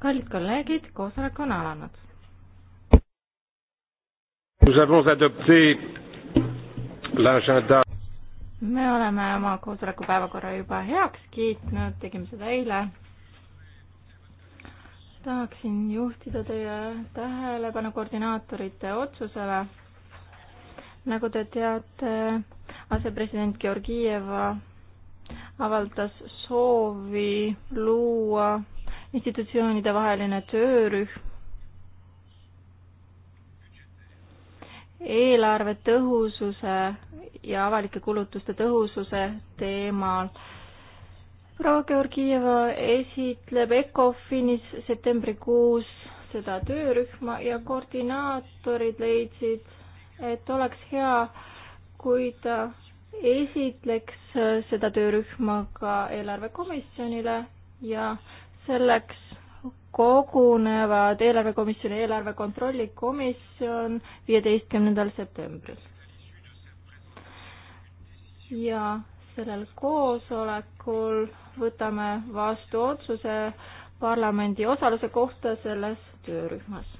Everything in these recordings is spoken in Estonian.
kallid kolleegid, koosolek on alanud. me oleme oma koosoleku päevakorra juba heaks kiitnud, tegime seda eile. tahaksin juhtida teie tähelepanu koordinaatorite otsusele nagu te teate, asepresident Georgieva avaldas soovi luua institutsioonide vaheline töörühm eelarve tõhususe ja avalike kulutuste tõhususe teemal. proua Georgieva esitleb ECOFINis septembrikuus seda töörühma ja koordinaatorid leidsid et oleks hea, kui ta esitleks seda töörühma ka eelarvekomisjonile ja selleks kogunevad eelarvekomisjoni eelarve kontrolli komisjon viieteistkümnendal septembril. ja sellel koosolekul võtame vastu otsuse parlamendi osaluse kohta selles töörühmas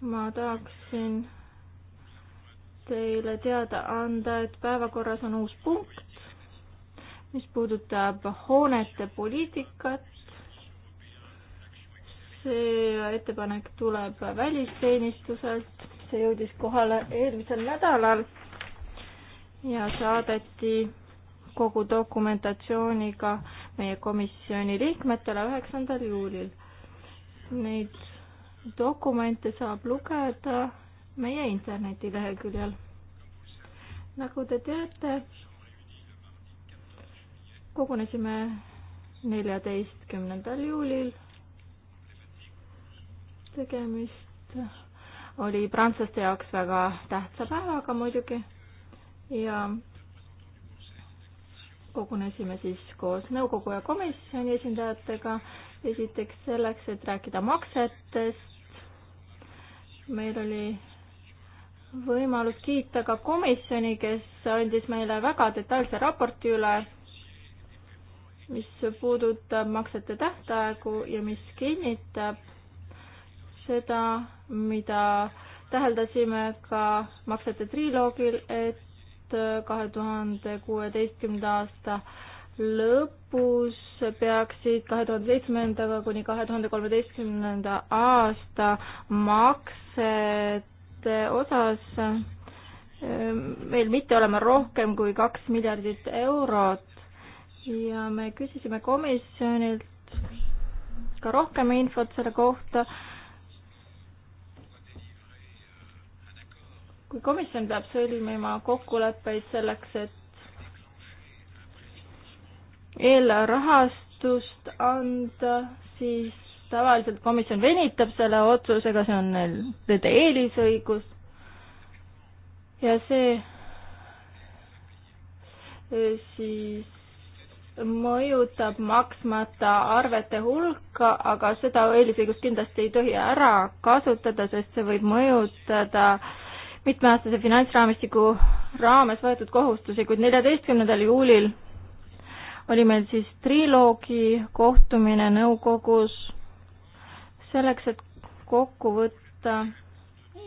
ma tahaksin teile teada anda, et päevakorras on uus punkt, mis puudutab hoonete poliitikat. see ettepanek tuleb välisteenistuselt, see jõudis kohale eelmisel nädalal ja saadeti kogu dokumentatsiooniga meie komisjoni liikmetele üheksandal juulil. Neid dokumente saab lugeda meie internetileheküljel. nagu te teate, kogunesime neljateistkümnendal juulil. tegemist oli prantslaste jaoks väga tähtsa päevaga muidugi ja kogunesime siis koos nõukogu ja komisjoni esindajatega esiteks selleks, et rääkida maksetest, meil oli võimalus kiita ka komisjoni, kes andis meile väga detailse raporti üle, mis puudutab maksete tähtaegu ja mis kinnitab seda, mida täheldasime ka maksete triloogil, et kahe tuhande kuueteistkümnenda aasta lõpus peaksid kahe tuhande seitsmenda kuni kahe tuhande kolmeteistkümnenda aasta maksete osas ähm, meil mitte olema rohkem kui kaks miljardit eurot ja me küsisime komisjonilt ka rohkem infot selle kohta. kui komisjon peab sõlmima kokkuleppeid selleks, et eelrahastust anda, siis tavaliselt komisjon venitab selle otsusega, see on nende eelisõigus ja see siis mõjutab maksmata arvete hulka, aga seda eelisõigust kindlasti ei tohi ära kasutada, sest see võib mõjutada mitmeaastase finantsraamistiku raames võetud kohustusi, kuid neljateistkümnendal juulil oli meil siis triloogi kohtumine nõukogus selleks, et kokku võtta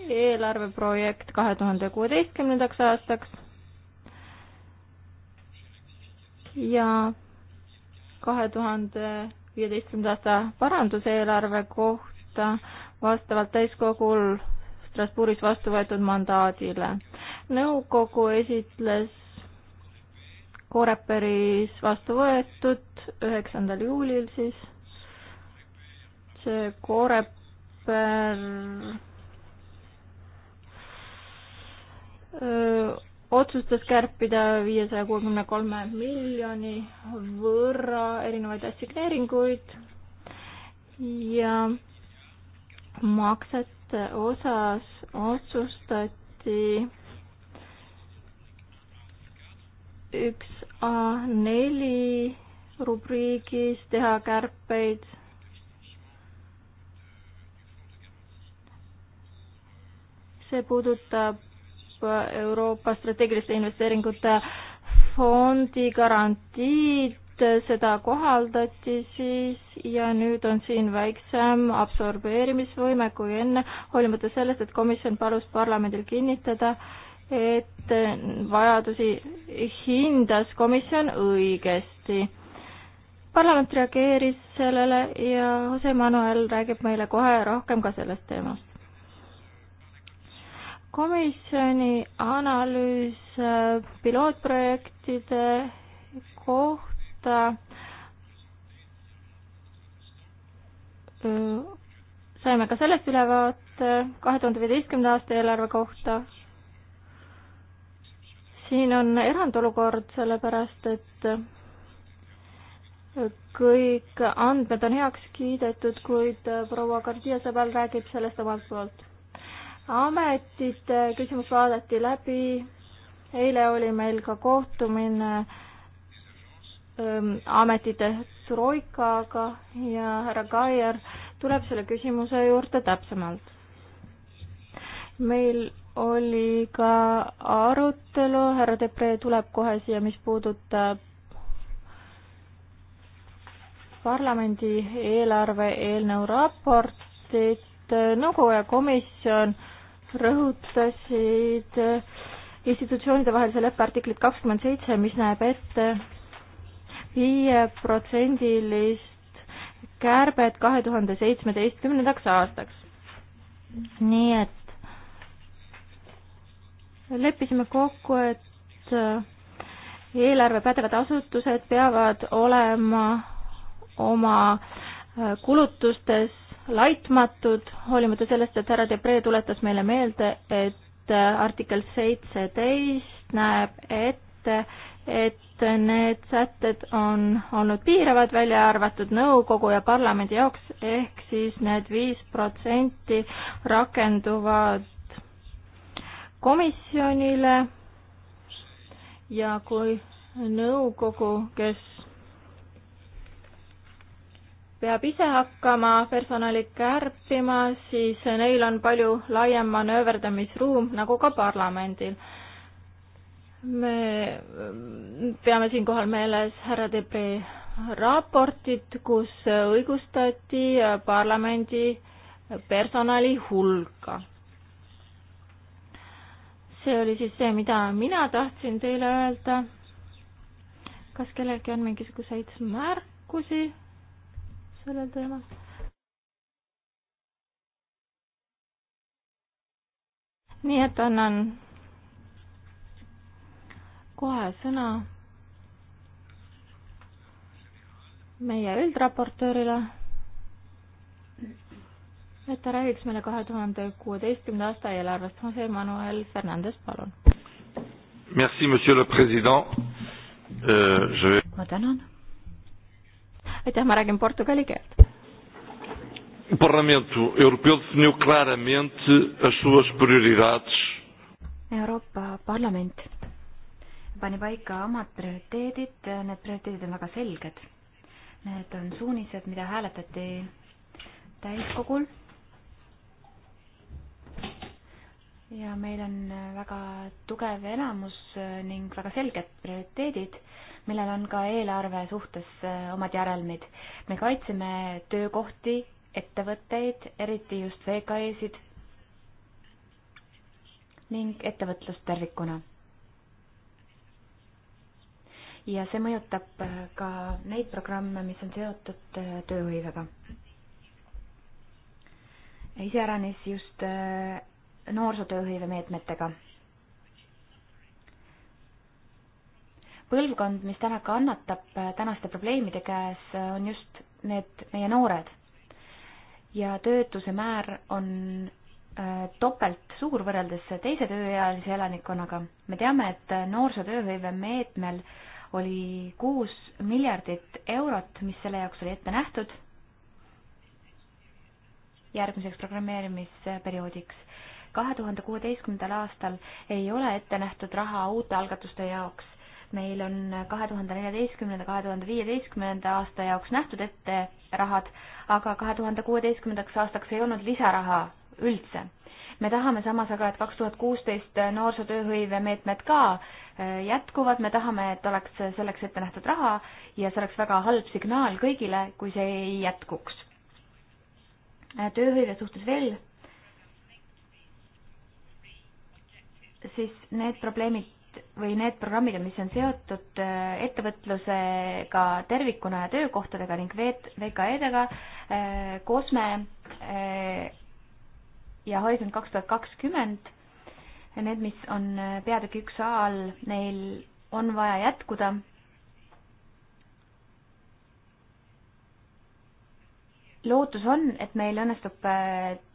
eelarveprojekt kahe tuhande kuueteistkümnendaks aastaks ja kahe tuhande viieteistkümnenda aasta paranduseelarve kohta vastavalt täiskogul Strasbourgis vastu võetud mandaadile. nõukogu esitles Koreperis vastu võetud, üheksandal juulil siis. see Koreper öö, otsustas kärpida viiesaja kuuekümne kolme miljoni võrra erinevaid assigneeringuid ja maksete osas otsustati üks A4 rubriigis teha kärpeid. see puudutab Euroopa strateegiliste investeeringute fondi garantiid, seda kohaldati siis ja nüüd on siin väiksem absorbeerimisvõime kui enne, hoolimata sellest, et komisjon palus parlamendil kinnitada äh, et vajadusi hindas komisjon õigesti. parlament reageeris sellele ja Jose Manuel räägib meile kohe rohkem ka sellest teemast. komisjoni analüüs äh, pilootprojektide kohta äh, saime ka sellest ülevaate kahe tuhande viieteistkümnenda aasta eelarve kohta siin on erandolukord, sellepärast et kõik andmed on heaks kiidetud, kuid proua Gardia sõbral räägib sellest omalt poolt. ametite küsimus vaadati läbi, eile oli meil ka kohtumine ähm, ametite troikaga ja härra Kaier tuleb selle küsimuse juurde täpsemalt. meil oli ka arutelu, härra Depre tuleb kohe siia, mis puudutab parlamendi eelarve eelnõu raportit, nõukogu ja komisjon rõhutasid institutsioonide vahelise leppe artiklit kakskümmend seitse, mis näeb ette viieprotsendilist kärbet kahe tuhande seitsmeteistkümnendaks aastaks. nii et leppisime kokku, et äh, eelarve pädevad asutused peavad olema oma äh, kulutustes laitmatud, hoolimata sellest, et härra Debre tuletas meile meelde, et äh, artikkel seitseteist näeb ette, et need sätted on olnud piiravad, välja arvatud nõukogu ja parlamendi jaoks, ehk siis need viis protsenti rakenduvad komisjonile ja kui nõukogu, kes peab ise hakkama personali kärpima, siis neil on palju laiem manööverdamisruum, nagu ka parlamendil. me peame siinkohal meeles härra Debre raportit, kus õigustati parlamendi personali hulka see oli siis see, mida mina tahtsin teile öelda. kas kellelgi on mingisuguseid märkusi sellel teemal? nii et annan kohe sõna meie üldraportöörile et ta räägiks meile kahe tuhande kuueteistkümnenda aasta eelarvest. Jose Manuel Fernandez, palun. Merci, monsieur le president euh,. Je... ma tänan. aitäh, ma räägin portugali keelt. O Parlamento Europeu definiu claramente as suas prioridades. Euroopa Parlament pani paika omad prioriteedid, need prioriteedid on väga selged. Need on suunised, mida hääletati täiskogul ja meil on äh, väga tugev enamus äh, ning väga selged prioriteedid, millel on ka eelarve suhtes äh, omad järelmid. me kaitseme töökohti, ettevõtteid, eriti just VKE-sid ning ettevõtlust tervikuna. ja see mõjutab ka neid programme, mis on seotud tööhõivega. iseäranis just noorsootööhõive meetmetega. põlvkond, mis täna kannatab äh, tänaste probleemide käes, äh, on just need meie noored. ja töötuse määr on äh, topelt suur võrreldes teise tööealise elanikkonnaga. me teame, et noorsootööhõive meetmel oli kuus miljardit eurot, mis selle jaoks oli ette nähtud järgmiseks programmeerimisperioodiks kahe tuhande kuueteistkümnendal aastal ei ole ette nähtud raha uute algatuste jaoks. meil on kahe tuhande neljateistkümnenda, kahe tuhande viieteistkümnenda aasta jaoks nähtud ette rahad, aga kahe tuhande kuueteistkümnendaks aastaks ei olnud lisaraha üldse. me tahame samas aga, et kaks tuhat kuusteist noorsootööhõive meetmed ka äh, jätkuvad, me tahame, et oleks selleks ette nähtud raha ja see oleks väga halb signaal kõigile, kui see ei jätkuks. Äh, tööhõive suhtes veel siis need probleemid või need programmid, mis on seotud äh, ettevõtlusega tervikuna ja töökohtadega ning VKE-dega, äh, COSME äh, ja Horisont kaks tuhat kakskümmend, need, mis on peatüki üks A all, neil on vaja jätkuda lootus on, et meil õnnestub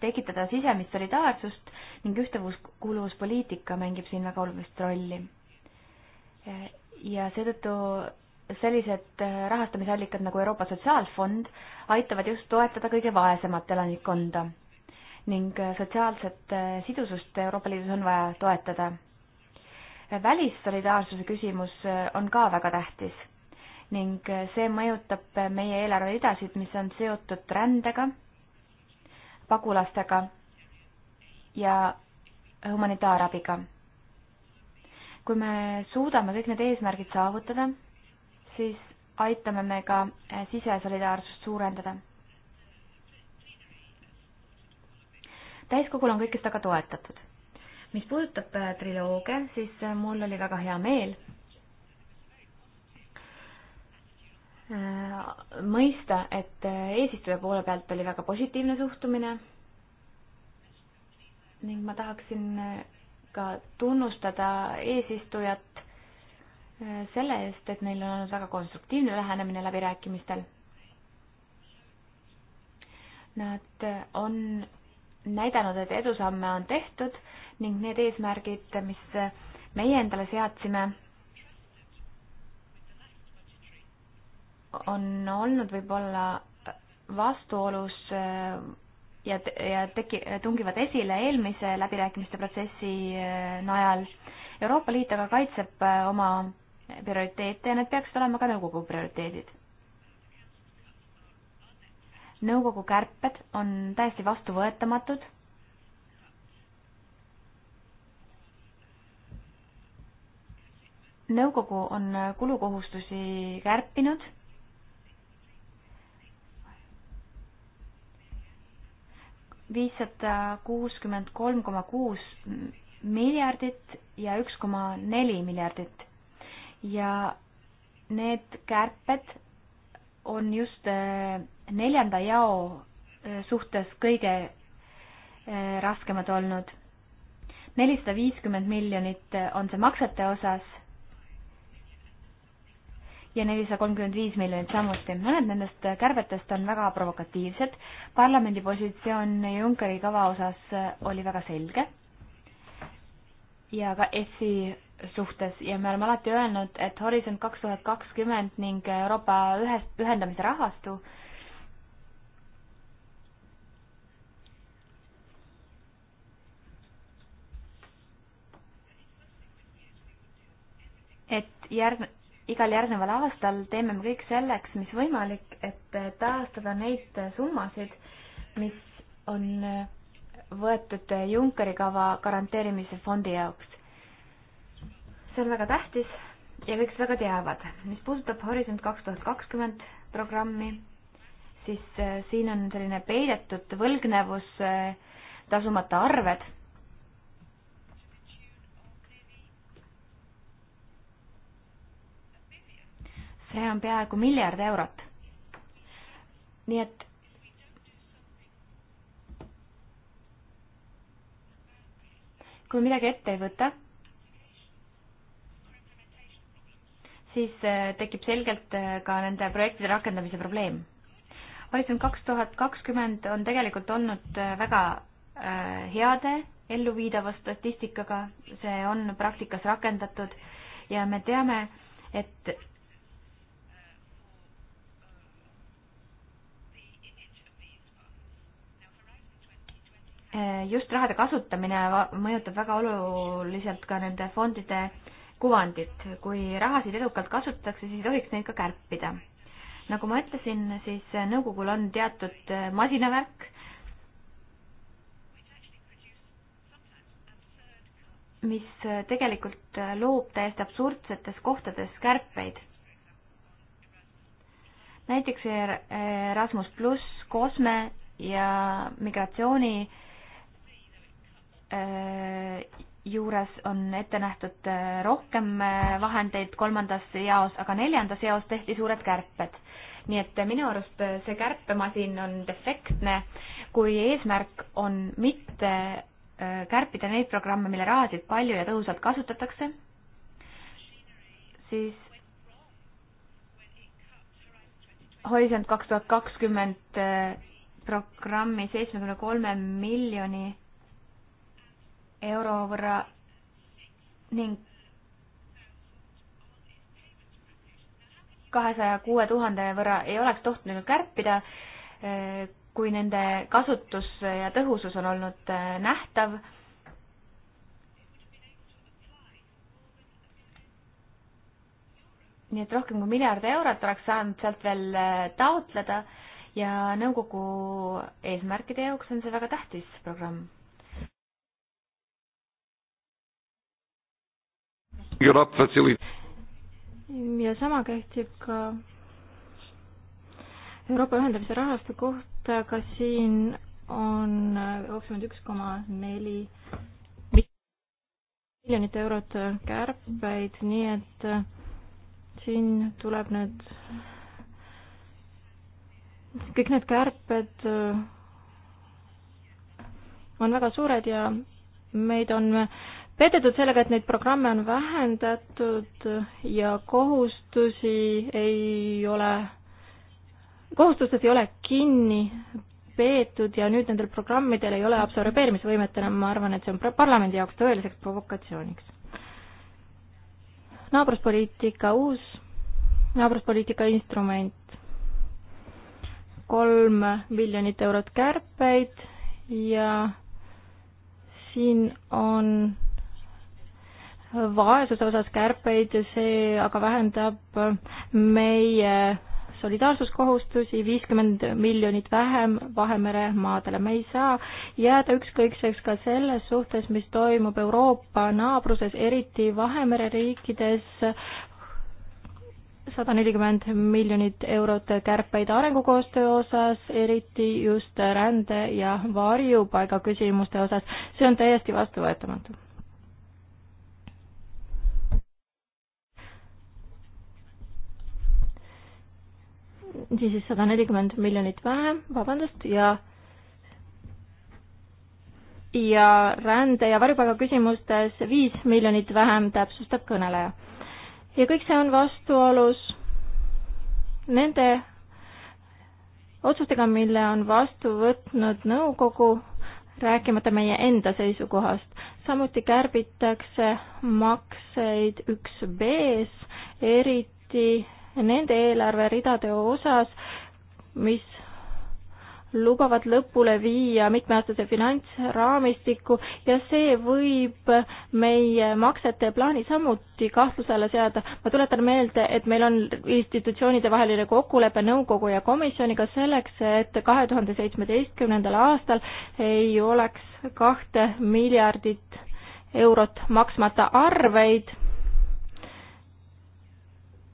tekitada sisemist solidaarsust ning ühtekuuluvuspoliitika mängib siin väga olulist rolli. ja seetõttu sellised rahastamisallikad nagu Euroopa Sotsiaalfond aitavad just toetada kõige vaesemat elanikkonda ning sotsiaalset sidusust Euroopa Liidus on vaja toetada. välissolidaarsuse küsimus on ka väga tähtis ning see mõjutab meie eelarveridasid, mis on seotud rändega, pagulastega ja humanitaarabiga. kui me suudame kõik need eesmärgid saavutada, siis aitame me ka eh, sisesolidaarsust suurendada. täiskogul on kõike seda ka toetatud. mis puudutab eh, triloogia, siis eh, mul oli väga hea meel mõista, et eesistuja poole pealt oli väga positiivne suhtumine ning ma tahaksin eh, ka tunnustada eesistujat eh, selle eest, et neil on olnud väga konstruktiivne lähenemine läbirääkimistel. Nad eh, on näidanud, et edusamme on tehtud ning need eesmärgid, mis meie endale seadsime, on olnud võib-olla vastuolus ja, ja teki-, tungivad esile eelmise läbirääkimiste protsessi äh, najal. Euroopa Liit aga kaitseb äh, oma prioriteete ja need peaksid olema ka nõukogu prioriteedid. nõukogu kärped on täiesti vastuvõetamatud nõukogu on kulukohustusi kärpinud viissada kuuskümmend kolm koma kuus miljardit ja üks koma neli miljardit. ja need kärped on just äh, neljanda jao äh, suhtes kõige äh, raskemad olnud. nelisada viiskümmend miljonit on see maksete osas ja nelisada kolmkümmend viis miljonit samuti. mõned nendest kärbetest on väga provokatiivsed. parlamendi positsioon Junckeri kava osas oli väga selge ja ka EFSi suhtes ja me oleme alati öelnud, et Horisont kaks tuhat kakskümmend ning Euroopa ühest, ühendamise rahastu et järg-, igal järgneval aastal teeme me kõik selleks, mis võimalik, et taastada neid summasid, mis on võetud Junckeri kava garanteerimise fondi jaoks. see on väga tähtis ja kõik seda ka teavad. mis puudutab Horisont kaks tuhat kakskümmend programmi, siis eh, siin on selline peidetud võlgnevus, eh, tasumata arved see on peaaegu miljard eurot. nii et kui midagi ette ei võta, siis äh, tekib selgelt äh, ka nende projektide rakendamise probleem. horisont kaks tuhat kakskümmend on tegelikult olnud äh, väga heade elluviidava statistikaga, see on praktikas rakendatud ja me teame, et Eh, just rahade kasutamine mõjutab väga oluliselt ka nende fondide kuvandit. kui rahasid edukalt kasutatakse, siis ei tohiks neid ka kärpida. nagu ma ütlesin, siis eh, nõukogul on teatud eh, masinavärk, mis tegelikult loob täiesti absurdsetes kohtades kärpeid. näiteks Erasmus pluss, Kosme ja migratsiooni äh, Äh, juures on ette nähtud äh, rohkem äh, vahendeid kolmandas jaos, aga neljandas jaos tehti suured kärped. nii et minu arust see kärpemasin on defektne, kui eesmärk on mitte kärpida neid programme, mille rahasid palju ja tõhusalt kasutatakse, siis Horisont kaks tuhat kakskümmend programmi seitsmekümne kolme miljoni euro võrra ning kahesaja kuue tuhande võrra ei oleks tohtinud kärpida, eh, kui nende kasutus ja tõhusus on olnud eh, nähtav. nii et rohkem kui miljard eurot oleks saanud sealt veel eh, taotleda ja nõukogu eesmärkide jaoks on see väga tähtis programm ja sama kehtib ka Euroopa ühendamise rahastu kohta, ka siin on kakskümmend üks koma neli miljonit eurot kärpeid, nii et siin tuleb need, kõik need kärped on väga suured ja meid on petetud sellega, et neid programme on vähendatud ja kohustusi ei ole, kohustustes ei ole kinni peetud ja nüüd nendel programmidel ei ole absorbeerimisvõimet enam, ma arvan, et see on parlamendi jaoks tõeliseks provokatsiooniks. naabruspoliitika uus naabruspoliitika instrument, kolm miljonit eurot kärpeid ja siin on vaesuse osas kärpeid, see aga vähendab meie solidaarsuskohustusi viiskümmend miljonit vähem Vahemere maadele. me ei saa jääda ükskõikseks ka selles suhtes, mis toimub Euroopa naabruses, eriti Vahemere riikides, sada nelikümmend miljonit eurot kärpeid arengukoostöö osas, eriti just rände ja varjupaiga küsimuste osas. see on täiesti vastuvõetamatu niisiis sada nelikümmend miljonit vähem, vabandust, ja ja rände- ja varjupaiga küsimustes viis miljonit vähem, täpsustab kõneleja. ja kõik see on vastuolus nende otsustega, mille on vastu võtnud nõukogu, rääkimata meie enda seisukohast. samuti kärbitakse makseid üks B-s, eriti nende eelarveridade osas, mis lubavad lõpule viia mitmeaastase finantsraamistiku ja see võib meie maksete plaani samuti kahtluse alla seada. ma tuletan meelde, et meil on institutsioonide vaheline kokkulepe nõukogu ja komisjoniga selleks, et kahe tuhande seitsmeteistkümnendal aastal ei oleks kahte miljardit eurot maksmata arveid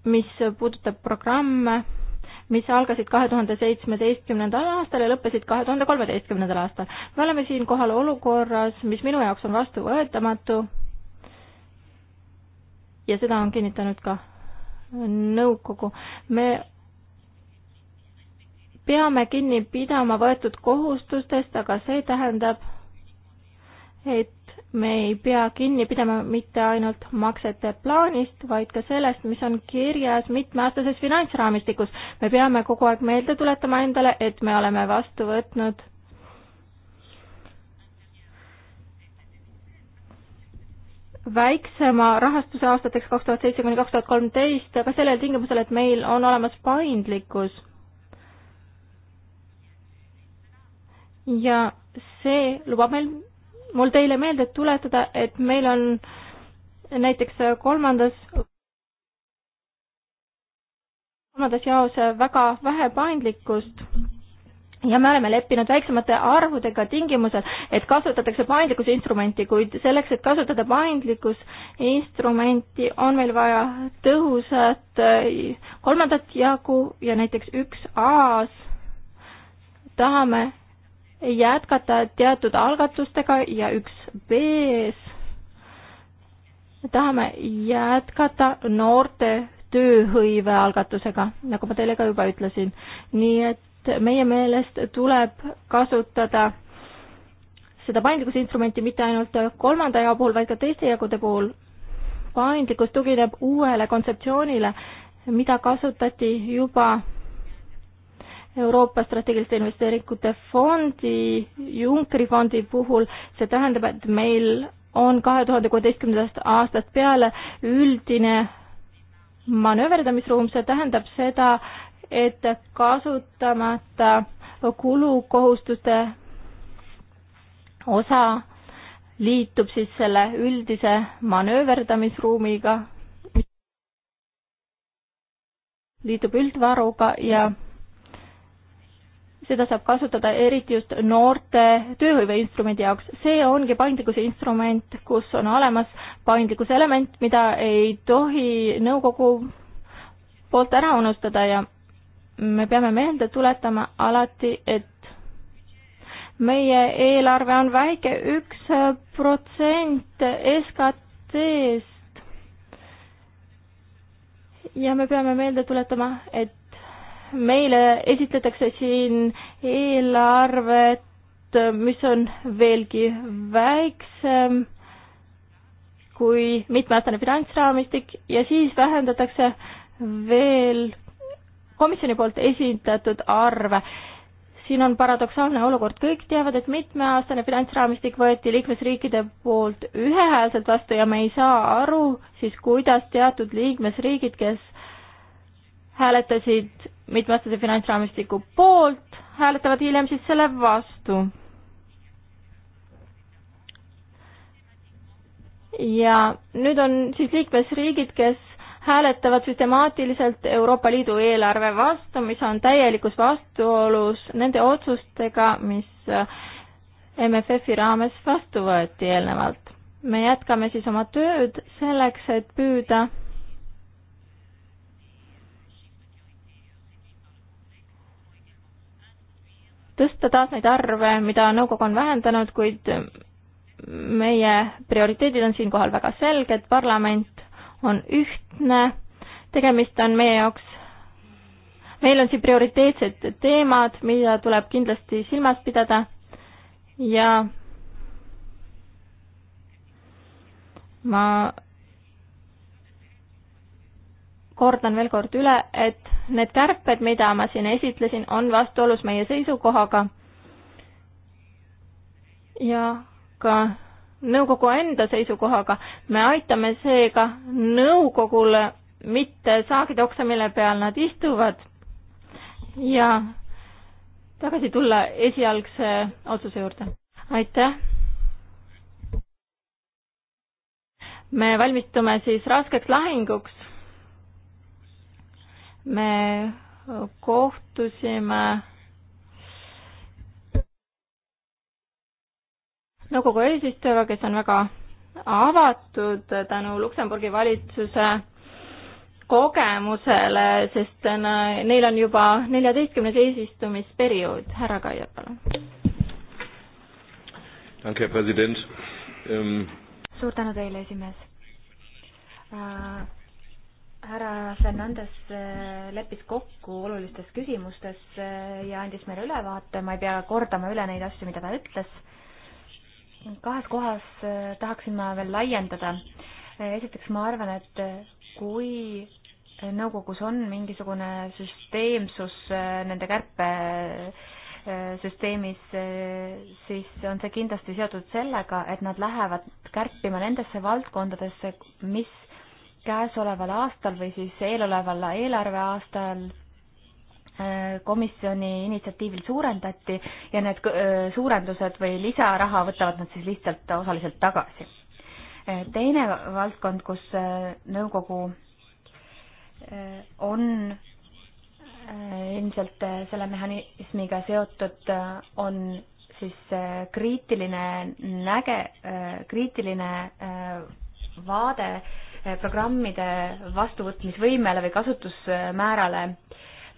mis puudutab programme, mis algasid kahe tuhande seitsmeteistkümnendal aastal ja lõppesid kahe tuhande kolmeteistkümnendal aastal. me oleme siinkohal olukorras, mis minu jaoks on vastuvõetamatu ja seda on kinnitanud ka nõukogu. me peame kinni pidama võetud kohustustest, aga see tähendab, et me ei pea kinni pidama mitte ainult maksete plaanist, vaid ka sellest, mis on kirjas mitmeaastases finantsraamistikus. me peame kogu aeg meelde tuletama endale, et me oleme vastu võtnud väiksema rahastuse aastateks kaks tuhat seitse kuni kaks tuhat kolmteist, aga sellel tingimusel, et meil on olemas paindlikkus. ja see lubab meil mul teile meelde tuletada, et meil on näiteks kolmandas, kolmandas jaos väga vähe paindlikkust ja me oleme leppinud väiksemate arvudega tingimusel, et kasutatakse paindlikkuse instrumenti, kuid selleks, et kasutada paindlikkusinstrumenti, on meil vaja tõhusat kolmandat jagu ja näiteks üks A-s tahame jätkata teatud algatustega ja üks B-s tahame jätkata noorte tööhõive algatusega, nagu ma teile ka juba ütlesin. nii et meie meelest tuleb kasutada seda paindlikkuse instrumenti mitte ainult kolmanda jao puhul, vaid ka teiste jagude puhul. paindlikkus tugineb uuele kontseptsioonile, mida kasutati juba Euroopa strateegiliste investeeringute fondi, Junckeri fondi puhul, see tähendab, et meil on kahe tuhande kuueteistkümnendast aastast peale üldine manööverdamisruum, see tähendab seda, et kasutamata kulukohustuste osa liitub siis selle üldise manööverdamisruumiga, liitub üldvaruga ja seda saab kasutada eriti just noorte tööhõive instrumendi jaoks. see ongi paindlikkuse instrument, kus on olemas paindlikkuse element, mida ei tohi nõukogu poolt ära unustada ja me peame meelde tuletama alati, et meie eelarve on väike, üks protsent SKT-st. ja me peame meelde tuletama, et meile esitletakse siin eelarvet, mis on veelgi väiksem kui mitmeaastane finantsraamistik ja siis vähendatakse veel komisjoni poolt esindatud arve. siin on paradoksaalne olukord, kõik teavad, et mitmeaastane finantsraamistik võeti liikmesriikide poolt ühehäälselt vastu ja me ei saa aru siis, kuidas teatud liikmesriigid, kes hääletasid mitmeaastase finantsraamistiku poolt, hääletavad hiljem siis selle vastu. ja nüüd on siis liikmesriigid, kes hääletavad süstemaatiliselt Euroopa Liidu eelarve vastu, mis on täielikus vastuolus nende otsustega, mis äh, MFF-i raames vastu võeti eelnevalt. me jätkame siis oma tööd selleks, et püüda tõsta taas neid arve, mida nõukogu on vähendanud, kuid meie prioriteedid on siinkohal väga selged, parlament on ühtne, tegemist on meie jaoks, meil on siin prioriteetsed teemad, mida tuleb kindlasti silmas pidada ja ma kordan veel kord üle, et need kärped, mida ma siin esitlesin, on vastuolus meie seisukohaga ja ka nõukogu enda seisukohaga. me aitame seega nõukogule mitte saagida oksa, mille peal nad istuvad ja tagasi tulla esialgse otsuse juurde. aitäh! me valmistume siis raskeks lahinguks me kohtusime nõukogu eesistujaga, kes on väga avatud tänu Luksemburgi valitsuse kogemusele, sest neil on juba neljateistkümnes eesistumisperiood. härra Kaier, palun. Ähm, suur tänu teile, esimees äh, härra Fernandes äh, leppis kokku olulistes küsimustes äh, ja andis meile ülevaate, ma ei pea kordama üle neid asju, mida ta ütles. kahes kohas äh, tahaksin ma veel laiendada. esiteks, ma arvan, et kui nõukogus on mingisugune süsteemsus nende kärpesüsteemis, siis on see kindlasti seotud sellega, et nad lähevad kärpima nendesse valdkondadesse, mis käesoleval aastal või siis eeloleval eelarveaastal äh, komisjoni initsiatiivil suurendati ja need äh, suurendused või lisaraha võtavad nad siis lihtsalt osaliselt tagasi. Äh, teine valdkond, kus nõukogu on ilmselt selle mehhanismiga seotud, on siis kriitiline näge, kriitiline vaade Eh, programmide vastuvõtmisvõimele või kasutusmäärale.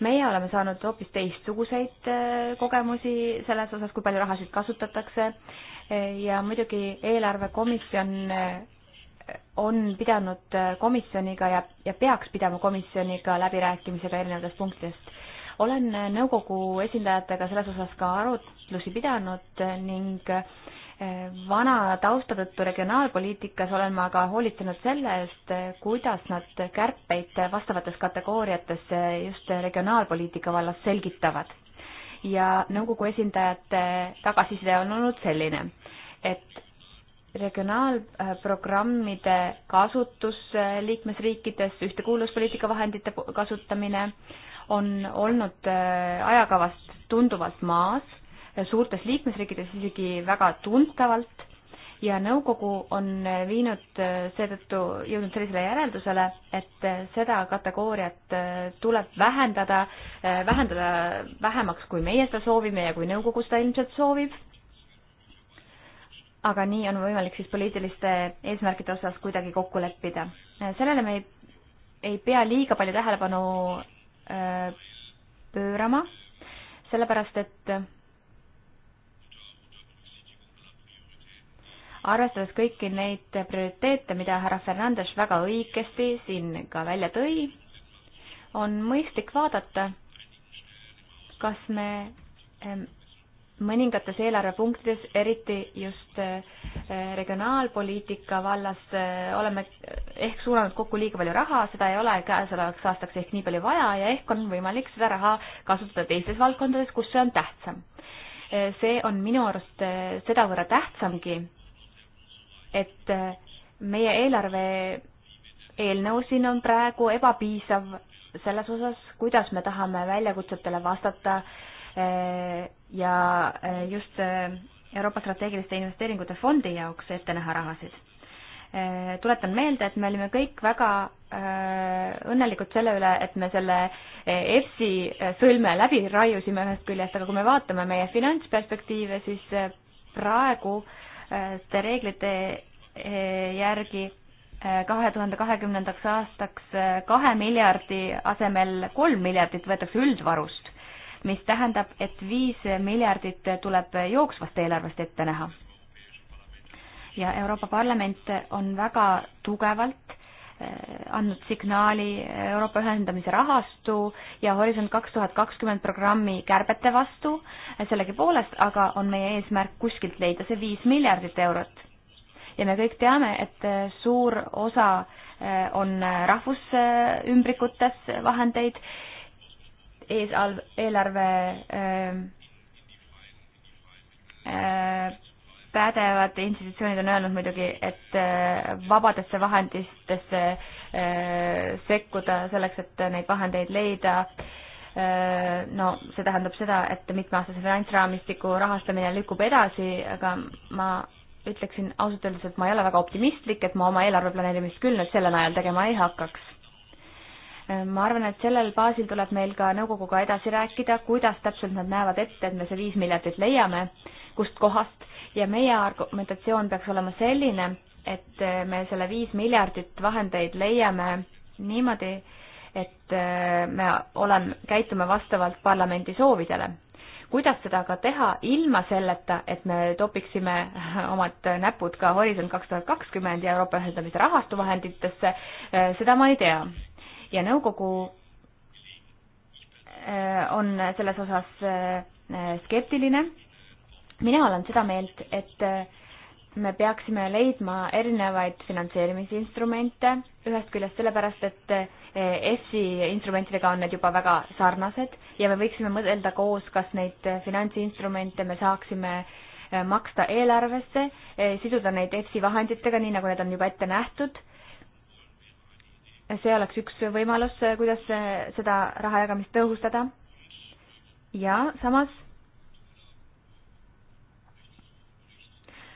meie oleme saanud hoopis teistsuguseid eh, kogemusi selles osas, kui palju rahasid kasutatakse eh, ja muidugi eelarvekomisjon on pidanud komisjoniga ja, ja peaks pidama komisjoniga läbirääkimisega erinevatest punktidest. olen nõukogu esindajatega selles osas ka arutlusi pidanud ning äh, vana tausta tõttu regionaalpoliitikas olen ma ka hoolitsenud selle eest, kuidas nad kärpeid vastavates kategooriates just regionaalpoliitika vallas selgitavad. ja nõukogu esindajate tagasiside on olnud selline, et regionaalprogrammide kasutus liikmesriikides, ühtekuuluvuspoliitika vahendite kasutamine on olnud ajakavast tunduvalt maas suurtes liikmesriikides isegi väga tuntavalt ja nõukogu on viinud äh, seetõttu, jõudnud sellisele järeldusele, et äh, seda kategooriat äh, tuleb vähendada, vähendada vähemaks, kui meie seda soovime ja kui nõukogu seda ilmselt soovib. aga nii on võimalik siis poliitiliste eesmärkide osas kuidagi kokku leppida. sellele me ei, ei pea liiga palju tähelepanu pöörama, sellepärast et arvestades kõiki neid prioriteete, mida härra Fernandes väga õigesti siin ka välja tõi, on mõistlik vaadata, kas me mõningates eelarvepunktides, eriti just eh, regionaalpoliitika vallas, eh, oleme ehk suunanud kokku liiga palju raha, seda ei ole käesolevaks aastaks ehk nii palju vaja ja ehk on võimalik seda raha kasutada teistes valdkondades, kus see on tähtsam. Eh, see on minu arust sedavõrra tähtsamgi et äh, meie eelarve eelnõu siin on praegu ebapiisav selles osas, kuidas me tahame väljakutsetele vastata äh, ja äh, just Euroopa strateegiliste investeeringute fondi jaoks ette näha rahasid. tuletan meelde, et me olime kõik väga õnnelikud selle üle, et me selle EFSI sõlme läbi raiusime ühest küljest, aga kui me vaatame meie finantsperspektiive, siis praegu äh, nende reeglite eh, järgi eh, kahe tuhande kahekümnendaks aastaks eh, kahe miljardi asemel kolm miljardit võetakse üldvarust, mis tähendab, et viis miljardit tuleb jooksvast eelarvest ette näha. ja Euroopa Parlament on väga tugevalt andnud signaali Euroopa ühendamise rahastu ja Horisont kaks tuhat kakskümmend programmi kärbete vastu sellegipoolest, aga on meie eesmärk kuskilt leida see viis miljardit eurot. ja me kõik teame, et eh, suur osa eh, on eh, rahvusümbrikutes vahendeid, eesal-, eelarve äh, äh, pädevad institutsioonid on öelnud muidugi, et äh, vabadesse vahenditesse äh, sekkuda selleks, et neid vahendeid leida, äh, no see tähendab seda, et mitmeaastase finantsraamistiku rahastamine lükkub edasi, aga ma ütleksin ausalt öeldes, et ma ei ole väga optimistlik, et ma oma eelarve planeerimist küll nüüd sellel ajal tegema ei hakkaks ma arvan, et sellel baasil tuleb meil ka nõukoguga edasi rääkida, kuidas täpselt nad näevad ette, et me see viis miljardit leiame, kust kohast ja meie argumentatsioon peaks olema selline, et me selle viis miljardit vahendeid leiame niimoodi, et me oleme, käitume vastavalt parlamendi soovidele. kuidas seda aga teha ilma selleta, et me topiksime omad näpud ka Horisont kaks tuhat kakskümmend ja Euroopa ühendamise rahastu vahenditesse, seda ma ei tea. ja nõukogu äh, on selles osas äh, skeptiline mina olen seda meelt, et äh, me peaksime leidma erinevaid finantseerimisinstrumente, ühest küljest sellepärast, et äh, EFSI instrumentidega on need juba väga sarnased ja me võiksime mõelda koos, kas neid äh, finantsinstrumente me saaksime maksta eelarvesse, siduda neid EFSI vahenditega, nii nagu need on juba ette nähtud. see oleks üks võimalus, kuidas seda raha jagamist tõhustada. ja samas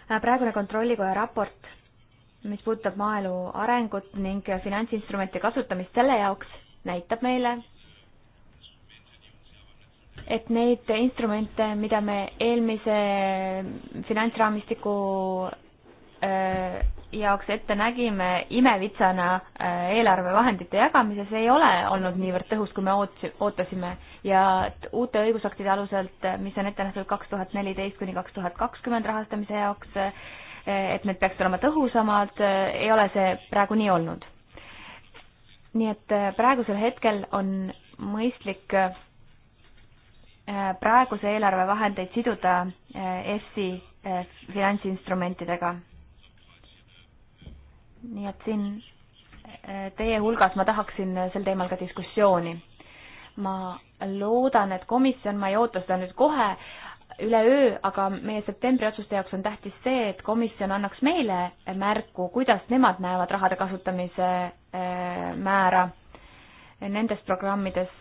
Äh, praegune Kontrollikoja raport, mis puudutab maaelu arengut ning finantsinstrumente kasutamist selle jaoks, näitab meile, et neid instrumente, mida me eelmise finantsraamistiku äh, jaoks ette nägime imevitsana äh, eelarvevahendite jagamises, ei ole olnud niivõrd tõhus, kui me ootasime ja uute õigusaktide aluselt, äh, mis on ette nähtud kaks tuhat neliteist kuni kaks tuhat kakskümmend rahastamise jaoks, äh, et need peaksid olema tõhusamad, ei ole see praegu nii olnud. nii et praegusel hetkel on mõistlik praeguse eelarvevahendeid siduda EFSI finantsinstrumentidega nii et siin e, teie hulgas ma tahaksin sel teemal ka diskussiooni. ma loodan, et komisjon, ma ei oota seda nüüd kohe, üleöö, aga meie septembri otsuste jaoks on tähtis see, et komisjon annaks meile märku, kuidas nemad näevad rahade kasutamise e, määra nendes programmides,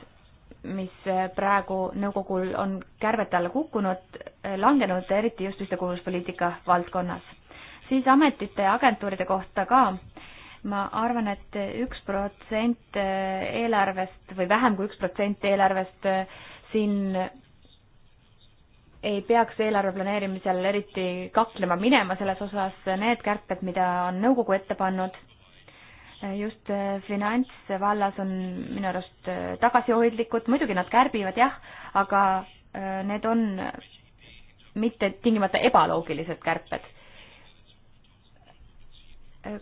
mis praegu nõukogul on kärbete alla kukkunud, langenud, eriti just ühtekuuluvuspoliitika valdkonnas siis ametite ja agentuuride kohta ka. ma arvan et, et üks protsent eelarvest või vähem kui üks protsent eelarvest äh, siin ei peaks eelarve planeerimisel eriti kaklema minema selles osas, need kärped, mida on nõukogu ette pannud, äh, just äh, finantsvallas on minu arust tagasihoidlikud, muidugi nad kärbivad jah, aga need on mitte tingimata ebaloogilised kärped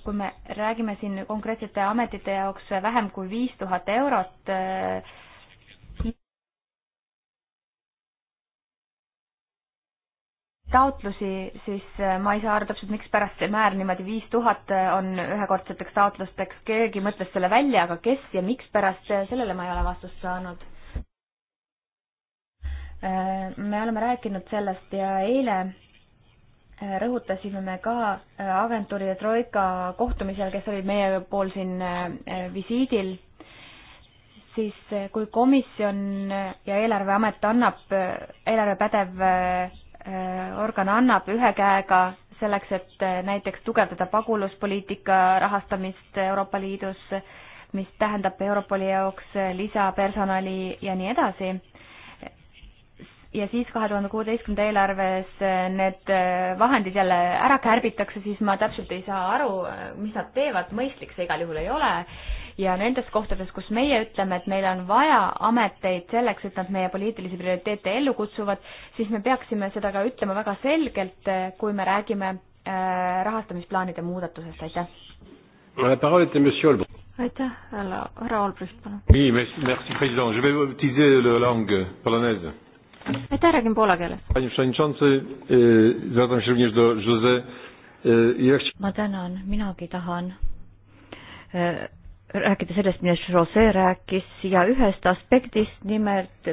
kui me räägime siin konkreetsete ametite jaoks vähem kui viis tuhat eurot, äh, taotlusi, siis äh, ma ei saa aru täpselt, mikspärast see määr niimoodi viis tuhat on ühekordseteks taotlusteks, keegi mõtles selle välja, aga kes ja mikspärast, äh, sellele ma ei ole vastust saanud. me oleme rääkinud sellest ja eile Äh, rõhutasime me ka äh, agentuuri ja Troika kohtumisel, kes olid meie pool siin äh, visiidil, siis kui komisjon ja eelarveamet annab, eelarvepädev organ annab ühe käega selleks, et näiteks tugevdada pagulaspoliitika rahastamist Euroopa Liidus, mis tähendab Europoli jaoks lisapersonali ja nii edasi ja siis kahe tuhande kuueteistkümnenda eelarves eh, need eh, vahendid jälle ära kärbitakse, siis ma täpselt ei saa aru, eh, mis nad teevad, mõistlik see igal juhul ei ole. ja nendes kohtades, kus meie ütleme, et meil on vaja ameteid selleks, et nad meie poliitilisi prioriteete ellu kutsuvad, siis me peaksime seda ka ütlema väga selgelt, kui me räägime rahastamisplaanide muudatusest, aitäh. Aitäh, härra Olbrist, palun. Oui, merci, président. Je vais utiliser la langue polonaise aitäh, räägin poola keeles. ma tänan, minagi tahan rääkida sellest, millest Jose rääkis ja ühest aspektist, nimelt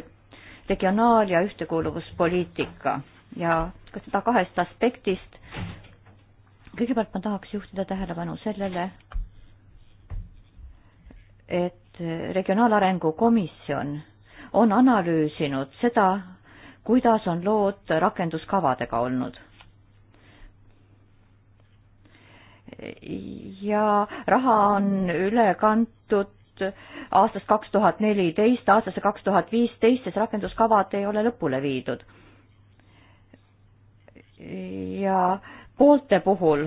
regionaal- ja ühtekuuluvuspoliitika ja ka seda kahest aspektist. kõigepealt ma tahaks juhtida tähelepanu sellele, et Regionaalarengu Komisjon on analüüsinud seda, kuidas on lood rakenduskavadega olnud? ja raha on üle kantud aastast kaks tuhat neliteist aastasse kaks tuhat viisteist, sest rakenduskavad ei ole lõpule viidud. ja poolte puhul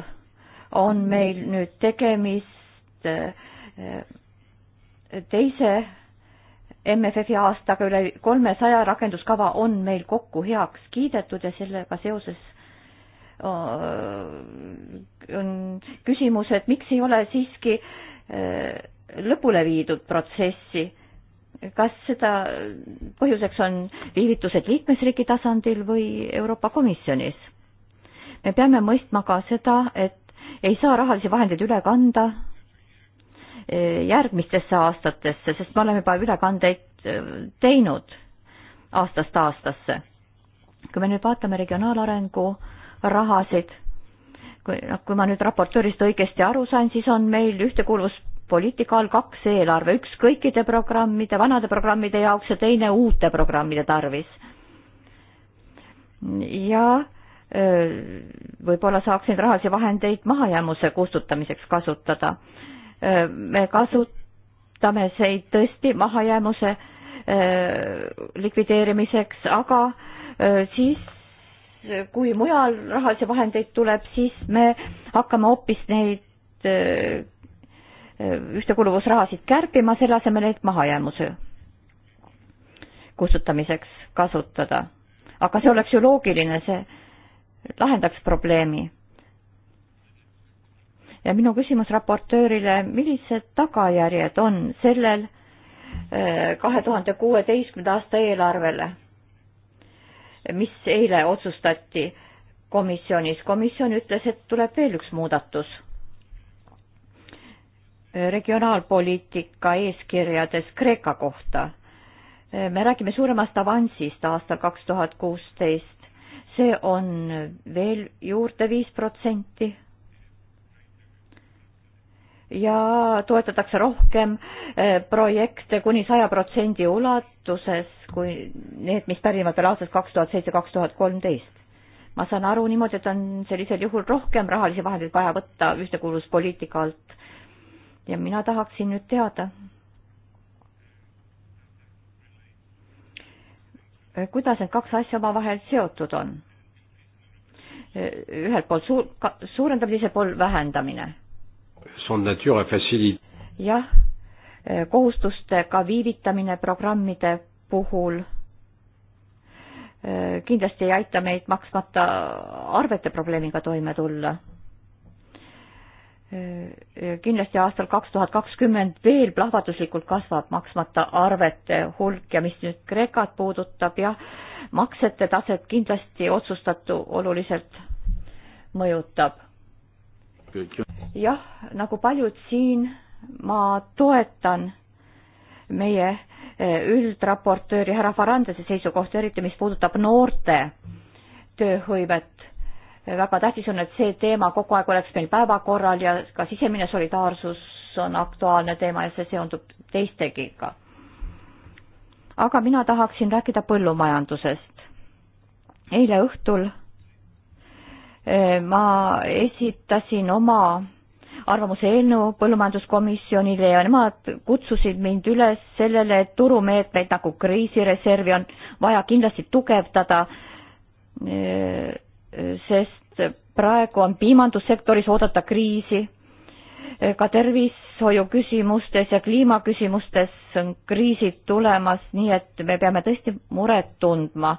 on meil nüüd tegemist eh, teise MFF-i aastaga üle kolmesaja rakenduskava on meil kokku heaks kiidetud ja sellega seoses on küsimus, et miks ei ole siiski lõpule viidud protsessi. kas seda põhjuseks on viivitused liikmesriigi tasandil või Euroopa Komisjonis? me peame mõistma ka seda, et ei saa rahalisi vahendeid üle kanda Eh, järgmistesse aastatesse, sest me oleme juba ülekandeid eh, teinud aastast aastasse. kui me nüüd vaatame regionaalarengu rahasid, kui, noh, kui ma nüüd raportöörist õigesti aru sain, siis on meil ühtekuuluvuspoliitika all kaks eelarve, üks kõikide programmide, vanade programmide jaoks ja teine uute programmide tarvis. ja eh, võib-olla saaks neid rahalisi vahendeid mahajäämuse kustutamiseks kasutada me kasutame neid tõesti mahajäämuse äh, likvideerimiseks, aga äh, siis kui mujal rahalisi vahendeid tuleb, siis me hakkame hoopis neid äh, ühtekuluvusrahasid kärpima, selle asemel, et mahajäämuse kustutamiseks kasutada. aga see oleks ju loogiline, see lahendaks probleemi ja minu küsimus raportöörile, millised tagajärjed on sellel eh, kahe tuhande kuueteistkümnenda aasta eelarvele, mis eile otsustati komisjonis. komisjon ütles, et tuleb veel üks muudatus. Eh, regionaalpoliitika eeskirjades Kreeka kohta. Eh, me räägime suuremast avansist aastal kaks tuhat kuusteist. see on veel juurde viis protsenti ja toetatakse rohkem eh, projekte kuni saja protsendi ulatuses kui need, mis pärinevad veel aastast kaks tuhat seitse, kaks tuhat kolmteist. ma saan aru niimoodi, et on sellisel juhul rohkem rahalisi vahendeid vaja võtta ühtekuuluvuspoliitika alt. ja mina tahaksin nüüd teada, eh, kuidas need kaks asja omavahel seotud on? Eh, ühelt poolt suur, suurendamine, teiselt pool vähendamine jah, eh, kohustustega viivitamine programmide puhul eh, kindlasti ei aita meid maksmata arvete probleemiga toime tulla. Eh, kindlasti aastal kaks tuhat kakskümmend veel plahvatuslikult kasvab maksmata arvete hulk ja mis nüüd Kreekat puudutab, jah, maksete taset kindlasti otsustatu oluliselt mõjutab jah, nagu paljud siin, ma toetan meie eh, üldraportööri härra Farandese seisukohta, eriti mis puudutab noorte tööhõivet. väga tähtis on, et see teema kogu aeg oleks meil päevakorral ja ka sisemine solidaarsus on aktuaalne teema ja see seondub teistegiga. aga mina tahaksin rääkida põllumajandusest. eile õhtul Äh, ma esitasin oma arvamuse eelnõu põllumajanduskomisjonile ja nemad kutsusid mind üles sellele, et turumeetmeid nagu kriisireservi on vaja kindlasti tugevdada, äh, sest praegu on piimandussektoris oodata kriisi ka tervishoiu küsimustes ja kliimaküsimustes on kriisid tulemas, nii et me peame tõesti muret tundma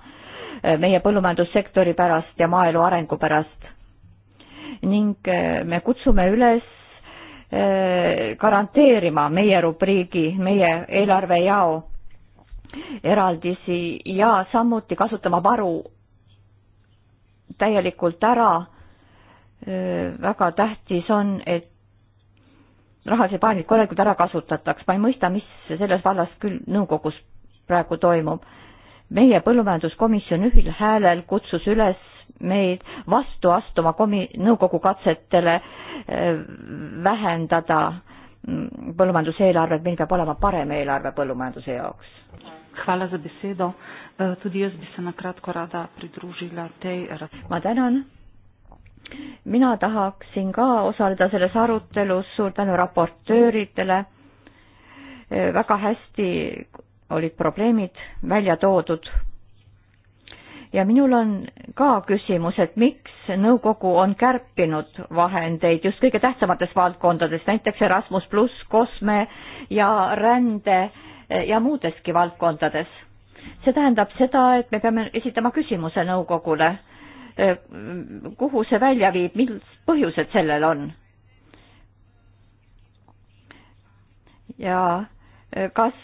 eh, meie põllumajandussektori pärast ja maaelu arengu pärast. ning eh, me kutsume üles eh, garanteerima meie rubriigi, meie eelarvejao eraldisi ja samuti kasutama varu täielikult ära. väga tähtis on, et rahalised vahendid korralikult ära kasutataks. ma ei mõista, mis selles vallas küll nõukogus praegu toimub. meie põllumajanduskomisjon ühel häälel kutsus üles meid vastu astuma komi-, nõukogu katsetele äh, vähendada mm, põllumajanduseelarvet, meil peab olema parem eelarve põllumajanduse jaoks. ma tänan mina tahaksin ka osaleda selles arutelus, suur tänu raportööridele, väga hästi olid probleemid välja toodud. ja minul on ka küsimus, et miks nõukogu on kärpinud vahendeid just kõige tähtsamates valdkondades, näiteks Erasmus pluss, kosme ja rände ja muudeski valdkondades. see tähendab seda, et me peame esitama küsimuse nõukogule kuhu see välja viib, millised põhjused sellel on? ja kas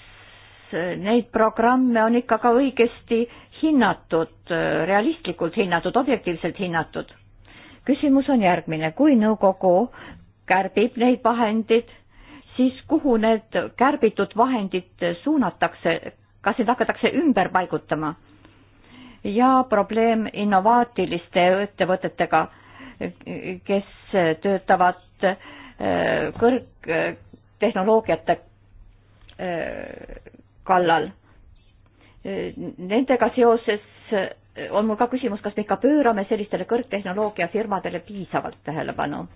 neid programme on ikka ka õigesti hinnatud, realistlikult hinnatud, objektiivselt hinnatud? küsimus on järgmine, kui nõukogu kärbib neid vahendid, siis kuhu need kärbitud vahendid suunatakse, kas neid hakatakse ümber paigutama? ja probleem innovaatiliste ettevõtetega, kes töötavad äh, kõrgtehnoloogiate äh, kallal. Nendega seoses äh, on mul ka küsimus, kas me ikka pöörame sellistele kõrgtehnoloogia firmadele piisavalt tähelepanu?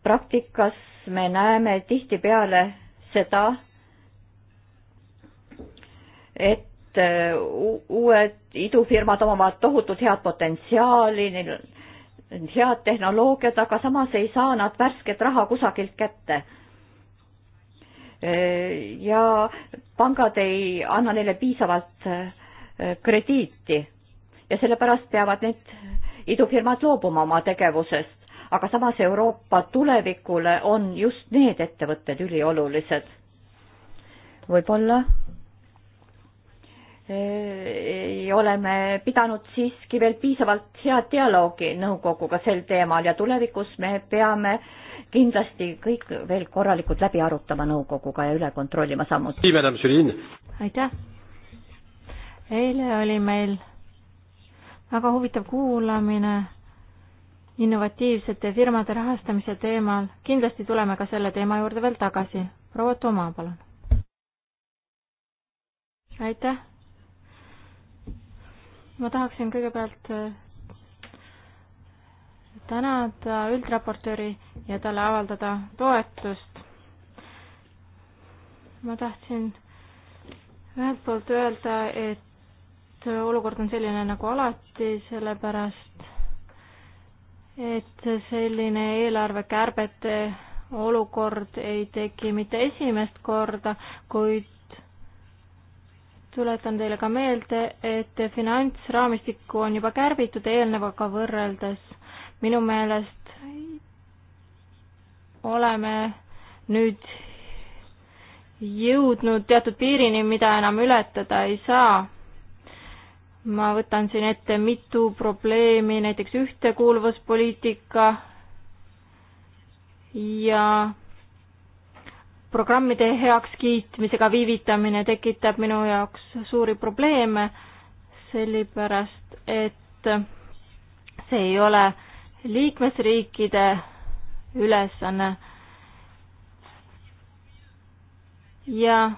praktikas me näeme tihtipeale seda, et et äh, uued idufirmad omavad tohutult head potentsiaali, neil on head tehnoloogiad, aga samas ei saa nad värsket raha kusagilt kätte. Äh, ja pangad ei anna neile piisavalt äh, krediiti ja sellepärast peavad need idufirmad loobuma oma tegevusest aga samas Euroopa tulevikule on just need ettevõtted üliolulised. võib-olla ei ole me pidanud siiski veel piisavalt head dialoogi nõukoguga sel teemal ja tulevikus me peame kindlasti kõik veel korralikult läbi arutama nõukoguga ja üle kontrollima samuti. aitäh. eile oli meil väga huvitav kuulamine innovatiivsete firmade rahastamise teemal. kindlasti tuleme ka selle teema juurde veel tagasi. proua Toma, palun. aitäh ma tahaksin kõigepealt äh, tänada üldraportööri ja talle avaldada toetust. ma tahtsin ühelt poolt öelda, et olukord on selline nagu alati, sellepärast et selline eelarvekärbete olukord ei teki mitte esimest korda, kuid tuletan teile ka meelde, et finantsraamistikku on juba kärbitud eelnevaga võrreldes. minu meelest oleme nüüd jõudnud teatud piirini, mida enam ületada ei saa. ma võtan siin ette mitu probleemi, näiteks ühtekuuluvuspoliitika ja programmide heakskiitmisega viivitamine tekitab minu jaoks suuri probleeme, sellepärast et see ei ole liikmesriikide ülesanne. ja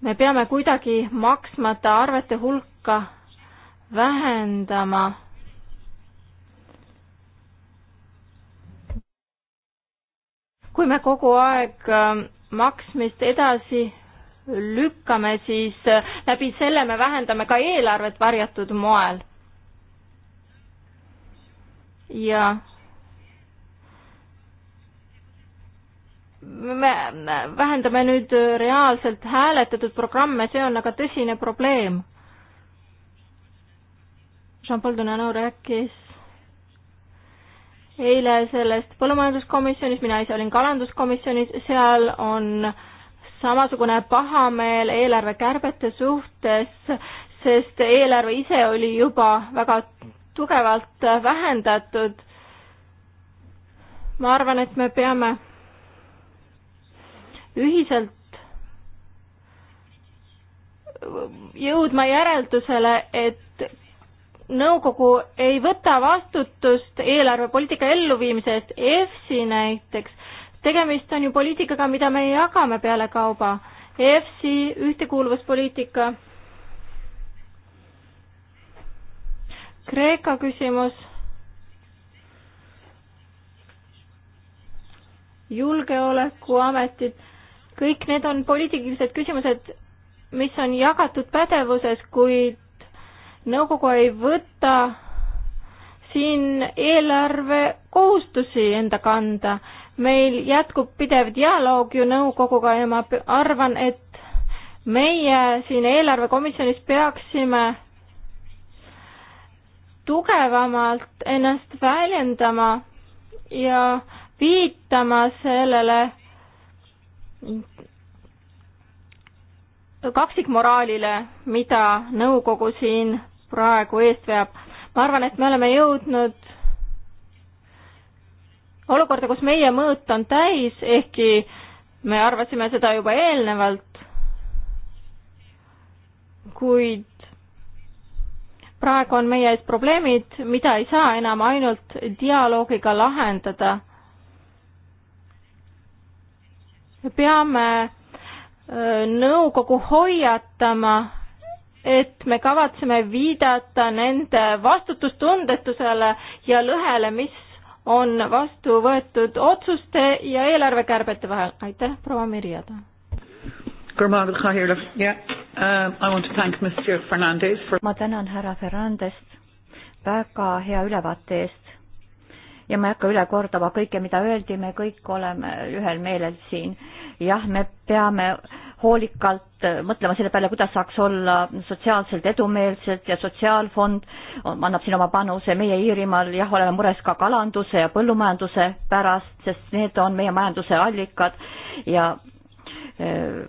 me peame kuidagi maksmata arvete hulka vähendama kui me kogu aeg äh, maksmist edasi lükkame, siis äh, läbi selle me vähendame ka eelarvet varjatud moel. ja me vähendame nüüd reaalselt hääletatud programme, see on aga tõsine probleem. Jean-Paul Donano rääkis eile sellest põllumajanduskomisjonis, mina ise olin kalanduskomisjonis, seal on samasugune pahameel eelarvekärbete suhtes, sest eelarve ise oli juba väga tugevalt vähendatud. ma arvan, et me peame ühiselt jõudma järeldusele, et nõukogu ei võta vastutust eelarvepoliitika elluviimise eest, EFSI näiteks, tegemist on ju poliitikaga, mida me jagame pealekauba, EFSI ühtekuuluvuspoliitika. Kreeka küsimus. julgeolekuametid, kõik need on poliitilised küsimused, mis on jagatud pädevuses, kuid nõukogu ei võta siin eelarvekohustusi enda kanda. meil jätkub pidev dialoog ju nõukoguga ja ma arvan, et meie siin eelarvekomisjonis peaksime tugevamalt ennast väljendama ja viitama sellele kaksikmoraalile, mida nõukogu siin praegu eest veab. ma arvan, et me oleme jõudnud olukorda, kus meie mõõt on täis, ehkki me arvasime seda juba eelnevalt, kuid praegu on meie ees probleemid, mida ei saa enam ainult dialoogiga lahendada. peame äh, nõukogu hoiatama, et me kavatseme viidata nende vastutustundetusele ja lõhele, mis on vastu võetud otsuste ja eelarvekärbete vahel. aitäh, proua Mirjada. ma tänan härra Fernandest väga hea ülevaate eest ja ma ei hakka üle kordama kõike, mida öeldi, me kõik oleme ühel meelel siin. jah, me peame äh, hoolikalt äh, mõtlema selle peale, kuidas saaks olla sotsiaalselt edumeelsed ja sotsiaalfond annab siin oma panuse. meie Iirimaal jah, oleme mures ka kalanduse ja põllumajanduse pärast, sest need on meie majanduse allikad ja äh,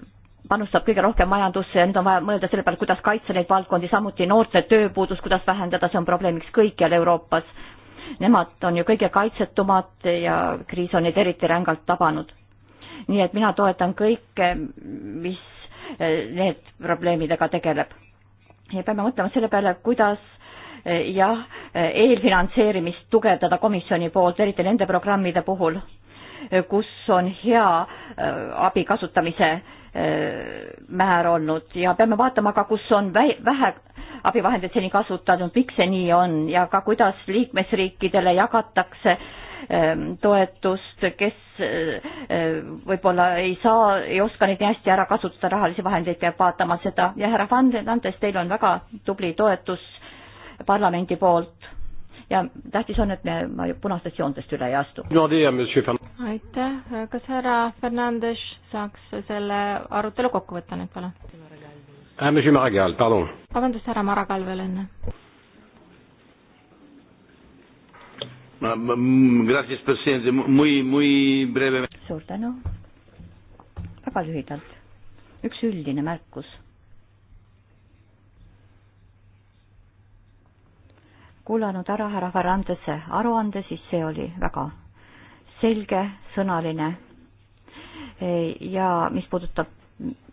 panustab kõige rohkem majandusse ja nüüd on vaja mõelda selle peale, kuidas kaitsta neid valdkondi, samuti noorte tööpuudus, kuidas vähendada, see on probleemiks kõikjal Euroopas. Nemad on ju kõige kaitsetumad ja kriis on neid eriti rängalt tabanud nii et mina toetan kõike, mis eh, need probleemidega tegeleb. ja peame mõtlema selle peale, kuidas eh, jah, eh, eelfinantseerimist tugevdada komisjoni poolt, eriti nende programmide puhul, kus on hea abi kasutamise määr olnud ja peame vaatama ka, kus on vähe, vähe abivahendeid seni kasutanud, miks see nii on ja ka kuidas liikmesriikidele jagatakse äh, Ähm, toetust, kes äh, võib-olla ei saa, ei oska neid nii hästi ära kasutada, rahalisi vahendeid peab vaatama seda ja härra Fernandes, teil on väga tubli toetus parlamendi poolt ja tähtis on, et me punastest joontest üle ei astu. aitäh, kas härra Fernandes saaks selle arutelu kokku võtta nüüd, palun? Äh, vabandust, härra Maragal veel enne Mm, gracias, presidente. Muy, muy breve. suur tänu. väga lühidalt. üks üldine märkus. kuulanud ära härra Ferrandese aruande, siis see oli väga selge, sõnaline. ja mis puudutab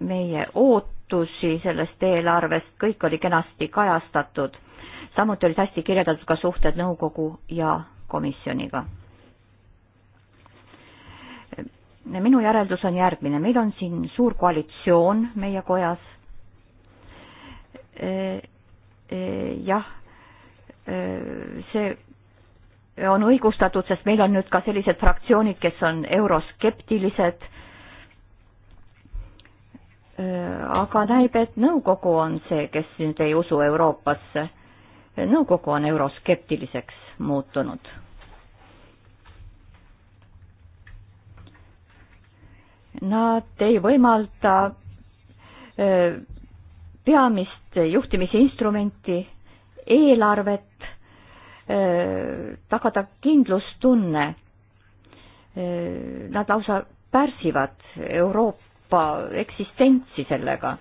meie ootusi sellest eelarvest, kõik oli kenasti kajastatud. samuti olid hästi kirjeldatud ka suhted nõukogu ja komisjoniga. minu järeldus on järgmine, meil on siin suur koalitsioon meie kojas. E, e, jah, e, see on õigustatud, sest meil on nüüd ka sellised fraktsioonid, kes on euroskeptilised. aga näib, et nõukogu on see, kes nüüd ei usu Euroopasse nõukogu on euroskeptiliseks muutunud. Nad ei võimalda peamist juhtimise instrumenti, eelarvet, tagada kindlustunne. Nad lausa pärsivad Euroopa eksistentsi sellega.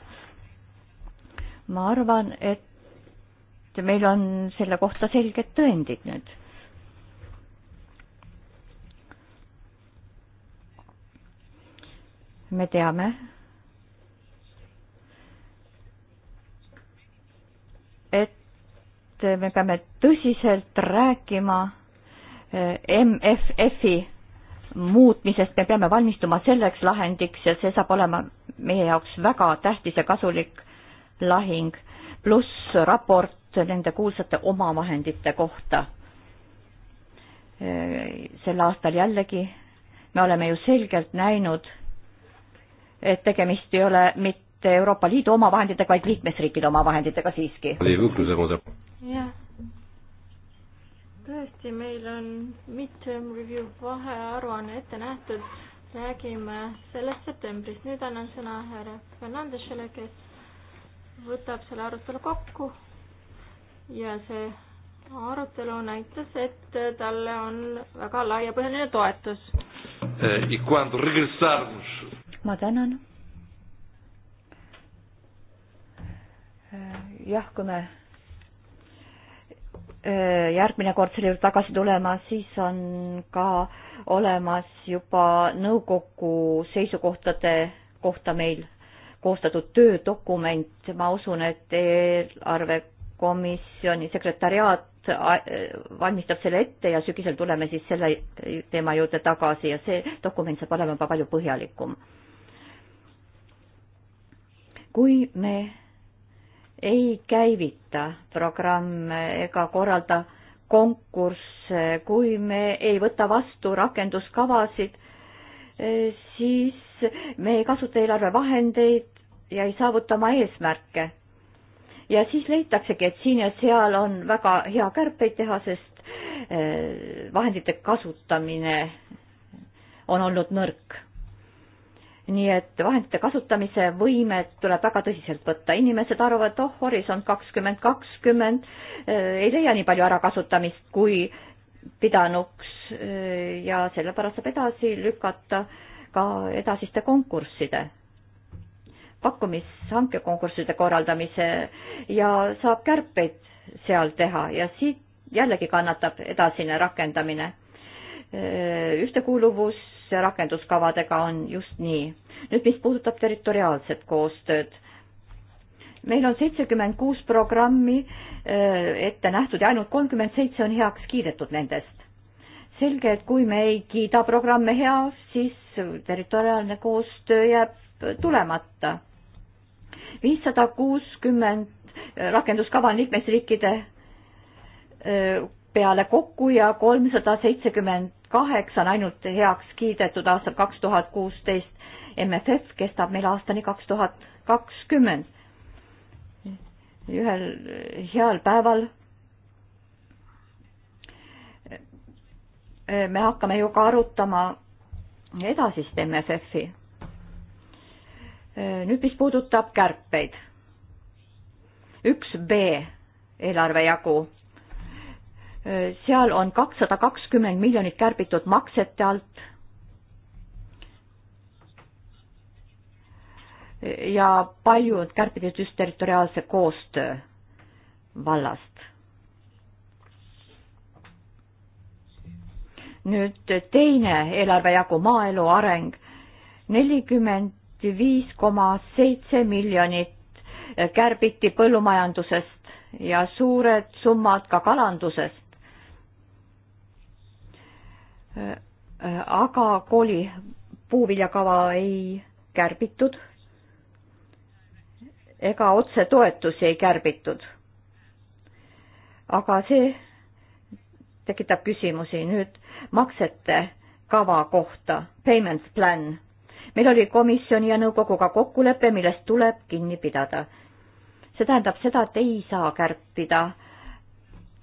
ma arvan, et et meil on selle kohta selged tõendid nüüd. me teame, et me peame tõsiselt rääkima eh, MFF-i muutmisest, me peame valmistuma selleks lahendiks ja see saab olema meie jaoks väga tähtis ja kasulik lahing, pluss raport nende kuulsate omavahendite kohta. sel aastal jällegi me oleme ju selgelt näinud, et tegemist ei ole mitte Euroopa Liidu omavahenditega, vaid liikmesriikide omavahenditega siiski. jah, tõesti, meil on midterm review vahearuanne ette nähtud, räägime sellest septembrist. nüüd annan sõna härra Fernandesele, kes võtab selle arutelu kokku ja see arutelu näitas, et talle on väga laiapõhjaline toetus. Eh, ma tänan. Eh, jah, kui me eh, järgmine kord selle juurde tagasi tulema, siis on ka olemas juba nõukogu seisukohtade kohta meil koostatud töödokument, ma usun, et eelarve komisjoni sekretariaat äh, valmistab selle ette ja sügisel tuleme siis selle teema juurde tagasi ja see dokument saab olema juba palju põhjalikum. kui me ei käivita programme ega korralda konkursse, kui me ei võta vastu rakenduskavasid, äh, siis me ei kasuta eelarvevahendeid ja ei saavuta oma eesmärke ja siis leitaksegi, et siin ja seal on väga hea kärpeid teha, sest äh, vahendite kasutamine on olnud nõrk. nii et vahendite kasutamise võimet tuleb väga tõsiselt võtta, inimesed arvavad, oh, Horisont kakskümmend kakskümmend äh, ei leia nii palju ärakasutamist kui pidanuks äh, ja sellepärast saab edasi lükata ka edasiste konkursside pakkumishanke konkursside korraldamise ja saab kärpeid seal teha ja siit jällegi kannatab edasine rakendamine. ühtekuuluvus rakenduskavadega on just nii. nüüd, mis puudutab territoriaalset koostööd, meil on seitsekümmend kuus programmi ette nähtud ja ainult kolmkümmend seitse on heaks kiidetud nendest. selge, et kui me ei kiida programme heaks, siis territoriaalne koostöö jääb tulemata viissada kuuskümmend rakenduskava on liikmesriikide peale kokku ja kolmsada seitsekümmend kaheksa on ainult heaks kiidetud aastal kaks tuhat kuusteist. MFF kestab meil aastani kaks tuhat kakskümmend. ühel heal päeval me hakkame ju ka arutama edasist MFF-i nüüd, mis puudutab kärpeid. üks B eelarve jagu. seal on kakssada kakskümmend miljonit kärbitud maksete alt. ja palju on kärbitud just territoriaalse koostöö vallast. nüüd teine eelarve jagu, maaelu areng, nelikümmend viis koma seitse miljonit kärbiti põllumajandusest ja suured summad ka kalandusest. aga kooli puuviljakava ei kärbitud ega otsetoetusi ei kärbitud. aga see tekitab küsimusi nüüd maksete kava kohta, payments plan meil oli komisjoni ja nõukoguga kokkulepe, millest tuleb kinni pidada. see tähendab seda, et ei saa kärpida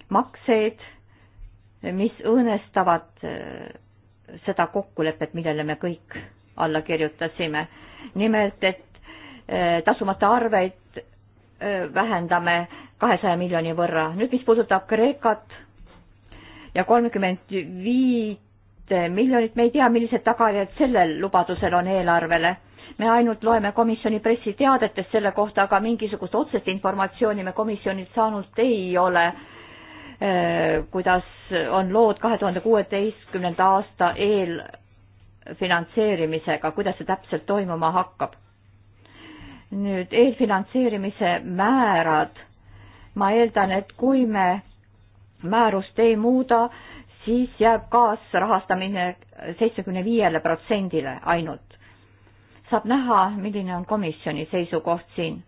makseid, mis õõnestavad äh, seda kokkulepet, millele me kõik alla kirjutasime. nimelt, et äh, tasumata arveid äh, vähendame kahesaja miljoni võrra. nüüd, mis puudutab Kreekat ja kolmkümmend viit Eh, miljonit, me ei tea, millised tagajärjed sellel lubadusel on eelarvele. me ainult loeme komisjoni pressiteadetest selle kohta, aga mingisugust otsest informatsiooni me komisjonilt saanud ei ole, eh, kuidas on lood kahe tuhande kuueteistkümnenda aasta eelfinantseerimisega, kuidas see täpselt toimuma hakkab. nüüd eelfinantseerimise määrad, ma eeldan, et kui me määrust ei muuda, siis jääb kaasrahastamine seitsmekümne viiele protsendile ainult. saab näha, milline on komisjoni seisukoht siin.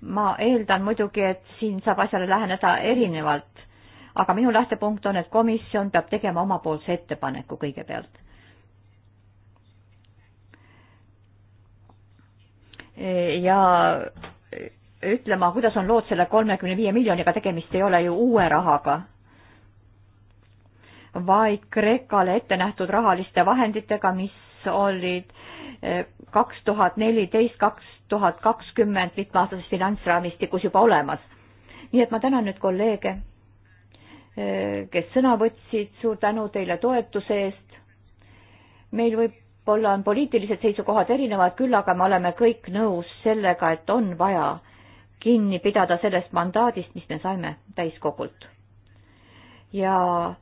ma eeldan muidugi, et siin saab asjale läheneda erinevalt, aga minu lähtepunkt on, et komisjon peab tegema omapoolse ettepaneku kõigepealt. ja ütlema, kuidas on lood selle kolmekümne viie miljoniga, tegemist ei ole ju uue rahaga, vaid Kreekale ette nähtud rahaliste vahenditega, mis olid eh, kaks tuhat neliteist, kaks tuhat kakskümmend mitmeaastases finantsraamistikus juba olemas. nii et ma tänan nüüd kolleege, eh, kes sõna võtsid, suur tänu teile toetuse eest. meil võib võib-olla on poliitilised seisukohad erinevad, küll aga me oleme kõik nõus sellega, et on vaja kinni pidada sellest mandaadist, mis me saime täiskogult. ja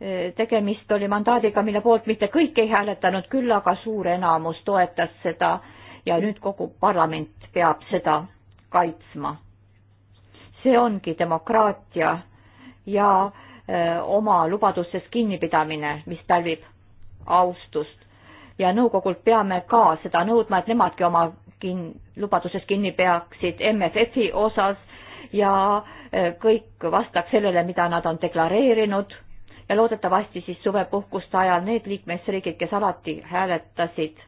e, tegemist oli mandaadiga, mille poolt mitte kõik ei hääletanud, küll aga suur enamus toetas seda ja nüüd kogu parlament peab seda kaitsma. see ongi demokraatia ja öö, e, oma lubadustes kinnipidamine, mis pälvib austust ja nõukogult peame ka seda nõudma, et nemadki oma kin-, lubadusest kinni peaksid MFF-i osas ja eh, kõik vastaks sellele, mida nad on deklareerinud ja loodetavasti siis suvepuhkuste ajal need liikmesriigid, kes alati hääletasid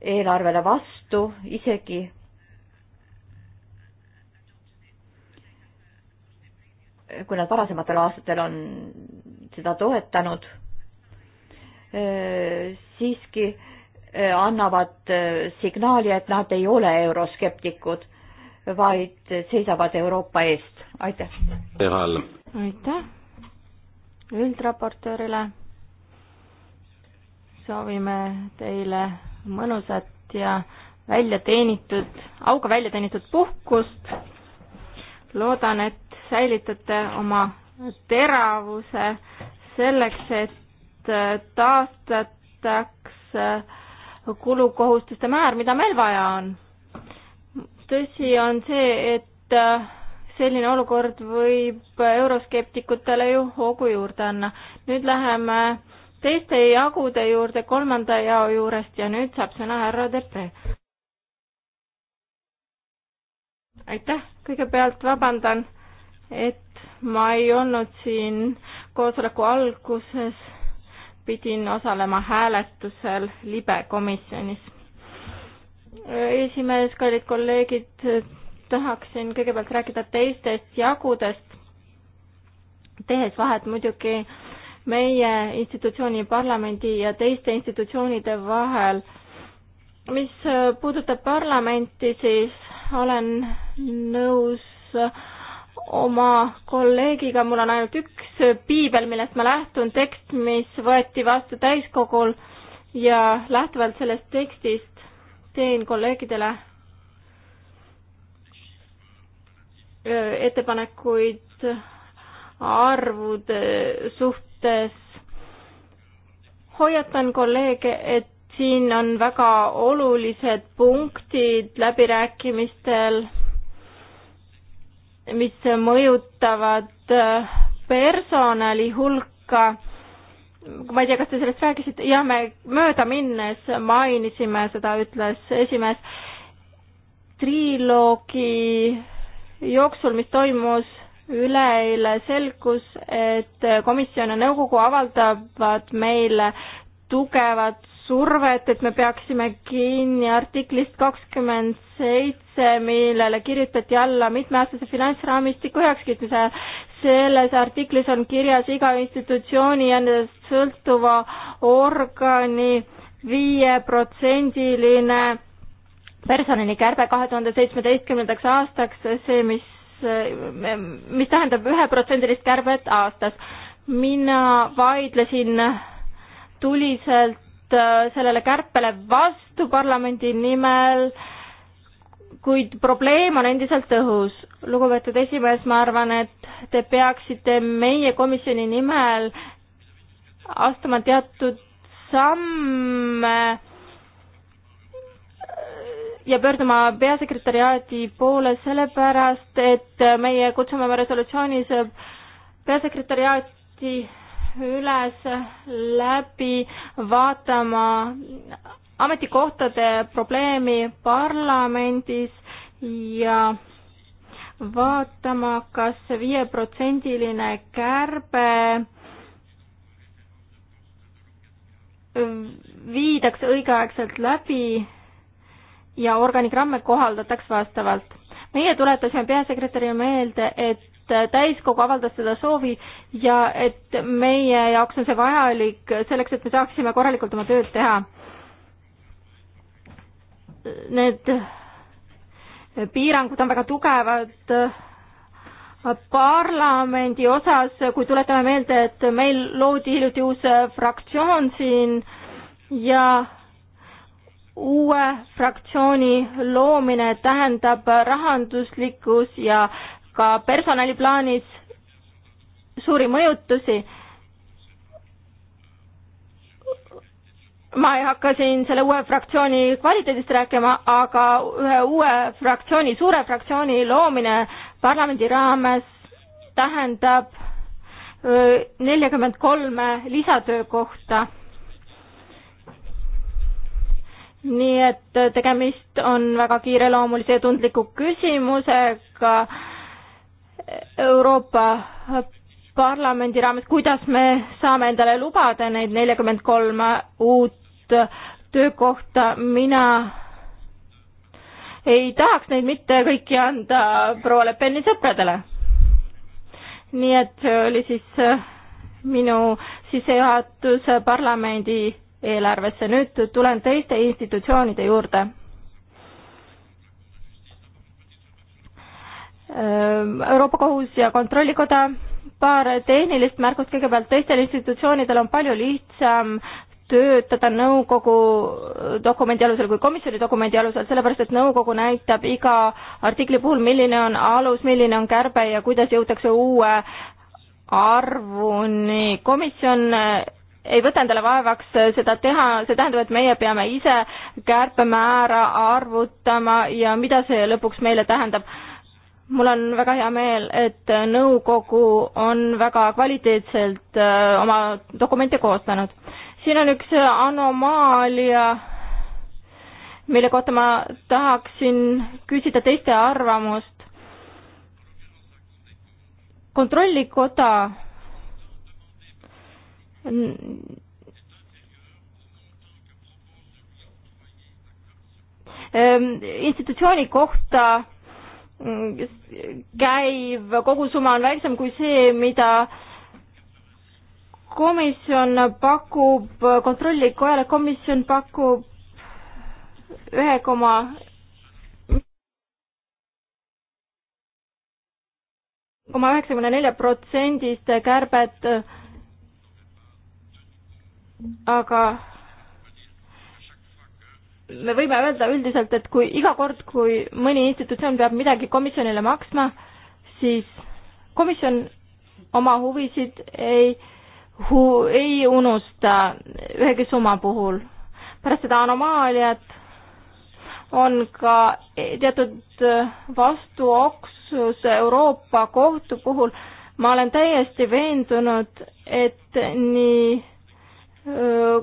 eelarvele vastu, isegi kui nad varasematel aastatel on seda toetanud, eh, siiski äh, Eh, annavad eh, signaali, et nad ei ole euroskeptikud, vaid seisavad Euroopa eest. aitäh! aitäh üldraportöörile! soovime teile mõnusat ja väljateenitud, auga väljateenitud puhkust. loodan, et säilitate oma teravuse selleks, et eh, taastataks kulukohustuste määr, mida meil vaja on. tõsi on see, et äh, selline olukord võib euroskeptikutele ju hoogu juurde anda. nüüd läheme teiste jagude juurde kolmanda jao juurest ja nüüd saab sõna härra Tepe. aitäh, kõigepealt vabandan, et ma ei olnud siin koosoleku alguses pidin osalema hääletusel libe komisjonis. esimees, kallid kolleegid, tahaksin kõigepealt rääkida teistest jagudest, tehes vahet muidugi meie institutsiooni, parlamendi ja teiste institutsioonide vahel. mis puudutab parlamenti, siis olen nõus äh, oma kolleegiga, mul on ainult üks piibel, millest ma lähtun, tekst, mis võeti vastu täiskogul ja lähtuvalt sellest tekstist teen kolleegidele ettepanekuid arvude suhtes. hoiatan kolleege, et siin on väga olulised punktid läbirääkimistel mis mõjutavad äh, personali hulka. ma ei tea, kas te sellest rääkisite, jah, me möödaminnes mainisime seda, ütles esimees. triloogi jooksul, mis toimus üleeile, selgus, et komisjon ja nõukogu avaldavad meile tugevat survet, et me peaksime kinni artiklist kakskümmend seitse, millele kirjutati alla mitmeaastase finantsraamistiku heakskiitmise. selles artiklis on kirjas iga institutsiooni ja nendest sõltuva organi viieprotsendiline personalikärbe kahe tuhande seitsmeteistkümnendaks aastaks, see, mis, mis tähendab üheprotsendilist kärbet aastas. mina vaidlesin tuliselt Äh, sellele kärpele vastu parlamendi nimel, kuid probleem on endiselt õhus. lugupeetud esimees, ma arvan, et te peaksite meie komisjoni nimel astuma teatud samme ja pöörduma peasekretäriaadi poole, sellepärast et meie kutsume oma resolutsioonis peasekretäriaati üles läbi vaatama ametikohtade probleemi parlamendis ja vaatama kas, kas viieprotsendiline kärbe viidaks õigeaegselt läbi ja organigramme kohaldataks vastavalt. meie tuletasime peasekretärile meelde, et et täiskogu avaldas seda soovi ja et meie jaoks on see vajalik selleks, et me saaksime korralikult oma tööd teha. Need piirangud on väga tugevad parlamendi osas, kui tuletame meelde, et meil loodi hiljuti uus fraktsioon siin ja uue fraktsiooni loomine tähendab rahanduslikus ja ka personaliplaanis suuri mõjutusi. ma ei hakka siin selle uue fraktsiooni kvaliteedist rääkima, aga ühe uue fraktsiooni, suure fraktsiooni loomine parlamendi raames tähendab neljakümmend kolme lisatöökohta. nii et tegemist on väga kiireloomulise ja tundliku küsimusega Euroopa Parlamendi raames, kuidas me saame endale lubada neid neljakümmend kolm uut töökohta, mina ei tahaks neid mitte kõiki anda proua Le Peni sõpradele. nii et see oli siis äh, minu sissejuhatus parlamendi eelarvesse, nüüd tulen teiste institutsioonide juurde Ehm, Euroopa Kohus ja Kontrollikoda, paar tehnilist märkust kõigepealt, teistel institutsioonidel on palju lihtsam töötada nõukogu dokumendi alusel kui komisjoni dokumendi alusel, sellepärast et nõukogu näitab iga artikli puhul, milline on alus, milline on kärbe ja kuidas jõutakse uue arvuni. komisjon ei võta endale vaevaks seda teha, see tähendab, et meie peame ise kärpemäära arvutama ja mida see lõpuks meile tähendab mul on väga hea meel, et nõukogu on väga kvaliteetselt oma dokumente koostanud. siin on üks anomaalia, mille kohta ma tahaksin küsida teiste arvamust. kontrollikoda institutsiooni kohta käiv kogusumma on väiksem kui see, mida komisjon pakub kontrollikojale, komisjon pakub ühe koma koma üheksakümne nelja protsendist kärbet, aga me võime öelda üldiselt, et kui iga kord, kui mõni institutsioon peab midagi komisjonile maksma, siis komisjon oma huvisid ei hu,, ei unusta ühegi summa puhul. pärast seda anomaaliat on ka teatud vastuoksus Euroopa Kohtu puhul. ma olen täiesti veendunud, et nii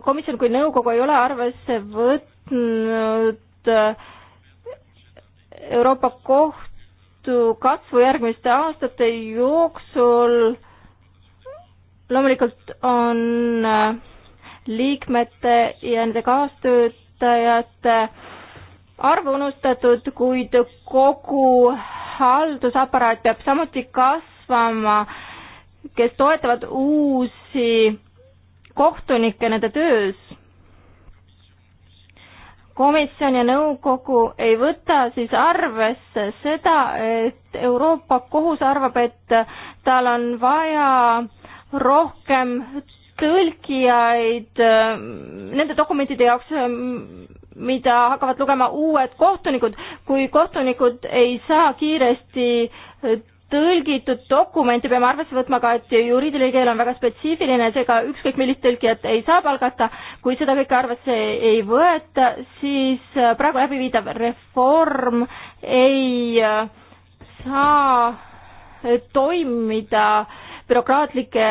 komisjon kui nõukogu ei ole arvesse võtnud võtnud äh, Euroopa Kohtu kasvu järgmiste aastate jooksul. loomulikult on äh, liikmete ja nende kaastöötajate arv unustatud, kuid kogu haldusaparaat peab samuti kasvama, kes toetavad uusi kohtunikke nende töös komisjon ja nõukogu ei võta siis arvesse seda, et Euroopa Kohus arvab, et tal on vaja rohkem tõlkijaid äh, nende dokumentide jaoks, äh, mida hakkavad lugema uued kohtunikud, kui kohtunikud ei saa kiiresti tõlgitud dokumente peame arvesse võtma ka, et juriidiline keel on väga spetsiifiline, seega ükskõik millist tõlkijat ei saa palgata. kui seda kõike arvesse ei võeta, siis äh, praegu läbiviidav reform ei äh, saa toimida bürokraatlike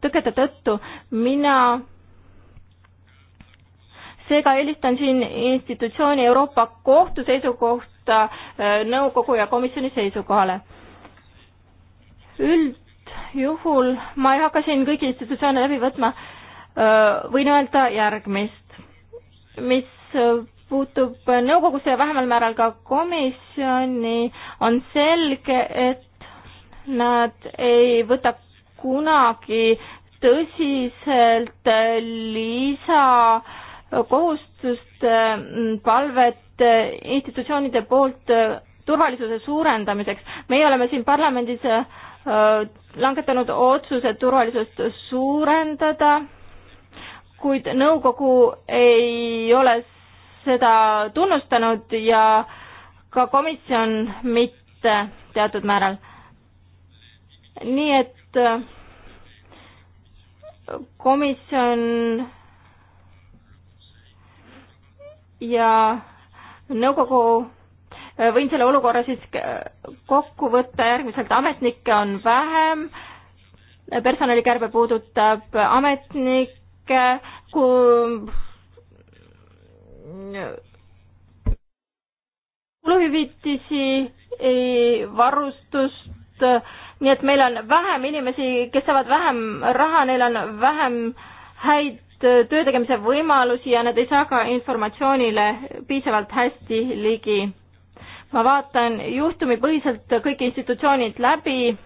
tõkete tõttu. mina seega eelistan siin institutsiooni Euroopa Kohtu seisukohta äh, nõukogu ja komisjoni seisukohale üldjuhul ma ei hakka siin kõiki institutsioone läbi võtma, võin öelda järgmist, mis puutub nõukogusse ja vähemal määral ka komisjoni, on selge, et nad ei võta kunagi tõsiselt lisakohustuste palvet institutsioonide poolt turvalisuse suurendamiseks. meie oleme siin parlamendis Äh, langetanud otsuse turvalisust suurendada, kuid nõukogu ei ole seda tunnustanud ja ka komisjon mitte teatud määral. nii et äh, komisjon ja nõukogu võin selle olukorra siis kokku võtta järgmiselt, ametnikke on vähem, personalikärbe puudutab ametnikke, kui kuluhüvitisi, varustust, nii et meil on vähem inimesi, kes saavad vähem raha, neil on vähem häid töö tegemise võimalusi ja nad ei saa ka informatsioonile piisavalt hästi ligi ma vaatan juhtumipõhiselt kõik institutsioonid läbi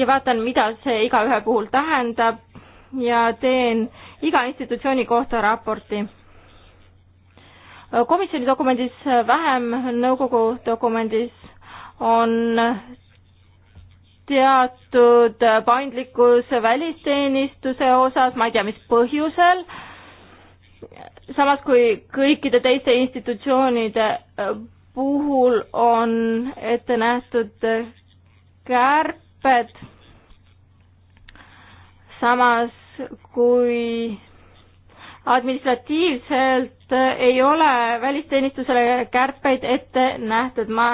ja vaatan, mida see igaühe puhul tähendab ja teen iga institutsiooni kohta raporti. komisjoni dokumendis vähem, nõukogu dokumendis on teatud paindlikkus välisteenistuse osas, ma ei tea, mis põhjusel, samas kui kõikide teiste institutsioonide puhul on ette nähtud kärped, samas kui administratiivselt ei ole välisteenistusele kärpeid ette nähtud, ma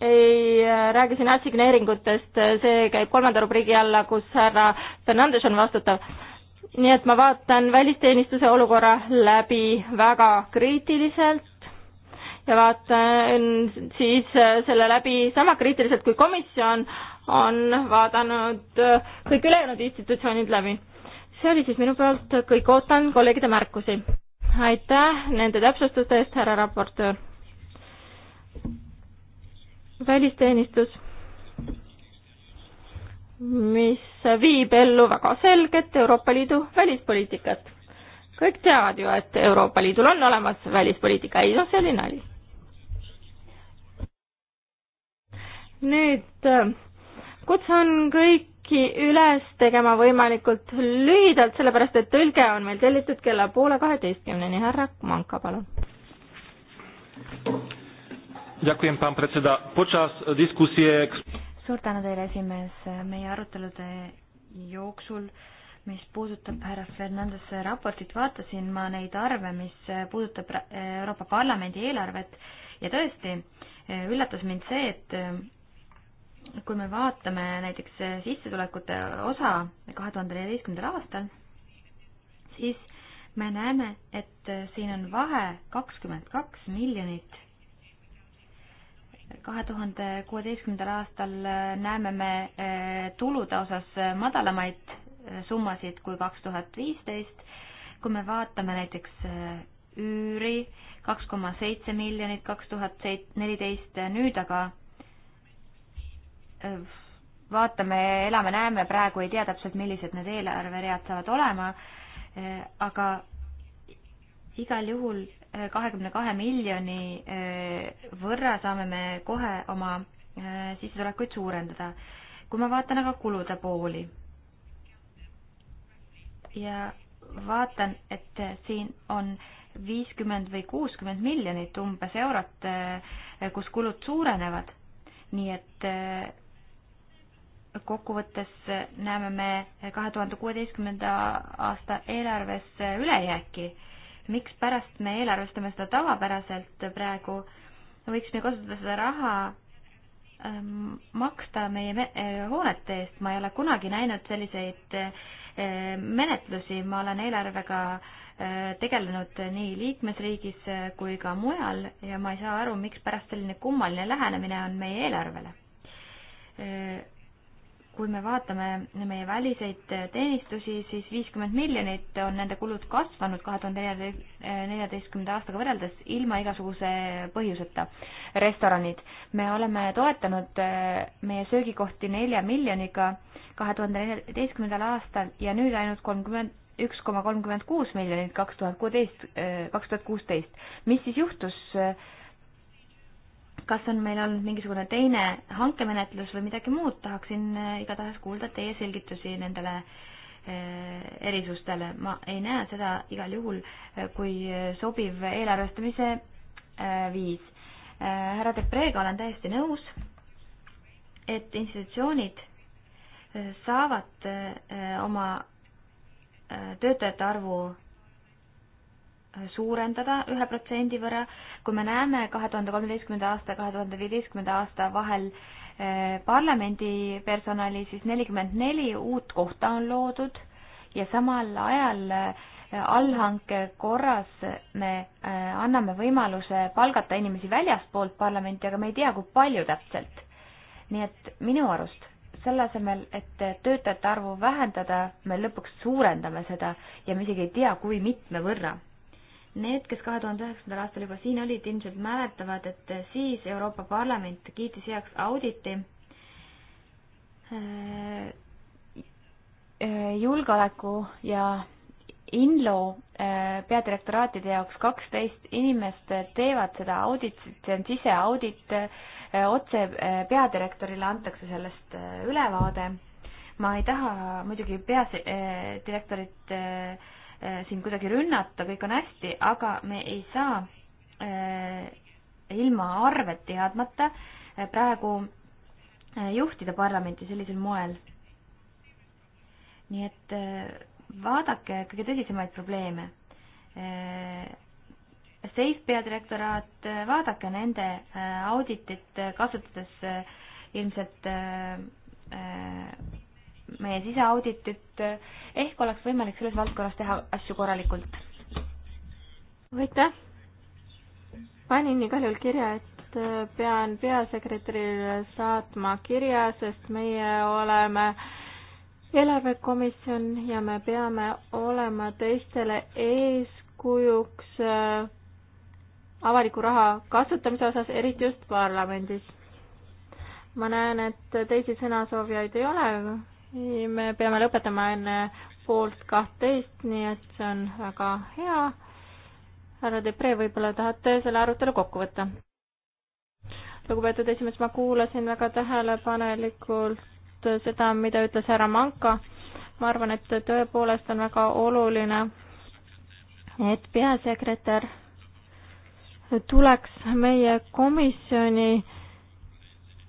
ei räägi siin assigneeringutest, see käib kolmanda rubriigi alla, kus härra Fernandes on vastutav. nii et ma vaatan välisteenistuse olukorra läbi väga kriitiliselt ja vaatan siis äh, selle läbi sama kriitiliselt kui komisjon on vaadanud äh, kõik ülejäänud institutsioonid läbi. see oli siis minu poolt kõik, ootan kolleegide märkusi. aitäh nende täpsustuste eest, härra raportöör. välisteenistus, mis viib ellu väga selget Euroopa Liidu välispoliitikat. kõik teavad ju, et Euroopa Liidul on olemas välispoliitika, ei noh, see oli nali nüüd äh, kutsun kõiki üles tegema võimalikult lühidalt, sellepärast et tõlge on meil tellitud kella poole kaheteistkümneni. härra Manka, palun. suur tänu teile, esimees, meie arutelude jooksul mis puudutab härra Fernandese raportit, vaatasin ma neid arve, mis puudutab Euroopa Parlamendi eelarvet ja tõesti üllatas mind see, et kui me vaatame näiteks sissetulekute osa kahe tuhande neljateistkümnendal aastal, siis me näeme, et siin on vahe kakskümmend kaks miljonit. kahe tuhande kuueteistkümnendal aastal näeme me eh, tulude osas madalamaid eh, summasid kui kaks tuhat viisteist. kui me vaatame näiteks eh, üüri, kaks koma seitse miljonit kaks tuhat seit-, neliteist, nüüd aga vaatame, elame, näeme, praegu ei tea täpselt, millised need eelarveread saavad olema, eh, aga igal juhul eh, kahekümne kahe miljoni eh, võrra saame me kohe oma sissetulekuid suurendada. kui ma vaatan aga kulude pooli ja vaatan, et siin on viiskümmend või kuuskümmend miljonit umbes eurot, kus kulud suurenevad, nii et kokkuvõttes näeme me kahe tuhande kuueteistkümnenda aasta eelarves ülejääki. mikspärast me eelarvestame seda tavapäraselt praegu, võiksime kasutada seda raha ähm, maksta meie äh, hoonete eest, ma ei ole kunagi näinud selliseid äh, menetlusi, ma olen eelarvega äh, tegelenud nii liikmesriigis kui ka mujal ja ma ei saa aru, mikspärast selline kummaline lähenemine on meie eelarvele kui me vaatame meie väliseid teenistusi, siis viiskümmend miljonit on nende kulud kasvanud kahe tuhande neljateistkümnenda aastaga võrreldes ilma igasuguse põhjuseta. restoranid, me oleme toetanud eh, meie söögikohti nelja miljoniga kahe tuhande neljateistkümnendal aastal ja nüüd ainult kolmkümmend üks koma kolmkümmend kuus miljonit kaks tuhat kuuteist, eh, kaks tuhat kuusteist. mis siis juhtus äh, kas on meil olnud mingisugune teine hankemenetlus või midagi muud, tahaksin äh, igatahes kuulda teie selgitusi nendele äh, erisustele. ma ei näe seda igal juhul äh, kui sobiv eelarvestamise viis. härra Depreega olen täiesti nõus, et institutsioonid saavad oma töötajate arvu suurendada ühe protsendi võrra. kui me näeme kahe tuhande kolmeteistkümnenda aasta, kahe tuhande viieteistkümnenda aasta vahel eh, parlamendi personali, siis nelikümmend neli uut kohta on loodud ja samal ajal eh, allhanke korras me eh, anname võimaluse palgata inimesi väljaspoolt parlamenti, aga me ei tea, kui palju täpselt. nii et minu arust selle asemel, et töötajate arvu vähendada, me lõpuks suurendame seda ja me isegi ei tea, kui mitme võrra Need, kes kahe tuhande üheksandal aastal juba siin olid, ilmselt mäletavad, et siis Euroopa Parlament kiitis heaks auditi äh, äh, julgeoleku ja Inlo äh, peadirektoraatide jaoks kaksteist inimest teevad seda auditit, see on siseaudit, otse peadirektorile antakse sellest ülevaade. ma ei taha muidugi peadirektorit äh, Eh, siin kuidagi rünnata, kõik on hästi, aga me ei saa eh, ilma arvet teadmata eh, praegu juhtida parlamenti sellisel moel. nii et vaadake kõige tõsisemaid probleeme. Safe peadirektoraat, vaadake nende auditit, kasutades ilmselt meie siseauditit, ehk oleks võimalik selles valdkonnas teha asju korralikult. aitäh! panin igal juhul kirja, et äh, pean peasekretärile saatma kirja, sest meie oleme eelarvekomisjon ja me peame olema teistele eeskujuks äh, avaliku raha kasutamise osas, eriti just parlamendis. ma näen, et teisi sõnasoovijaid ei ole me peame lõpetama enne poolt kahtteist, nii et see on väga hea. härra Depre, võib-olla tahate selle arutelu kokku võtta? lugupeetud esimees, ma kuulasin väga tähelepanelikult seda, mida ütles härra Manka. ma arvan, et tõepoolest on väga oluline, et peasekretär tuleks meie komisjoni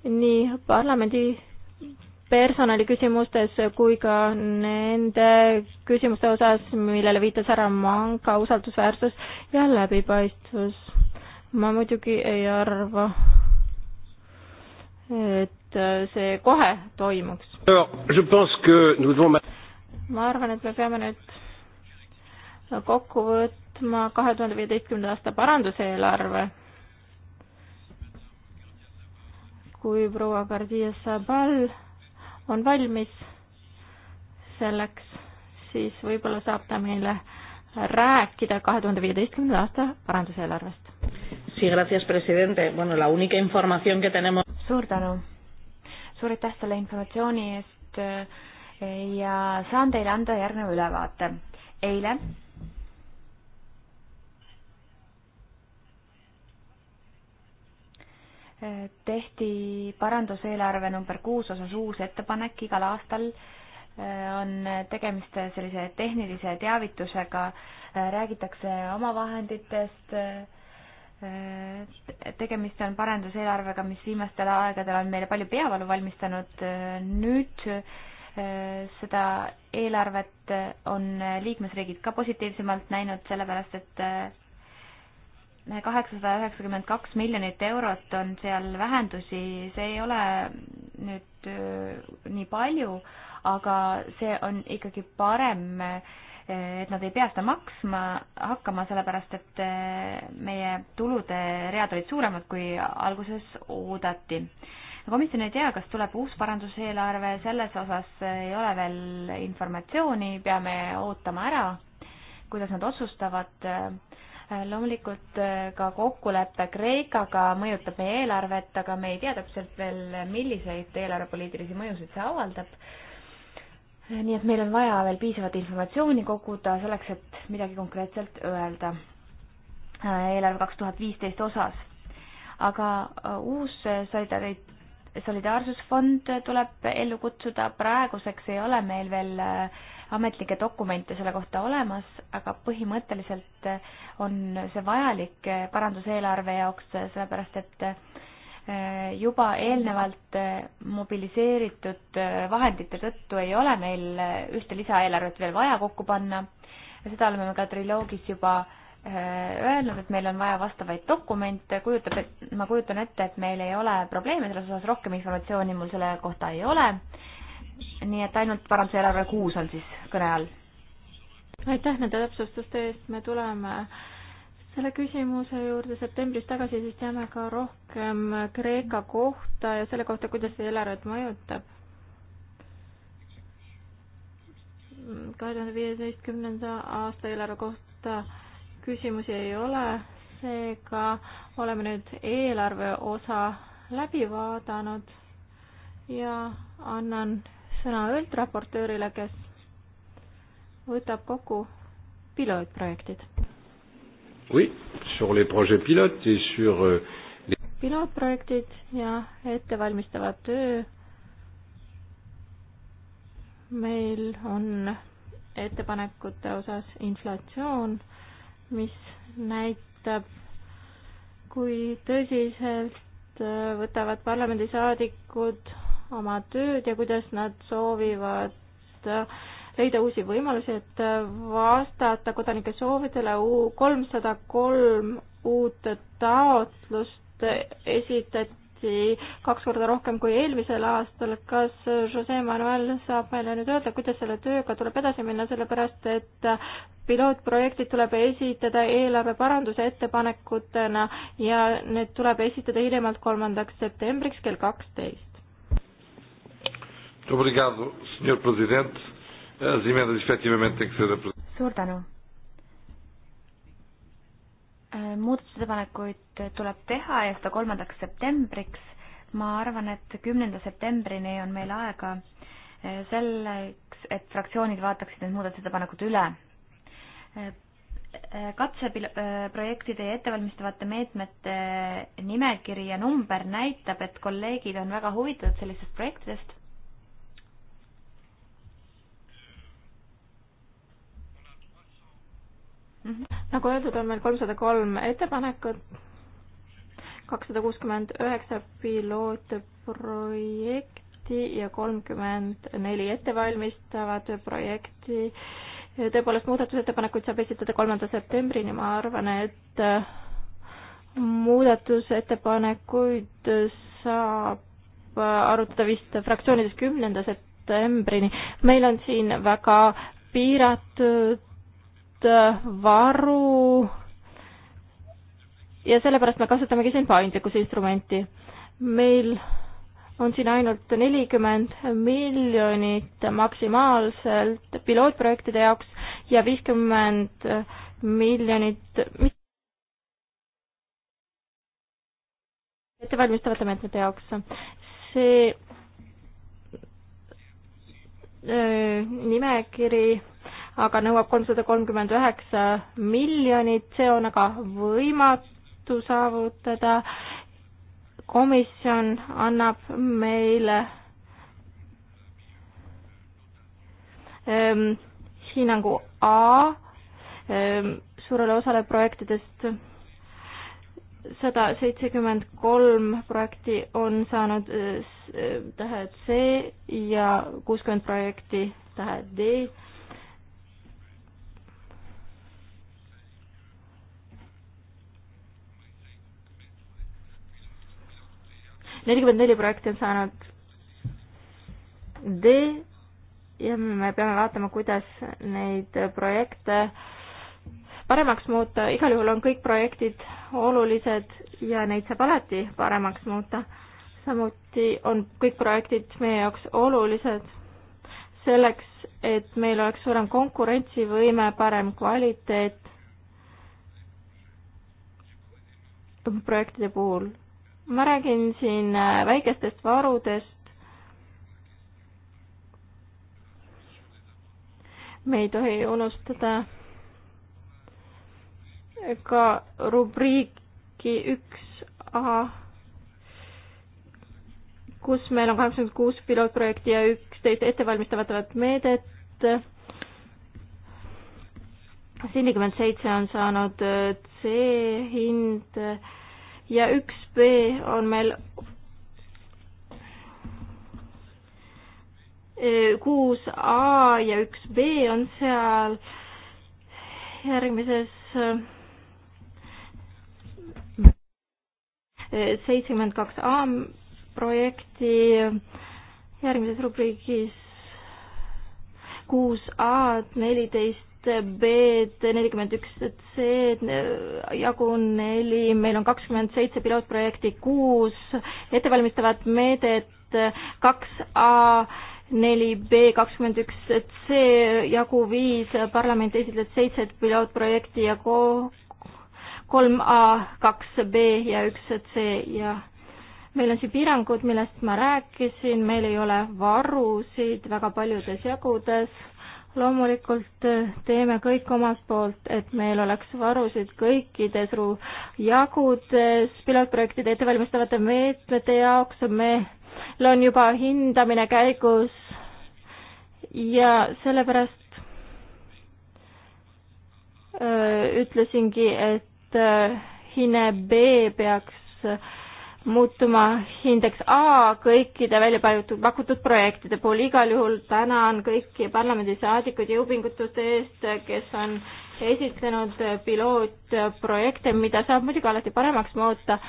nii parlamendi personaliküsimustes kui ka nende küsimuste osas, millele viitas härra Manka, usaldusväärsus ja läbipaistvus. ma muidugi ei arva, et see kohe toimuks. ma arvan, et me peame nüüd kokku võtma kahe tuhande viieteistkümnenda aasta paranduseelarve kui proua Gardia Sabal on valmis selleks, siis võib-olla saab ta meile rääkida kahe tuhande viieteistkümnenda aasta paranduseelarvest. suur tänu. suur aitäh selle informatsiooni eest eh, ja saan teile anda järgneva ülevaate. eile tehti paranduseelarve number kuus osas uus ettepanek igal aastal äh, on tegemist sellise tehnilise teavitusega, äh, räägitakse omavahenditest, äh, tegemist on parenduseelarvega, mis viimastel aegadel on meile palju peavalu valmistanud, nüüd seda eelarvet on liikmesriigid ka positiivsemalt näinud, sellepärast et kaheksasada üheksakümmend kaks miljonit eurot on seal vähendusi, see ei ole nüüd äh, nii palju, aga see on ikkagi parem, äh, et nad ei pea seda maksma, hakkama, sellepärast et äh, meie tulude read olid suuremad, kui alguses oodati. komisjon ei tea, kas tuleb uus paranduseelarve, selles osas ei ole veel informatsiooni, peame ootama ära, kuidas nad otsustavad Äh, loomulikult äh, ka kokkulepe Kreekaga mõjutab meie eelarvet, aga me ei tea täpselt veel, milliseid eelarvepoliitilisi mõjusid see avaldab. Äh, nii et meil on vaja veel piisavat informatsiooni koguda selleks, et midagi konkreetselt öelda eelarve kaks tuhat viisteist osas. aga uus solidaarid-, solidaarsusfond tuleb ellu kutsuda, praeguseks ei ole meil veel äh, ametlikke dokumente selle kohta olemas, aga põhimõtteliselt on see vajalik paranduseelarve jaoks, sellepärast et eh, juba eelnevalt eh, mobiliseeritud eh, vahendite tõttu ei ole meil ühte lisaeelarvet veel vaja kokku panna. seda oleme me ka triloogis juba öelnud, et meil on vaja vastavaid dokumente, kujutab, et ma kujutan ette, et meil ei ole probleeme selles osas, rohkem informatsiooni mul selle kohta ei ole nii et ainult parandusjärelevalve kuus on siis kõne all. aitäh nende täpsustuste eest, me tuleme selle küsimuse juurde septembris tagasi, siis teame ka rohkem Kreeka kohta ja selle kohta, kuidas see eelarvet mõjutab. kahe tuhande viieteistkümnenda aasta eelarve kohta küsimusi ei ole, seega oleme nüüd eelarve osa läbi vaadanud ja annan sõna üldraportöörile, kes võtab kokku pilootprojektid. Oui, sur les projets pilotes et sur euh, les... pilootprojektid ja ettevalmistavad töö. meil on ettepanekute osas inflatsioon, mis näitab, kui tõsiselt äh, võtavad parlamendisaadikud oma tööd ja kuidas nad soovivad äh, leida uusi võimalusi, et äh, vastata kodanike soovidele. kolmsada kolm uut taotlust esitati kaks korda rohkem kui eelmisel aastal. kas Jose Manuel saab meile nüüd öelda, kuidas selle tööga tuleb edasi minna, sellepärast et äh, pilootprojektid tuleb esitada eelarve paranduse ettepanekutena ja need tuleb esitada hiljemalt kolmandaks septembriks kell kaksteist. Obrigado, senhor presidente. As emendas efetivamente têm que ser apresentadas. suur tänu. Äh, muudatusettepanekuid äh, tuleb teha ja seda kolmandaks septembriks. ma arvan, et kümnenda septembrini on meil aega äh, selleks, et fraktsioonid vaataksid need muudatusettepanekud üle katseprojektide ja ettevalmistavate meetmete nimekiri ja number näitab, et kolleegid on väga huvitatud sellistest projektidest. Mhm. nagu öeldud, on meil kolmsada kolm ettepanekut, kakssada kuuskümmend üheksa pilootprojekti ja kolmkümmend neli ettevalmistavat projekti. tõepoolest, muudatusettepanekuid saab esitada kolmanda septembrini, ma arvan, et äh, muudatusettepanekuid saab arutada vist fraktsioonides kümnenda septembrini. meil on siin väga piiratud Äh, varu ja sellepärast me kasutamegi siin paindlikkuse instrumenti. meil on siin ainult nelikümmend miljonit maksimaalselt pilootprojektide jaoks ja viiskümmend miljonit ettevalmistavate meetmete jaoks. see öö, äh, nimekiri aga nõuab kolmsada kolmkümmend üheksa miljonit, see on aga võimatu saavutada. komisjon annab meile ähm, hinnangu A ähm, suurele osale projektidest sada seitsekümmend kolm projekti on saanud äh, äh, tähe C ja kuuskümmend projekti tähe D nelikümmend neli projekti on saanud D ja me peame vaatama, kuidas neid projekte paremaks muuta, igal juhul on kõik projektid olulised ja neid saab alati paremaks muuta. samuti on kõik projektid meie jaoks olulised selleks, et meil oleks suurem konkurentsivõime, parem kvaliteet projektide puhul ma räägin siin äh, väikestest varudest. me ei tohi unustada ka rubriiki üks A, kus meil on kaheksakümmend kuus pilootprojekti ja üksteist ettevalmistatavat meedet nelikümmend seitse on saanud äh, C hind ja üks B on meil kuus A ja üks B on seal järgmises eh, seitsekümmend kaks A projekti järgmises rubriigis kuus A-d, neliteist B-d, nelikümmend üks C-d, jagu neli, meil on kakskümmend seitse pilootprojekti, kuus ettevalmistavat meedet, kaks A, neli B, kakskümmend üks C, jagu viis, parlamendi esindajad seitse pilootprojekti ja kolm A, kaks B ja üks C ja meil on siin piirangud, millest ma rääkisin, meil ei ole varusid väga paljudes jagudes loomulikult äh, teeme kõik omalt poolt, et meil oleks varusid kõikides jagudes pilootprojektide ettevalmistavate meetmete jaoks, meil on juba hindamine käigus ja sellepärast öö, äh, ütlesingi, et öö, äh, hine B peaks öö, muutuma hindeks A kõikide välja pakutud, pakutud projektide puhul. igal juhul tänan kõiki parlamendisaadikud jõupingutuste eest, kes on esitlenud pilootprojekte, mida saab muidugi alati paremaks muuta.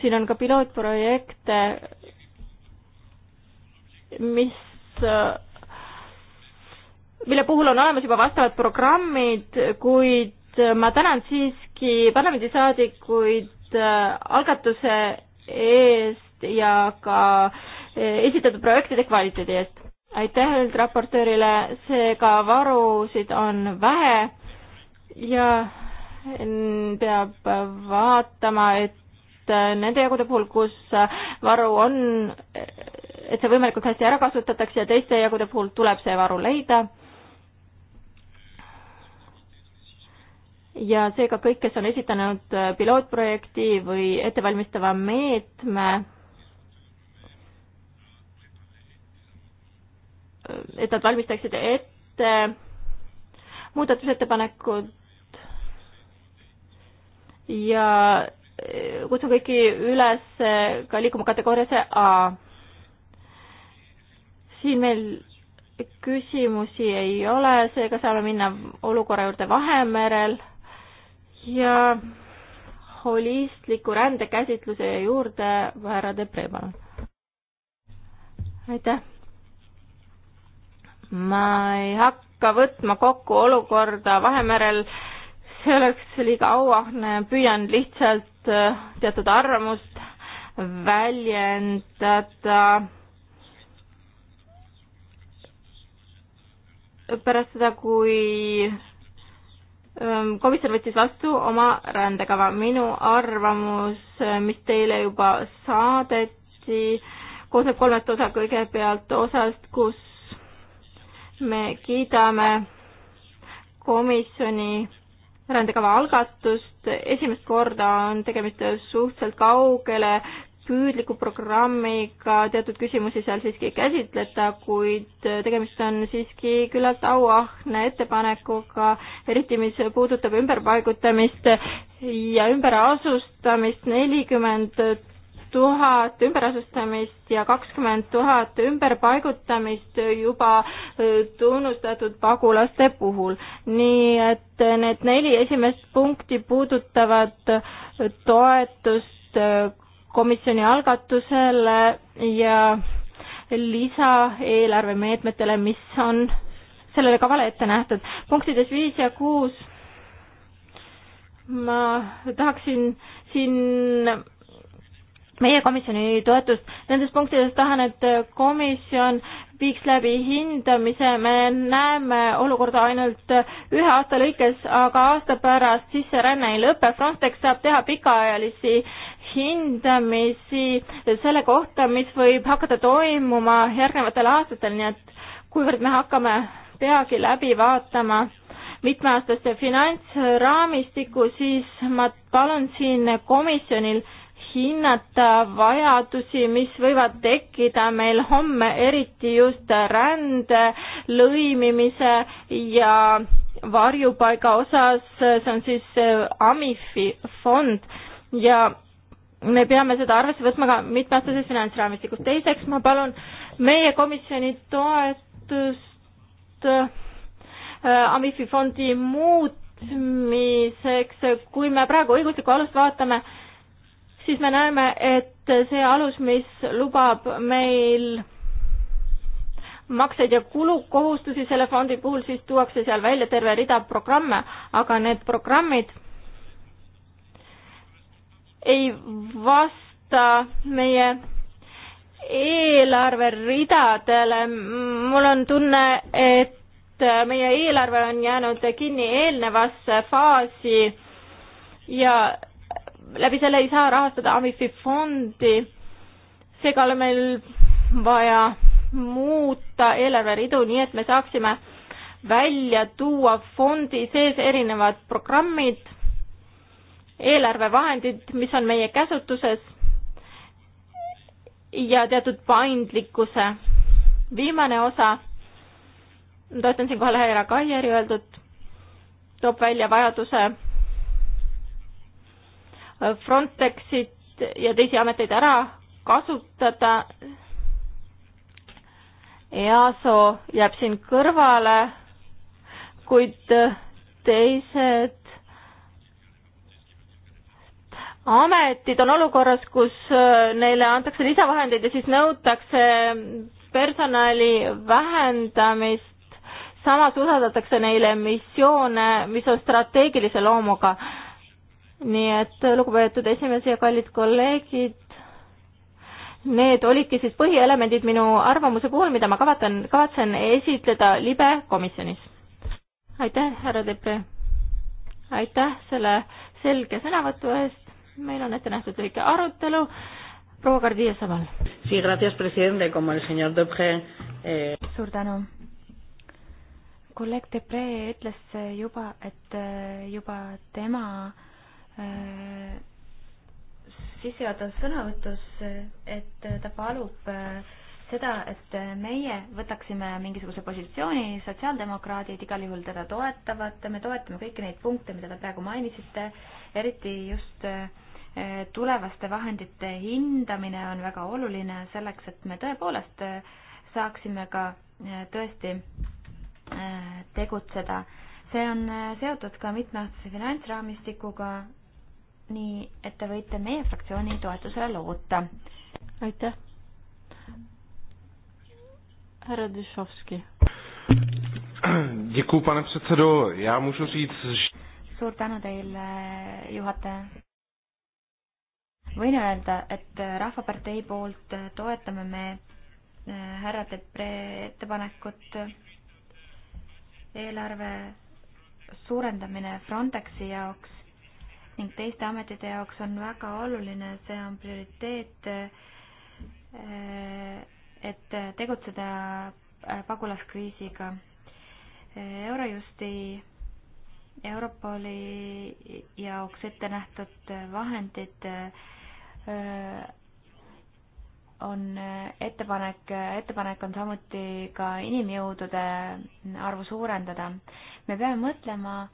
siin on ka pilootprojekte, mis, mille puhul on olemas juba vastavad programmid, kuid ma tänan siiski parlamendisaadikuid Äh, algatuse eest ja ka äh, esitatud projektide kvaliteedi eest. aitäh üldraportöörile, seega varusid on vähe ja peab vaatama, et äh, nende jagude puhul, kus varu on, et see võimalikult hästi ära kasutatakse ja teiste jagude puhul tuleb see varu leida ja seega kõik, kes on esitanud äh, pilootprojekti või ettevalmistava meetme, äh, et nad valmistaksid ette muudatusettepanekud ja äh, kutsun kõiki üles ka liikuma kategooriasse A. siin meil küsimusi ei ole, seega saame minna olukorra juurde Vahemerel ja holistliku rändekäsitluse juurde härra Depre, palun. aitäh. ma ei hakka võtma kokku olukorda Vahemerel, see oleks liiga auahne, püüan lihtsalt äh, teatud arvamust väljendada. pärast seda, kui komisjon võttis vastu oma rändekava. minu arvamus, mis teile juba saadeti, koosneb kolmest osa. kõigepealt osast, kus me kiidame komisjoni rändekava algatust. esimest korda on tegemist suhteliselt kaugele püüdliku programmiga teatud küsimusi seal siiski ei käsitleta, kuid tegemist on siiski küllalt auahne ettepanekuga, eriti mis puudutab ümberpaigutamist ja ümberasustamist, nelikümmend tuhat ümberasustamist ja kakskümmend tuhat ümberpaigutamist juba äh, tunnustatud pagulaste puhul. nii et need neli esimest punkti puudutavad toetust äh, komisjoni algatusele ja lisaeelarve meetmetele, mis on sellele kavale ette nähtud. punktides viis ja kuus ma tahaksin siin meie komisjoni toetust, nendes punktides tahan, et komisjon viiks läbi hindamise, me näeme olukorda ainult ühe aasta lõikes, aga aasta pärast sisseränne ei lõpe, Frontex saab teha pikaajalisi äh, hindamisi selle kohta, mis võib hakata toimuma järgnevatel aastatel, nii et kuivõrd me hakkame peagi läbi vaatama mitmeaastaste finantsraamistikku, siis ma palun siin komisjonil hinnata vajadusi, mis võivad tekkida meil homme, eriti just rände, lõimimise ja varjupaiga osas, see on siis Amifi fond ja me peame seda arvesse võtma ka mitmeaastases finantsraamistikus. teiseks ma palun meie komisjoni toetust äh, Amifi fondi muutmiseks. kui me praegu õiguslikku alust vaatame, siis me näeme, et see alus, mis lubab meil makseid ja kulukohustusi selle fondi puhul, siis tuuakse seal välja terve rida programme, aga need programmid ei vasta meie eelarveridadele. mul on tunne, et meie eelarve on jäänud kinni eelnevasse faasi ja läbi selle ei saa rahastada Amifi fondi. seega on meil vaja muuta eelarveridu, nii et me saaksime välja tuua fondi sees erinevad programmid eelarvevahendid, mis on meie käsutuses ja teatud paindlikkuse. viimane osa, toetan siinkohal härra Kaieri öeldut, toob välja vajaduse Frontexit ja teisi ameteid ära kasutada. EASO jääb siin kõrvale, kuid teised ametid on olukorras, kus äh, neile antakse lisavahendeid ja siis nõutakse personali vähendamist, samas usaldatakse neile missioone, mis on strateegilise loomuga. nii et äh, lugupeetud esimees ja kallid kolleegid, need olidki siis põhielemendid minu arvamuse puhul, mida ma kavatan, kavatsen esitleda libe komisjonis. aitäh, härra Tepre! aitäh selle selge sõnavõtu eest meil on ette nähtud lühike arutelu. proua Kardia Saval. Eh, suur tänu. kolleeg Depre ütles eh, juba, et eh, juba tema äh, sissejuhatavas sõnavõtus, et ta palub äh, seda, et meie võtaksime mingisuguse positsiooni, sotsiaaldemokraadid igal juhul teda toetavad, me toetame kõiki neid punkte, mida te praegu mainisite, eriti just tulevaste vahendite hindamine on väga oluline selleks, et me tõepoolest äh, saaksime ka äh, tõesti äh, tegutseda. see on seotud ka mitmeaastase finantsraamistikuga, nii et te võite meie fraktsiooni toetusele loota. aitäh. härra Dušovski. Děkuji, pane předsedo. Já můžu říct... Suur tänu teile, juhataja võin öelda, et Rahvapartei poolt toetame me äh, härra Depre ettepanekut eelarve suurendamine Frontexi jaoks ning teiste ametite jaoks on väga oluline, see on prioriteet, äh, et tegutseda äh, pagulaskriisiga. Eurojusti, Europoli jaoks ette nähtud vahendid Äh, on äh, ettepanek, äh, ettepanek on samuti ka inimjõudude arvu suurendada. me peame mõtlema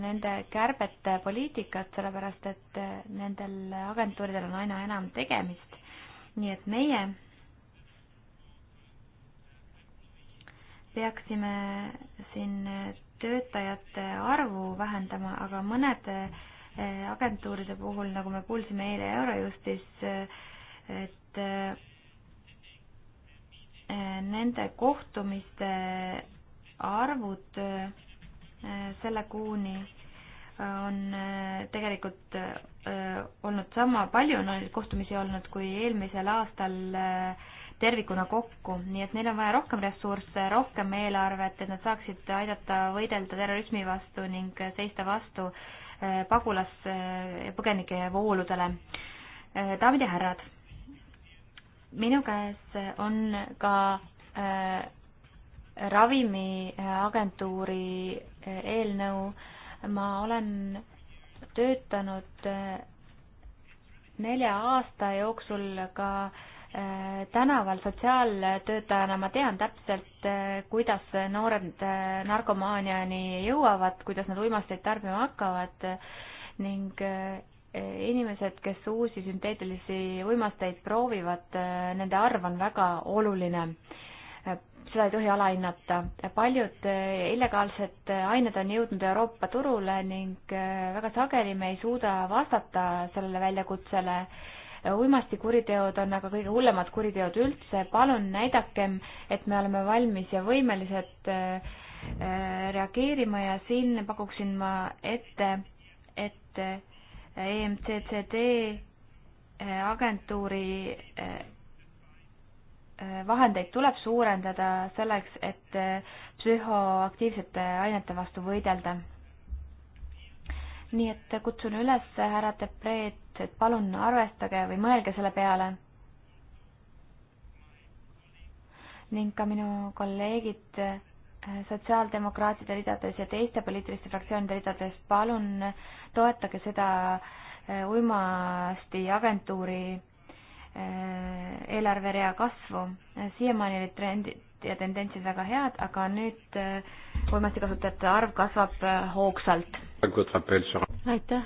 nende kärbete poliitikat, sellepärast et nendel agentuuridel on aina enam tegemist. nii et meie peaksime siin töötajate arvu vähendama, aga mõned Eh, agentuuride puhul, nagu me kuulsime eile Eurojustis, eh, et eh, nende kohtumiste arvud selle kuuni on tegelikult olnud sama palju on neid kohtumisi olnud kui eelmisel aastal tervikuna kokku, nii et neil on vaja rohkem ressursse, rohkem eelarvet, et nad saaksid aidata võidelda terrorismi vastu ning seista vastu äh, pagulas- eh, ja põgenike vooludele. Eh, daamid ja härrad, minu käes on ka eh, ravimiagentuuri eelnõu. ma olen töötanud nelja aasta jooksul ka äh, Äh, tänaval sotsiaaltöötajana ma tean täpselt, äh, kuidas noored äh, narkomaaniani jõuavad, kuidas nad uimasteid tarbima hakkavad ning inimesed, kes uusi sünteetilisi uimasteid proovivad, nende arv on väga oluline. seda ei tohi alahinnata. paljud illegaalsed ained on jõudnud Euroopa turule ning väga sageli me ei suuda vastata sellele väljakutsele uimastikuriteod on aga kõige hullemad kuriteod üldse. palun näidakem, et me oleme valmis ja võimelised äh, äh, reageerima ja siin pakuksin ma ette, et äh, EMCCD agentuuri vahendeid tuleb suurendada selleks, et psühhoaktiivsete ainete vastu võidelda. nii et kutsun üles härra Depreed et palun arvestage või mõelge selle peale. ning ka minu kolleegid äh, sotsiaaldemokraatide ridades ja teiste poliitiliste fraktsioonide ridades, palun toetage seda äh, uimasti agentuuri äh, eelarverea kasvu. siiamaani olid trendid ja tendentsid väga head, aga nüüd uimasti kasutajate arv kasvab hoogsalt aitäh,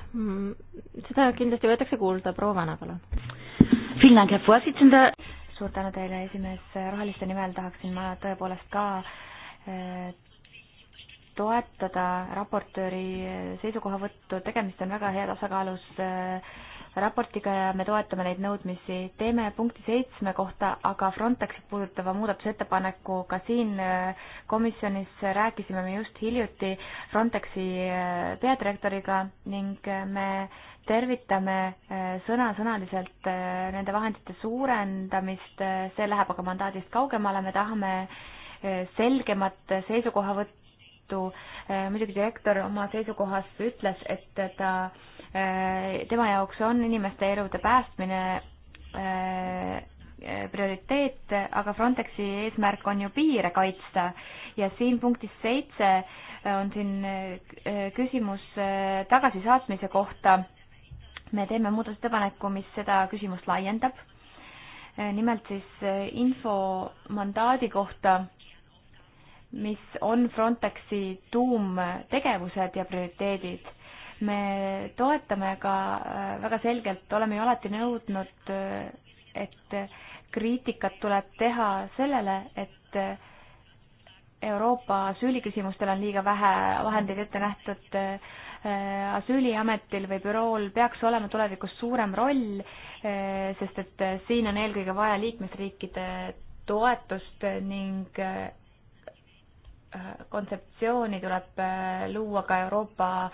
seda kindlasti võetakse kuulda, proua Vana, palun. suur tänu teile, esimees, Roheliste nimel tahaksin ma tõepoolest ka äh, toetada raportööri seisukohavõttu, tegemist on väga hea tasakaalus äh, raportiga ja me toetame neid nõudmisi. teeme punkti seitsme kohta aga Frontexit puudutava muudatusettepaneku, ka siin äh, komisjonis rääkisime me just hiljuti Frontexi äh, peadirektoriga ning äh, me tervitame sõna-sõnaliselt nende vahendite suurendamist, see läheb aga mandaadist kaugemale, me tahame selgemat seisukohavõttu tõttu äh, muidugi direktor oma seisukohas ütles, et ta, äh, tema jaoks on inimeste elude päästmine äh, prioriteet, aga Frontexi eesmärk on ju piire kaitsta ja siin punktis seitse on siin küsimus tagasisaatmise kohta. me teeme muudatusettepaneku, mis seda küsimust laiendab. nimelt siis info mandaadi kohta mis on Frontexi tuumtegevused ja prioriteedid. me toetame ka äh, väga selgelt, oleme ju alati nõudnud, äh, et kriitikat tuleb teha sellele, et äh, Euroopa asüüliküsimustel on liiga vähe vahendeid ette nähtud. asüüliametil või bürool peaks olema tulevikus suurem roll, sest et siin on eelkõige vaja liikmesriikide toetust ning kontseptsiooni tuleb äh, luua ka Euroopa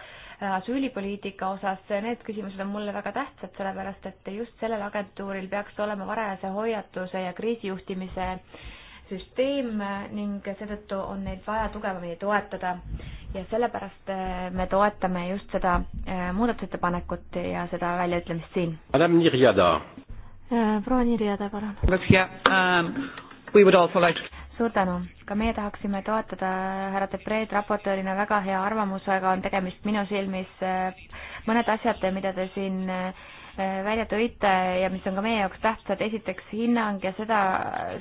äh, asüülipoliitika osas, need küsimused on mulle väga tähtsad, sellepärast et just sellel agentuuril peaks olema varajase hoiatuse ja kriisijuhtimise süsteem äh, ning seetõttu on neid vaja tugevamini toetada. ja sellepärast me toetame just seda muudatusettepanekut ja seda väljaütlemist siin. proua Nirjada, palun suur tänu. ka meie tahaksime toetada härra Depreed raportöörina väga hea arvamusega, on tegemist minu silmis eh, mõned asjad, mida te siin eh, välja tõite ja mis on ka meie jaoks tähtsad, esiteks hinnang ja seda,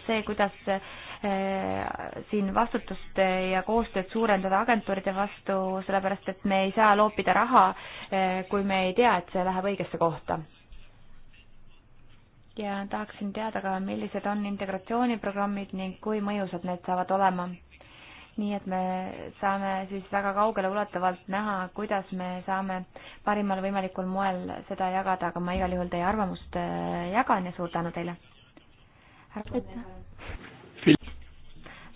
see, kuidas eh, siin vastutust ja koostööd suurendada agentuuride vastu, sellepärast et me ei saa loopida raha, kui me ei tea, et see läheb õigesse kohta ja tahaksin teada ka, millised on integratsiooniprogrammid ning kui mõjusad need saavad olema. nii et me saame siis väga kaugele ulatuvalt näha, kuidas me saame parimal võimalikul moel seda jagada, aga ma igal juhul teie arvamust äh, jagan ja suur tänu teile.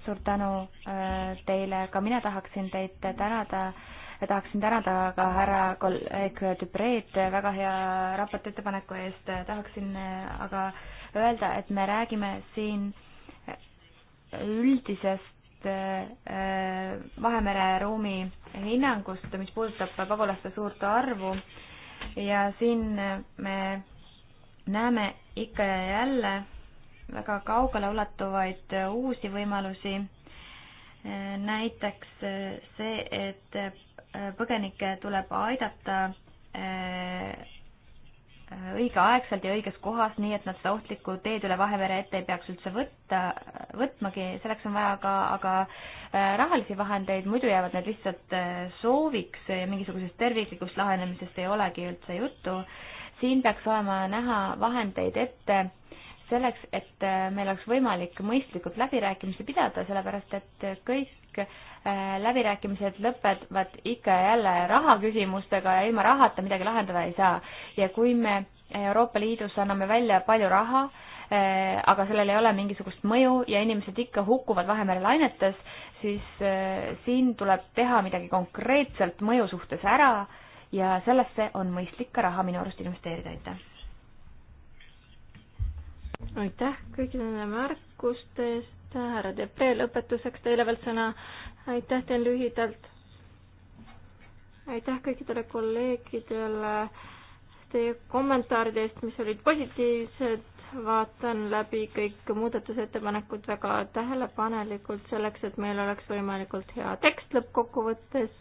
suur tänu äh, teile, ka mina tahaksin teid tänada tahaksin tänada ka härra kolleeg Dubreed väga hea raporti ettepaneku eest, tahaksin eh, aga öelda, et me räägime siin üldisest eh, Vahemere ruumi hinnangust, mis puudutab pagulaste suurt arvu ja siin me näeme ikka ja jälle väga kaugele ulatuvaid uusi võimalusi. Eh, näiteks see, et põgenikke tuleb aidata äh, õigeaegselt ja õiges kohas, nii et nad seda ohtlikku teed üle Vahemere ette ei peaks üldse võtta, võtmagi, selleks on vaja ka aga äh, rahalisi vahendeid, muidu jäävad need lihtsalt äh, sooviks ja mingisugusest terviklikust lahenemisest ei olegi üldse juttu. siin peaks olema näha vahendeid ette äh, selleks, et äh, meil oleks võimalik mõistlikult läbirääkimisi pidada, sellepärast et kõik äh, läbirääkimised lõpevad ikka ja jälle raha küsimustega ja ilma rahata midagi lahendada ei saa. ja kui me Euroopa Liidus anname välja palju raha, äh, aga sellel ei ole mingisugust mõju ja inimesed ikka hukkuvad Vahemere lainetes, siis siin tuleb teha midagi konkreetselt mõju suhtes ära ja sellesse on mõistlik ka raha minu arust investeerida, aitäh aitäh kõigile nende märkuste eest, härra Depre, lõpetuseks teile veel sõna. aitäh teile lühidalt. aitäh kõikidele kolleegidele teie kommentaaride eest, mis olid positiivsed. vaatan läbi kõik muudatusettepanekud väga tähelepanelikult, selleks et meil oleks võimalikult hea tekst lõppkokkuvõttes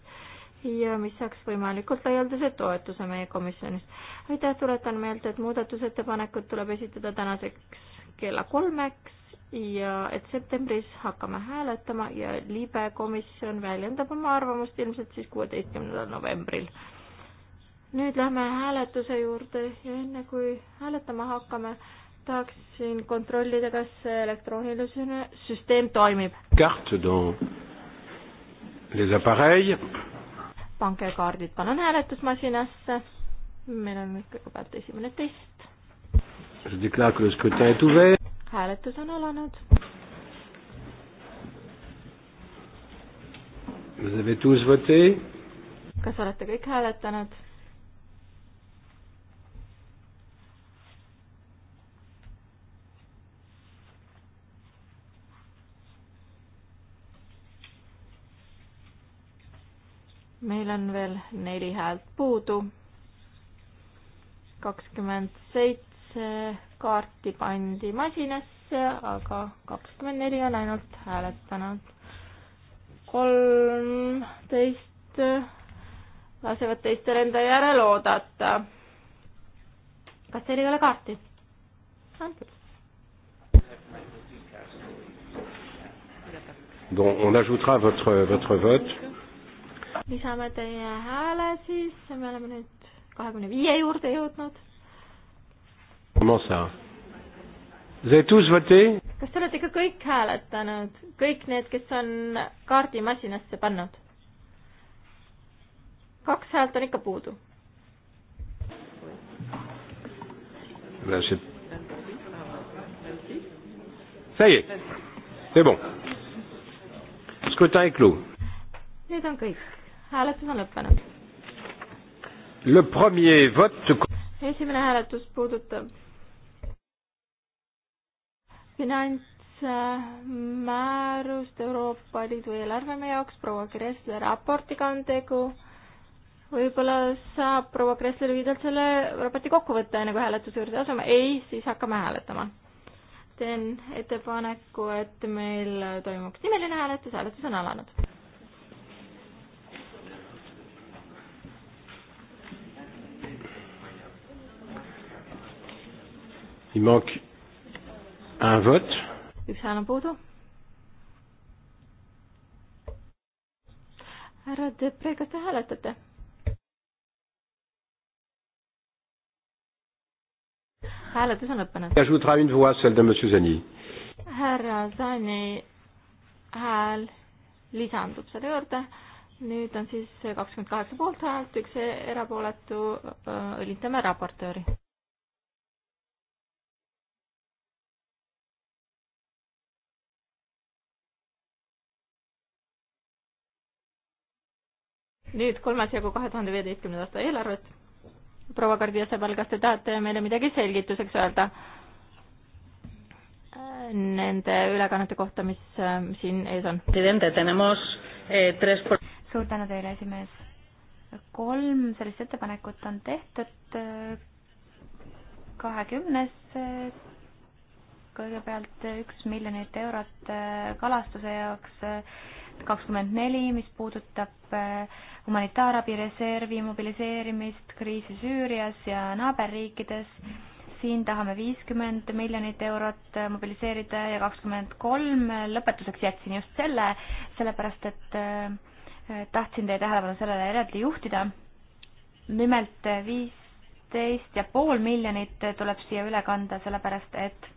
ja mis saaks võimalikult laialdase toetuse meie komisjonis. aitäh, tuletan meelde, et muudatusettepanekud tuleb esitada tänaseks kella kolmeks ja et septembris hakkame hääletama ja libe komisjon väljendab oma arvamust ilmselt siis kuueteistkümnendal novembril. nüüd lähme hääletuse juurde ja enne kui hääletama hakkame, tahaksin kontrollida, kas elektrooniline süsteem toimib. kaart dans les appareils pange kaardid palun hääletusmasinasse. meil on kõigepealt esimene test. hääletus on alanud. kas olete kõik hääletanud? meil on veel neli häält puudu. kakskümmend seitse kaarti pandi masinasse, aga kakskümmend neli on ainult hääletanud. kolmteist lasevad teistel enda järel oodata. kas teil ei ole kaarti? on küll. Donc on ajoutera votre, votre vote lisame teie hääle siis, me oleme nüüd kahekümne viie juurde jõudnud. kas te olete ikka kõik hääletanud, kõik need, kes on kaardi masinasse pannud? kaks häält on ikka puudu. Ça y est, c'est bon. Scrutin est clos. Nüüd on kõik hääletus on lõppenud. esimene hääletus puudutab finantsmäärust Euroopa Liidu eelarveme jaoks, proua Kressle raportiga on tegu. võib-olla saab proua Kressle lühidalt selle raporti kokku võtta, enne kui hääletuse juurde asume, ei, siis hakkame hääletama. teen ettepaneku, et meil toimuks nimeline hääletus, hääletus on alanud Il manque un vote. üks hääl on puudu. härra Depre, kas te hääletate? hääletus on lõppenud. härra Zani hääl lisandub selle juurde. nüüd on siis kakskümmend kaheksa poolthäält, üks erapooletu, õnnitleme raportööri. nüüd kolmas jagu kahe tuhande viieteistkümnenda aasta eelarvet. proua Kardiasepal, kas te tahate meile midagi selgituseks öelda äh, nende ülekannete kohta, mis äh, siin ees on? Eh, suur tänu teile, esimees. kolm sellist ettepanekut on tehtud. Äh, kahekümnes kõigepealt üks miljonit eurot kalastuse jaoks kakskümmend neli, mis puudutab äh, humanitaarabi reservi mobiliseerimist kriisi Süürias ja naaberriikides. siin tahame viiskümmend miljonit eurot äh, mobiliseerida ja kakskümmend kolm, lõpetuseks jätsin just selle, sellepärast et äh, tahtsin teie tähelepanu sellele eraldi juhtida. nimelt viisteist ja pool miljonit tuleb siia üle kanda, sellepärast et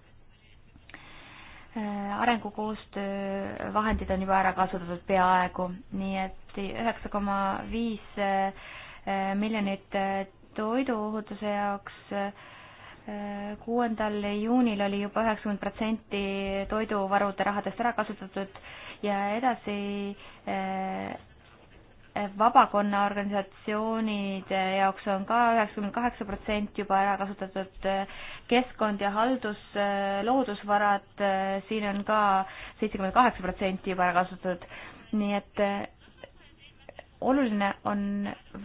Äh, arengukoostöö vahendid on juba ära kasutatud peaaegu, nii et üheksa koma viis äh, miljonit äh, toiduohutuse jaoks kuuendal juunil oli juba üheksakümmend protsenti toiduvarude rahadest ära kasutatud ja edasi vabakonna organisatsioonide jaoks on ka üheksakümmend kaheksa protsenti juba ära kasutatud eh, keskkond ja haldus, eh, loodusvarad, eh, siin on ka seitsekümmend kaheksa protsenti juba ära kasutatud. nii et oluline on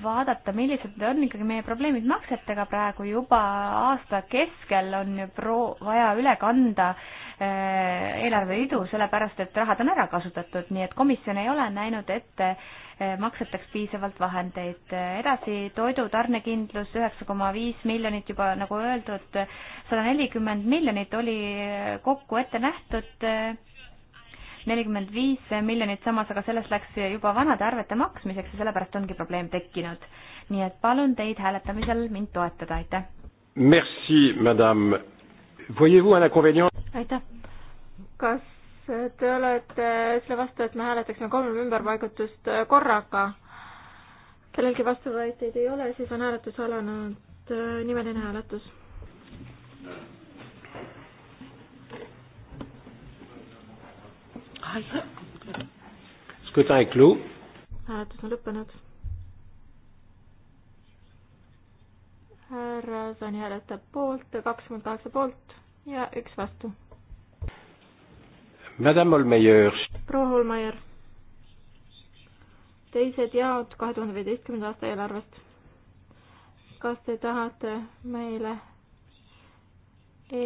vaadata, millised on ikkagi meie probleemid maksetega praegu juba aasta keskel on ju pro-, vaja üle kanda eelarveridu, sellepärast et rahad on ära kasutatud, nii et komisjon ei ole näinud ette äh, Eh, maksetaks piisavalt vahendeid. Eh, edasi toidu tarnekindlus üheksa koma viis miljonit juba nagu öeldud, sada nelikümmend miljonit oli eh, kokku ette nähtud, nelikümmend viis miljonit samas, aga sellest läks juba vanade arvete maksmiseks ja sellepärast ongi probleem tekkinud. nii et palun teid hääletamisel mind toetada, aitäh! Merci, madame. Voyez-vous un inconvénient aitäh! kas te olete selle vastu, et me hääletaksime kolm ümberpaigutust korraga? kellelgi vastuväiteid ei ole, siis on hääletus alanud, nimeline hääletus. hääletus on lõppenud. härra Sani hääletab poolt, kakskümmend kaheksa poolt ja üks vastu Madame Holmeier. proua Holmeier. teised jaod kahe tuhande viieteistkümnenda aasta eelarvest. kas te tahate meile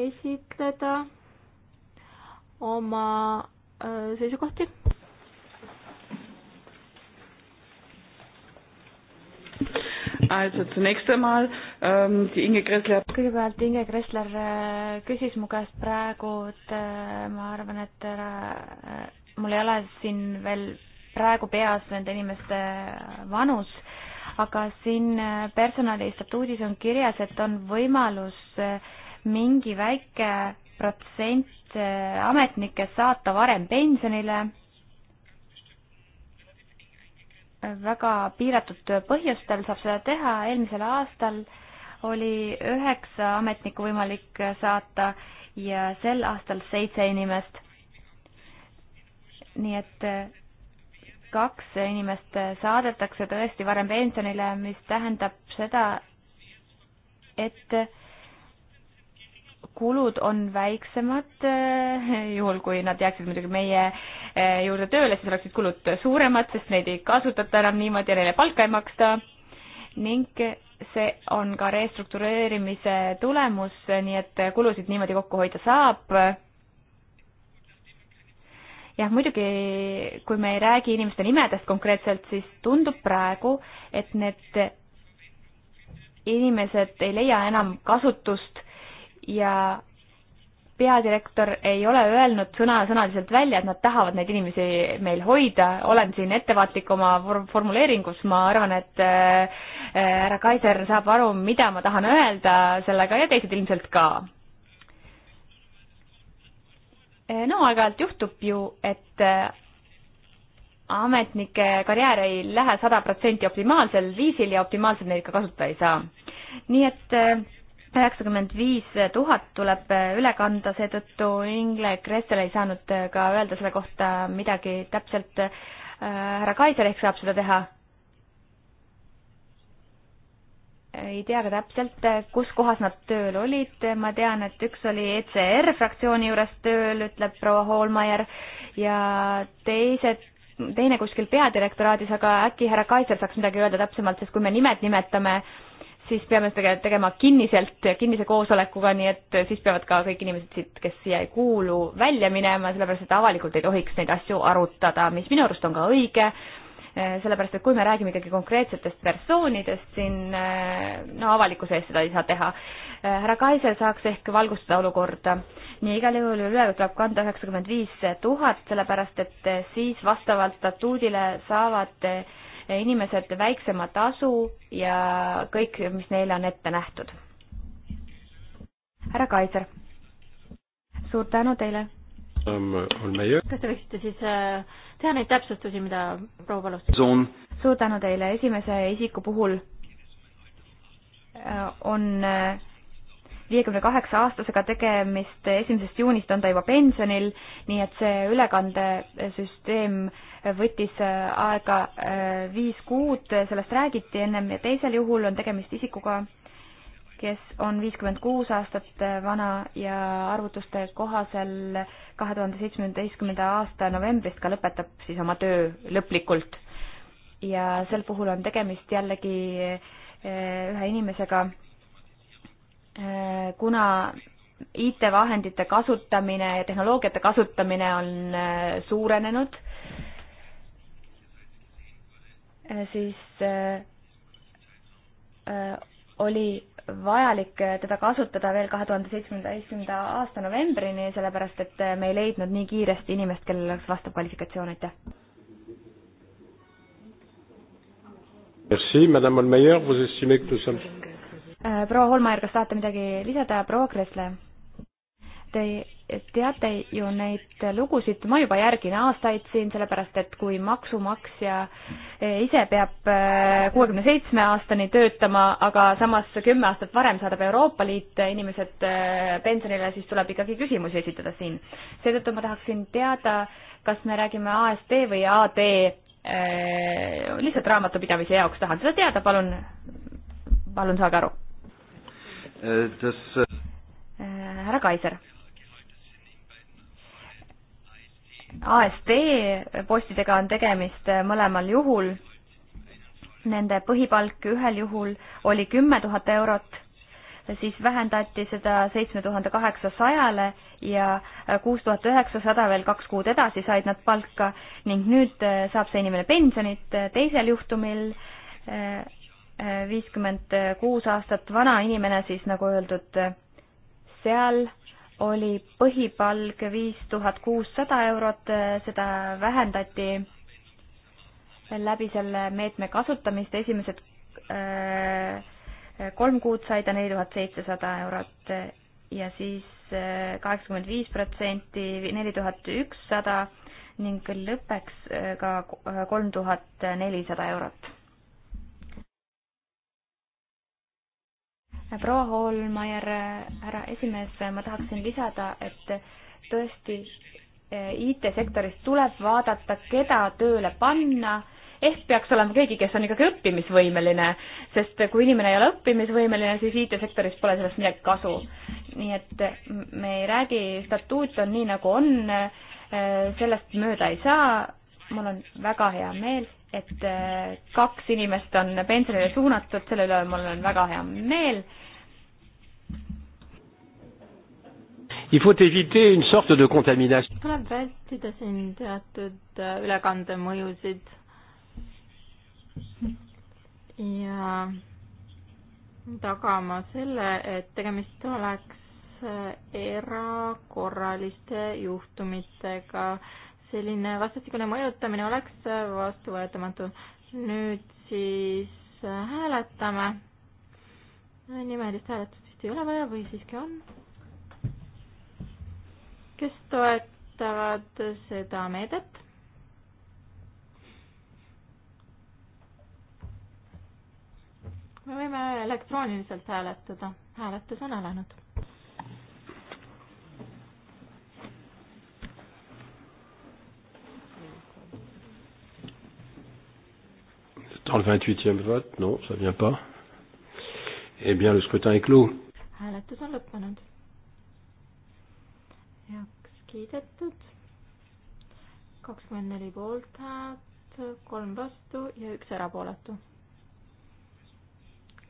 esitleda oma äh, seisukohti? Also zunächst einmal ähm, die Inge Kressler. kõigepealt Inge Kressler äh, küsis mu käest praegu, et äh, ma arvan, et äh, äh, mul ei ole siin veel praegu peas nende inimeste vanus, aga siin personali statuudis on kirjas, et on võimalus mingi väike protsent ametnikest saata varem pensionile väga piiratud põhjustel saab seda teha, eelmisel aastal oli üheksa ametnikku võimalik saata ja sel aastal seitse inimest. nii et äh, kaks inimest äh, saadetakse tõesti varem pensionile, mis tähendab seda, et kulud on väiksemad, eh, juhul kui nad jääksid muidugi meie eh, juurde tööle, siis oleksid kulud suuremad, sest neid ei kasutata enam niimoodi ja neile palka ei maksta. ning see on ka restruktureerimise tulemus, nii et kulusid niimoodi kokku hoida saab jah, muidugi kui me ei räägi inimeste nimedest konkreetselt, siis tundub praegu, et need inimesed ei leia enam kasutust ja peadirektor ei ole öelnud sõna-sõnaliselt välja, et nad tahavad neid inimesi meil hoida, olen siin ettevaatlik oma formuleeringus, ma arvan, et äh, härra Kaiser saab aru, mida ma tahan öelda sellega ja teised ilmselt ka. Äh, no aeg-ajalt juhtub ju, et äh, ametnike karjäär ei lähe sada protsenti optimaalsel viisil ja optimaalselt neid ka kasutada ei saa. nii et sada üheksakümmend viis tuhat tuleb äh, üle kanda, seetõttu Ingle Kressel ei saanud äh, ka öelda selle kohta midagi täpselt. Äh, härra Kaiser ehk saab seda teha? ei tea ka täpselt, kus kohas nad tööl olid, ma tean, et üks oli ECR fraktsiooni juures tööl, ütleb proua Hoolmeier, ja teised teine kuskil peadirektoraadis, aga äkki härra Kaiser saaks midagi öelda täpsemalt, sest kui me nimed nimetame äh, siis peame seda tegema kinniselt, kinnise koosolekuga, nii et siis peavad ka kõik inimesed siit, kes siia ei kuulu, välja minema, sellepärast et avalikult ei tohiks neid asju arutada, mis minu arust on ka õige, sellepärast et kui me räägime ikkagi konkreetsetest persoonidest siin, no avalikkuse ees seda ei saa teha. härra Kaisel saaks ehk valgustada olukorda. nii igal juhul üle tuleb kanda üheksakümmend viis tuhat, sellepärast et siis vastavalt statuudile saavad inimesed väiksema tasu ja kõik, mis neile on ette nähtud. härra Kaiser, suur tänu teile um, kas te võiksite siis äh, teha neid täpsustusi, mida proua palus? suur tänu teile, esimese isiku puhul äh, on äh, viiekümne kaheksa aastasega tegemist, esimesest juunist on ta juba pensionil, nii et see ülekandesüsteem võttis aega äh, viis kuud, sellest räägiti ennem ja teisel juhul on tegemist isikuga, kes on viiskümmend kuus aastat äh, vana ja arvutuste kohasel kahe tuhande seitsmeteistkümnenda aasta novembrist ka lõpetab siis oma töö lõplikult. ja sel puhul on tegemist jällegi äh, ühe inimesega, Äh, kuna IT-vahendite kasutamine ja tehnoloogiate kasutamine on äh, suurenenud, äh, siis oli vajalik teda kasutada veel kahe tuhande seitsmeteistkümnenda aasta novembrini, sellepärast et me ei leidnud nii kiiresti inimest, kellel oleks vastav kvalifikatsioon, aitäh. Merci, madame Olmeier, vous estimez que nous sommes Äh, proua Holmaier, kas tahate midagi lisada, proua Kressle? Te teate ju neid lugusid, ma juba järgin aastaid siin, sellepärast et kui maksumaksja äh, ise peab äh, kuuekümne seitsme aastani töötama, aga samas kümme aastat varem saadab Euroopa Liit inimesed pensionile, siis tuleb ikkagi küsimusi esitada siin. seetõttu ma tahaksin teada, kas me räägime AST või AD, lihtsalt raamatupidamise jaoks tahan seda teada, palun, palun saage aru das äh, härra Kaiser. ASD postidega on tegemist mõlemal juhul. Nende põhipalk ühel juhul oli kümme tuhat eurot, siis vähendati seda seitsme tuhande kaheksasajale ja kuus tuhat üheksasada veel kaks kuud edasi said nad palka ning nüüd saab see inimene pensionit. teisel juhtumil äh, viiskümmend kuus aastat vana inimene siis, nagu öeldud, seal oli põhipalk viis tuhat kuussada eurot, seda vähendati läbi selle meetme kasutamist, esimesed äh, kolm kuud sai ta neli tuhat seitsesada eurot ja siis äh, kaheksakümmend viis protsenti neli tuhat ükssada ning lõppeks äh, ka kolm tuhat nelisada eurot proua Hoolmaier, härra esimees, ma tahaksin lisada, et tõesti eh, IT-sektoris tuleb vaadata, keda tööle panna, ehk peaks olema keegi, kes on ikkagi õppimisvõimeline, sest kui inimene ei ole õppimisvõimeline, siis IT-sektoris pole sellest midagi kasu. nii et me ei räägi, statuut on nii, nagu on, eh, sellest mööda ei saa, mul on väga hea meel et äh, kaks inimest on pensionile suunatud, selle üle mul on väga hea meel. tuleb vältida siin teatud äh, ülekandemõjusid ja tagama selle, et tegemist oleks äh, erakorraliste juhtumitega äh, selline vastastikune mõjutamine oleks vastuvõetamatu. nüüd siis äh, hääletame. Äh, nimelist hääletust vist ei ole vaja või siiski on? kes toetavad seda meedet? me võime elektrooniliselt hääletada, hääletus on alanud Dans le 28e vote, non, ça vient pas. Eh bien, le scrutin est clos. hääletus on lõppenud. heaks kiidetud. kakskümmend neli poolthäält, kolm vastu ja üks erapooletu.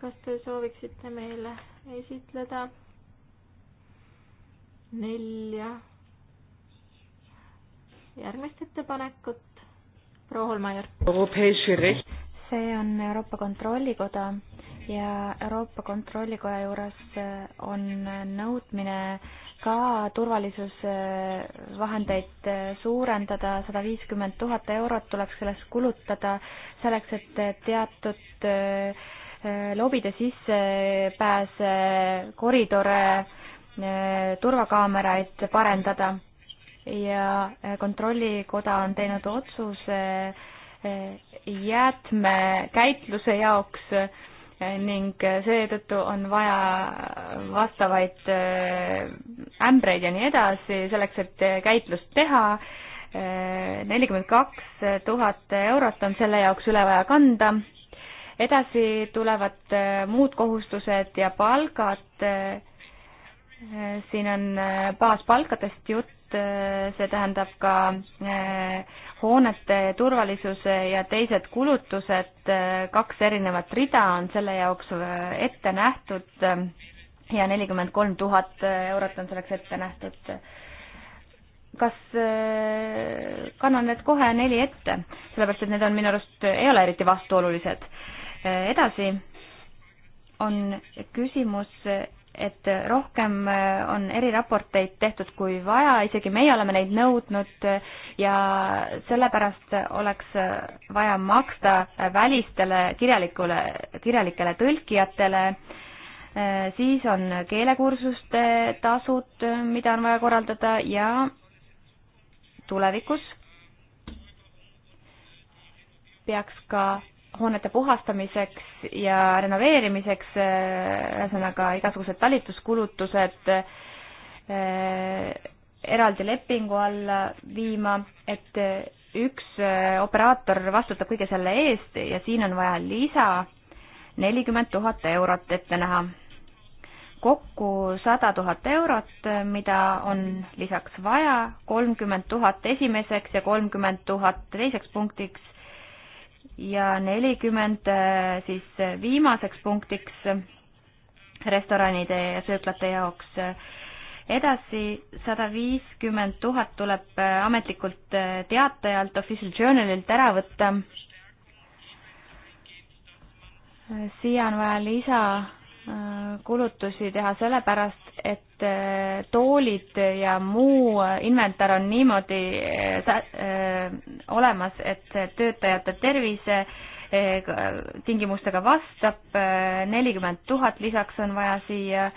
kas te sooviksite meile esitleda nelja järgmist ettepanekut? proua Holmajärv see on Euroopa Kontrollikoda ja Euroopa Kontrollikoja juures on nõudmine ka turvalisusvahendeid suurendada, sada viiskümmend tuhat eurot tuleks selleks kulutada, selleks et teatud äh, lobide sissepääs, äh, koridore, äh, turvakaameraid parendada ja Kontrollikoda on teinud otsuse jäätmekäitluse jaoks eh, ning eh, seetõttu on vaja vastavaid eh, ämbreid ja nii edasi, selleks et käitlust teha. nelikümmend kaks tuhat eurot on selle jaoks üle vaja kanda. edasi tulevad muud kohustused ja palgad. siin on baaspalkadest jutt, see tähendab ka hoonete turvalisuse ja teised kulutused, kaks erinevat rida on selle jaoks äh, ette nähtud äh, ja nelikümmend kolm tuhat äh, eurot on selleks ette nähtud. kas kannan need kohe neli ette, sellepärast et need on minu arust, ei ole eriti vastuolulised. edasi on küsimus et rohkem äh, on eriraporteid tehtud kui vaja, isegi meie oleme neid nõudnud ja sellepärast oleks vaja maksta välistele kirjalikule, kirjalikele tõlkijatele, äh, siis on keelekursuste tasud, mida on vaja korraldada ja tulevikus peaks ka hoonete puhastamiseks ja renoveerimiseks, äh, ühesõnaga igasugused talituskulutused äh, eraldi lepingu alla viima, et üks äh, operaator vastutab kõige selle eest ja siin on vaja lisa nelikümmend tuhat eurot ette näha. kokku sada tuhat eurot, mida on lisaks vaja, kolmkümmend tuhat esimeseks ja kolmkümmend tuhat teiseks punktiks ja nelikümmend eh, siis eh, viimaseks punktiks restoranide ja sööklate jaoks. Eh, edasi sada viiskümmend tuhat tuleb ametlikult teatajalt, official journalilt ära võtta. siia on vaja lisa kulutusi teha sellepärast, et äh, toolid ja muu inventar on niimoodi äh, äh, olemas, et töötajate tervise tingimustega vastab, nelikümmend tuhat lisaks on vaja siia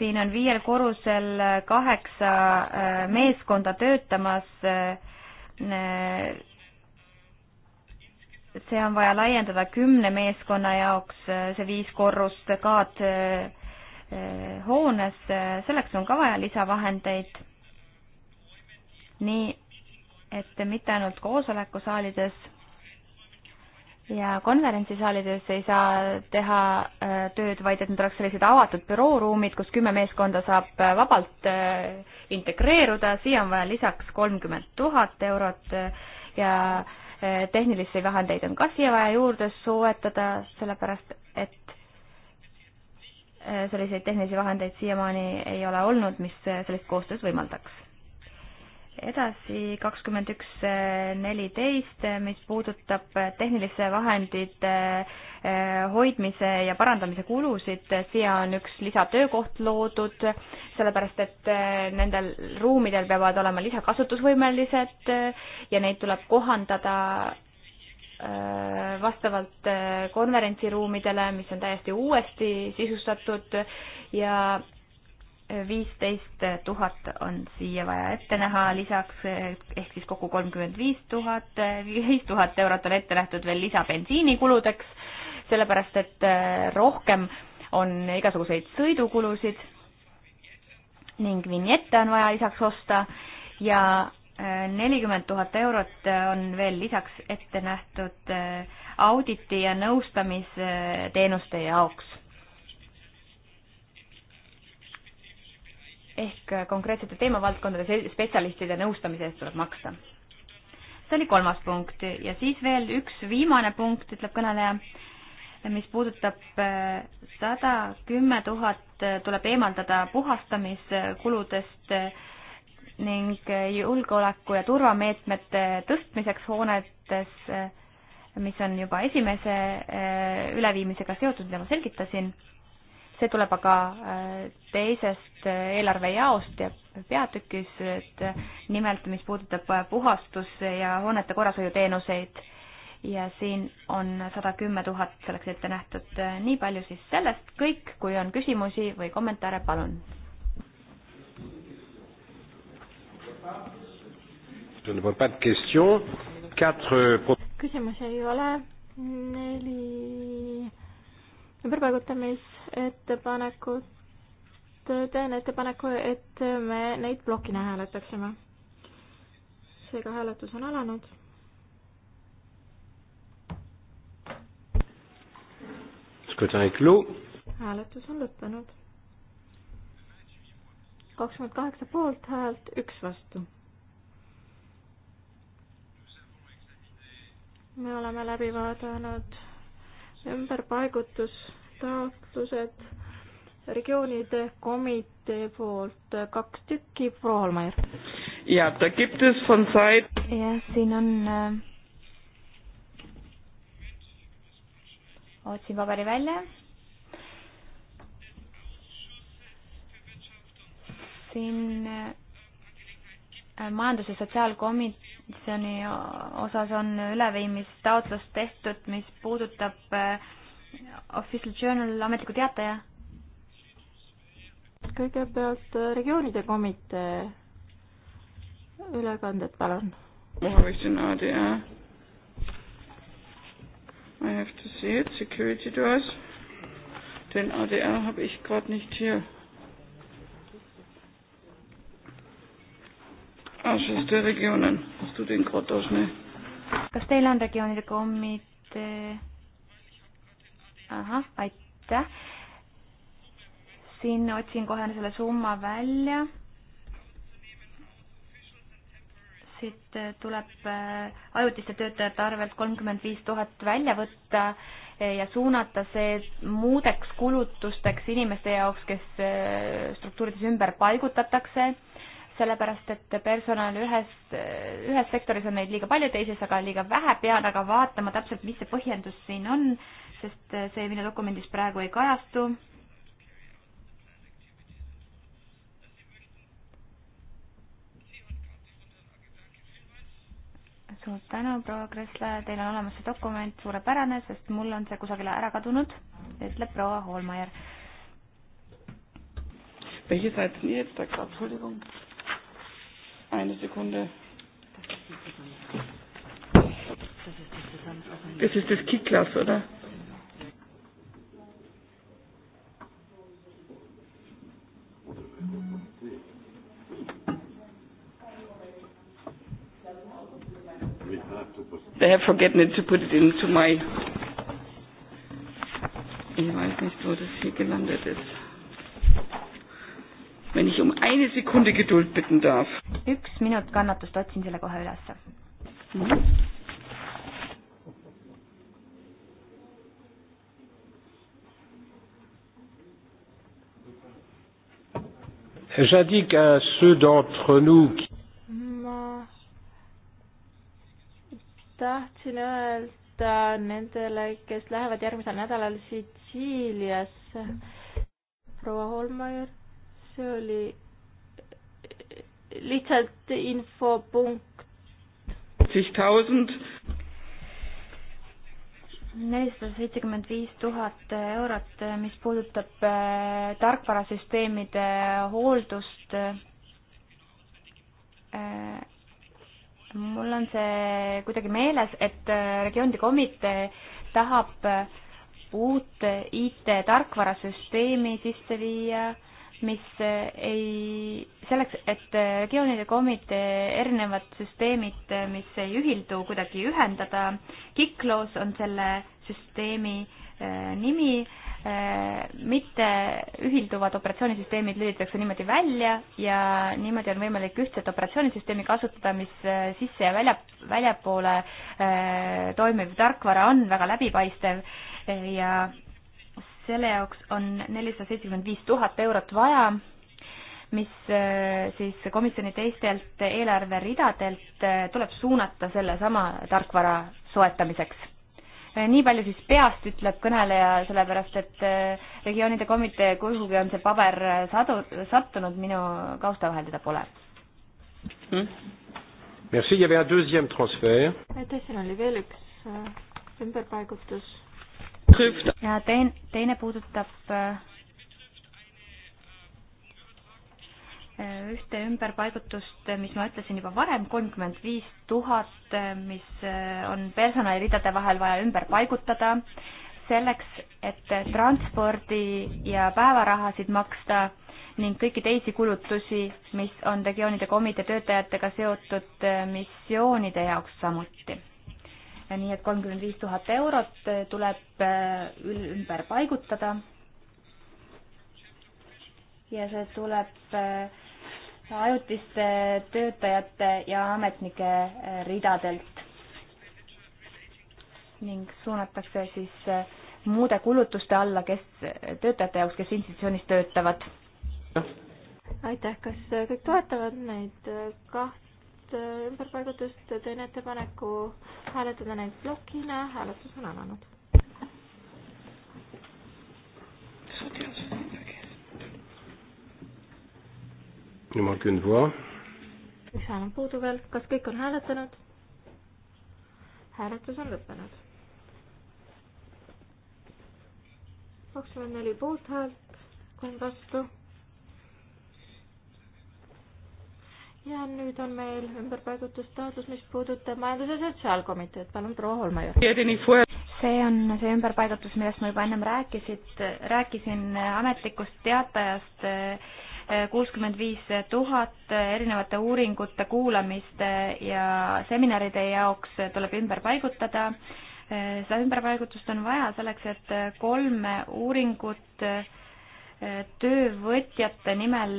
siin on viiel korrusel kaheksa meeskonda töötamas et see on vaja laiendada kümne meeskonna jaoks, äh, see viis korrust kaad äh, äh, hoones, selleks on ka vaja lisavahendeid. nii et mitte ainult koosolekusaalides ja konverentsisaalides ei saa teha tööd, vaid et need oleks sellised avatud bürooruumid, kus kümme meeskonda saab vabalt integreeruda, siia on vaja lisaks kolmkümmend tuhat eurot ja äh, tehnilisi vahendeid on ka siia vaja juurde soetada, sellepärast et eh, selliseid tehnilisi vahendeid siiamaani ei ole olnud, mis sellist koostööd võimaldaks edasi kakskümmend üks neliteist, mis puudutab tehniliste vahendite eh, hoidmise ja parandamise kulusid, siia on üks lisatöökoht loodud, sellepärast et eh, nendel ruumidel peavad olema lisakasutusvõimelised eh, ja neid tuleb kohandada vastavalt konverentsiruumidele, mis on täiesti uuesti sisustatud ja viisteist tuhat on siia vaja ette näha, lisaks eh, ehk siis kokku kolmkümmend viis tuhat, viis tuhat eurot on ette nähtud veel lisabensiinikuludeks, sellepärast et eh, rohkem on igasuguseid sõidukulusid ning vinjette on vaja lisaks osta ja eh, nelikümmend tuhat eurot on veel lisaks ette nähtud auditi ja nõustamisteenuste jaoks ehk äh, konkreetsete teemavaldkondade spetsialistide nõustamise eest tuleb maksta. see oli kolmas punkt ja siis veel üks viimane punkt, ütleb kõneleja, mis puudutab äh, sada kümme tuhat, äh, tuleb eemaldada puhastamiskuludest ning julgeoleku ja turvameetmete tõstmiseks hoonetes, mis on juba esimese üleviimisega seotud, mida ma selgitasin see tuleb aga äh, teisest äh, eelarvejaost ja peatükis, et äh, nimelt, mis puudutab puhastus- ja hoonete korrashoiuteenuseid ja siin on sada kümme tuhat selleks ette nähtud. nii palju siis sellest, kõik, kui on küsimusi või kommentaare, palun. küsimusi ei ole, neli ümberpaigutamisettepanekut, teen ettepaneku, et me neid plokina hääletaksime. seega hääletus on alanud. hääletus on lõppenud. kakskümmend kaheksa poolthäält, üks vastu me oleme läbi vaadanud ümberpaigutustaotlused regioonide komitee poolt kaks tükki, proua Holmeier. ja da gibt es von Zeit. jah, siin on äh,, otsin paberi välja. siin äh, majandus- ja sotsiaalkomitee komisjoni osas on üleviimistaotlus tehtud, mis puudutab äh, Official Journal ametliku teataja. kõigepealt äh, regioonide komitee ülekanded, palun. I have to see it, security doors. Den ADR habe ich gerade nicht hier. aus ah, Eesti regioone, studienkotos, nii. kas teil on regioonide komitee? ahah, aitäh. siin otsin kohe selle summa välja. siit äh, tuleb äh, ajutiste töötajate arvelt kolmkümmend viis tuhat välja võtta äh, ja suunata see muudeks kulutusteks inimeste jaoks, kes struktuurides ümber paigutatakse sellepärast et personal ühes, ühes sektoris on neid liiga palju, teises aga liiga vähe, pean aga vaatama täpselt, mis see põhjendus siin on, sest see minu dokumendis praegu ei kajastu. suur tänu, proua Kressle, teil on olemas see dokument, suurepärane, sest mul on see kusagile ära kadunud, ütleb proua Hoolmeier. Welche Seite sind jetzt da gerade? Entschuldigung. Eine Sekunde. Das ist das Kicklass, oder? They have forgotten it to put it into my. Ich weiß nicht, wo das hier gelandet ist. Wenn ich um eine Sekunde Geduld bitten darf. Üks minut kannatust, otsin selle kohe ülesse mm.. J'indique à ceux d'entre nous qui ma tahtsin öelda nendele, kes lähevad järgmisel nädalal Sitsiiliasse, proua Holmajõe see oli lihtsalt infopunkt. nelisada seitsekümmend viis tuhat eurot, mis puudutab äh, tarkvarasüsteemide hooldust. Äh, mul on see kuidagi meeles, et äh, regioonide komitee tahab uut IT-tarkvarasüsteemi sisse viia mis eh, ei, selleks, et regioonide eh, komitee erinevad süsteemid, eh, mis ei ühildu, kuidagi ühendada. Kiklos on selle süsteemi nimi, mitte ühilduvad operatsioonisüsteemid lülitatakse niimoodi välja ja niimoodi on võimalik ühtset operatsioonisüsteemi kasutada, mis sisse ja välja, väljapoole toimiv tarkvara on väga läbipaistev ja selle jaoks on nelisada seitsekümmend viis tuhat eurot vaja, mis äh, siis komisjoni teistelt eelarveridadelt äh, tuleb suunata sellesama tarkvara soetamiseks äh, nii palju siis peast ütleb kõneleja, sellepärast et regioonide komitee kuhugi on see paber sadu, sattunud, minu kausta vahel teda pole hmm?. Merci, il y avait un deuxième transfert. aitäh, siin oli veel üks ümberpaigutus ja teine, teine puudutab äh, ühte ümberpaigutust, mis ma ütlesin juba varem, kolmkümmend viis tuhat, äh, mis äh, on personaliridade vahel vaja ümber paigutada, selleks, et transpordi ja päevarahasid maksta ning kõiki teisi kulutusi, mis on regioonide komitee töötajatega seotud missioonide jaoks samuti nii et kolmkümmend viis tuhat eurot äh, tuleb äh, ümber paigutada. ja see tuleb äh, ajutiste töötajate ja ametnike ridadelt ning suunatakse siis muude kulutuste alla, kes, töötajate jaoks, kes institutsioonis töötavad aitäh, kas kõik toetavad neid kaht-, toimuvast äh, ümberpaigutust, teen ettepaneku hääletada neid plokina, hääletus on alanud. jumal kündva. üks hääl on puudu veel, kas kõik on hääletanud? hääletus on lõppenud. kakskümmend neli poolthäält, kolm vastu ja nüüd on meil ümberpaigutustaotlus, mis puudutab Majandus- ja Sotsiaalkomiteed, palun proua Holmajõe. see on see ümberpaigutus, millest ma juba ennem rääkisid, rääkisin ametlikust teatajast eh, kuuskümmend viis tuhat erinevate uuringute, kuulamiste ja seminaride jaoks tuleb ümber paigutada. Eh, seda ümberpaigutust on vaja selleks, et kolm uuringut eh, töövõtjate nimel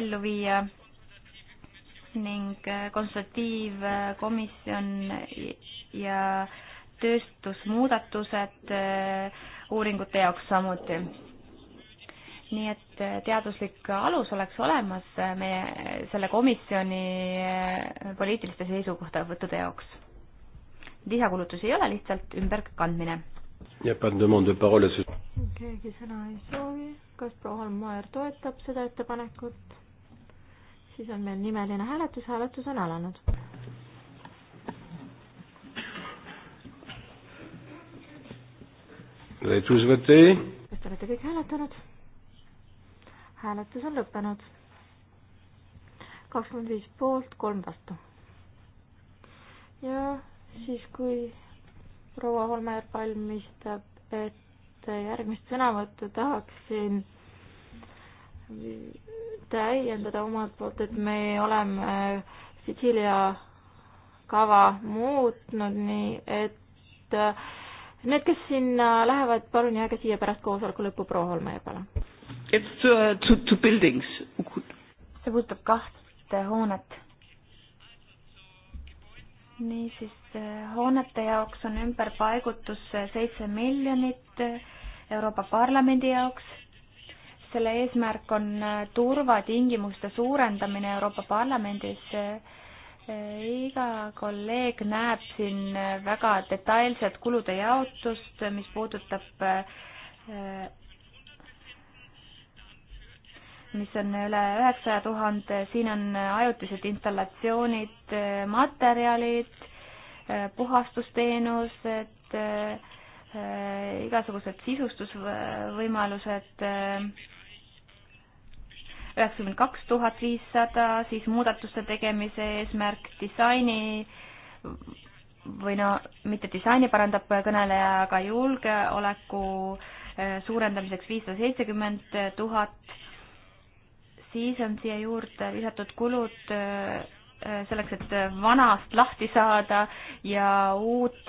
ellu viia ning äh, konsultatiivkomisjon ja tööstusmuudatused äh, uuringute jaoks samuti. nii et äh, teaduslik alus oleks olemas meie selle komisjoni poliitiliste seisukohtavõttude jaoks. lisakulutusi ei ole, lihtsalt ümberkandmine. keegi sõna ei soovi, kas proua Holmaier toetab seda ettepanekut? siis on meil nimeline hääletus, hääletus on alanud. kas te olete kõik hääletanud? hääletus on lõppenud. kakskümmend viis poolt, kolm vastu. ja siis, kui proua Holmer valmistab ette järgmist sõnavõttu, tahaksin täiendada omalt poolt, et me oleme Sitsiilia äh, kava muutnud nii, et äh, need, kes sinna lähevad, palun jääge siia pärast koosoleku lõppu, proua Holmeja, palun. It's to, uh, to, to buildings. see puudutab kahte hoonet. niisiis, äh, hoonete jaoks on ümberpaigutus seitse miljonit, Euroopa Parlamendi jaoks selle eesmärk on äh, turvatingimuste suurendamine Euroopa Parlamendis. Äh, iga kolleeg näeb siin äh, väga detailset kulude jaotust, mis puudutab, mis on üle üheksasaja tuhande, siin on ajutised installatsioonid, materjalid, puhastusteenused, igasugused sisustusvõimalused äh,, üheksakümmend kaks tuhat viissada, siis muudatuste tegemise eesmärk disaini või no mitte disaini parandab kõneleja, aga julgeoleku äh, suurendamiseks viissada seitsekümmend tuhat, siis on siia juurde lisatud kulud äh, äh, selleks, et vanast lahti saada ja uut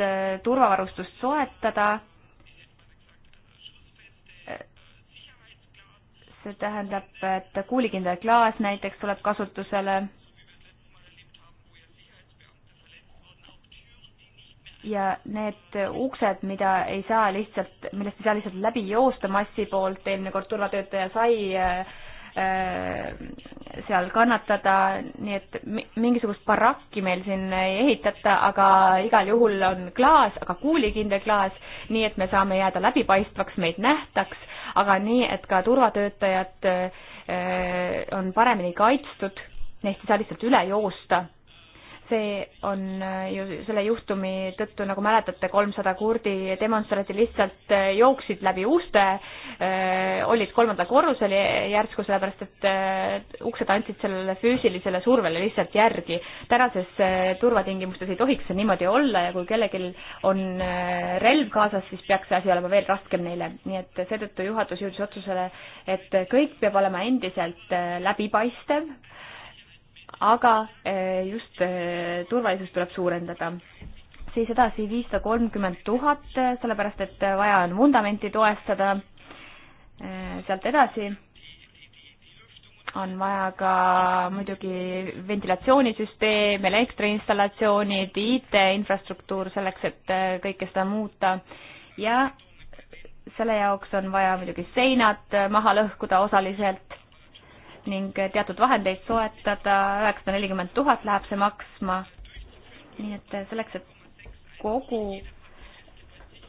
turvavarustust soetada see tähendab, et kuulikindel klaas näiteks tuleb kasutusele. ja need uksed, mida ei saa lihtsalt, millest ei saa lihtsalt läbi joosta massi poolt, eelmine kord turvatöötaja sai äh, Äh, seal kannatada, nii et mingisugust barakki meil siin ei ehitata, aga igal juhul on klaas, aga kuulikindel klaas, nii et me saame jääda läbipaistvaks, meid nähtaks, aga nii, et ka turvatöötajad äh, on paremini kaitstud, neist ei saa lihtsalt üle joosta see on äh, ju selle juhtumi tõttu, nagu mäletate, kolmsada kurdi demonstranti lihtsalt äh, jooksid läbi uste, äh, olid kolmandal korrusel järsku, sellepärast et uksed andsid sellele füüsilisele survele lihtsalt järgi. tänases turvatingimustes ei tohiks see niimoodi olla ja kui kellelgi on relv kaasas, siis peaks see asi olema veel raskem neile. nii et seetõttu juhatus jõudis otsusele, et kõik peab olema endiselt läbipaistev aga eh, just eh, turvalisust tuleb suurendada. siis edasi viissada kolmkümmend tuhat, eh, sellepärast et vaja on vundamenti toestada. sealt edasi on vaja ka muidugi ventilatsioonisüsteem, elektriinstallatsioonid, IT-infrastruktuur selleks, et kõike seda muuta ja selle jaoks on vaja muidugi seinad maha lõhkuda osaliselt eelarvest ning teatud vahendeid soetada, üheksasada nelikümmend tuhat läheb see maksma. nii et selleks, et kogu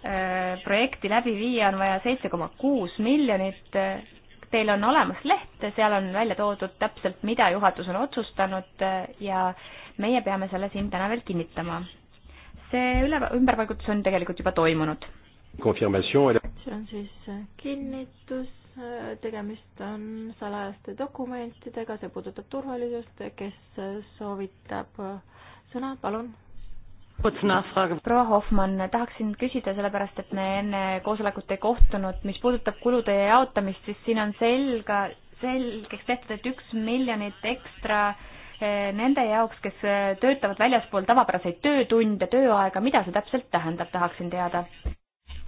äh, projekti läbi viia, on vaja seitse koma kuus miljonit. Teil on olemas leht, seal on välja toodud täpselt, mida juhatus on otsustanud äh, ja meie peame selle siin täna veel kinnitama. see üle, ümberpaigutus on tegelikult juba toimunud. see on siis kinnitus tegemist on salajaste dokumentidega, see puudutab turvalisust, kes soovitab sõna, palun proua Hoffmann, tahaksin küsida, sellepärast et me enne koosolekut ei kohtunud, mis puudutab kulude jaotamist, siis siin on selga, selgeks tehtud, et üks miljonit ekstra eh, nende jaoks, kes eh, töötavad väljaspool tavapäraseid töötunde, tööaega, mida see täpselt tähendab, tahaksin teada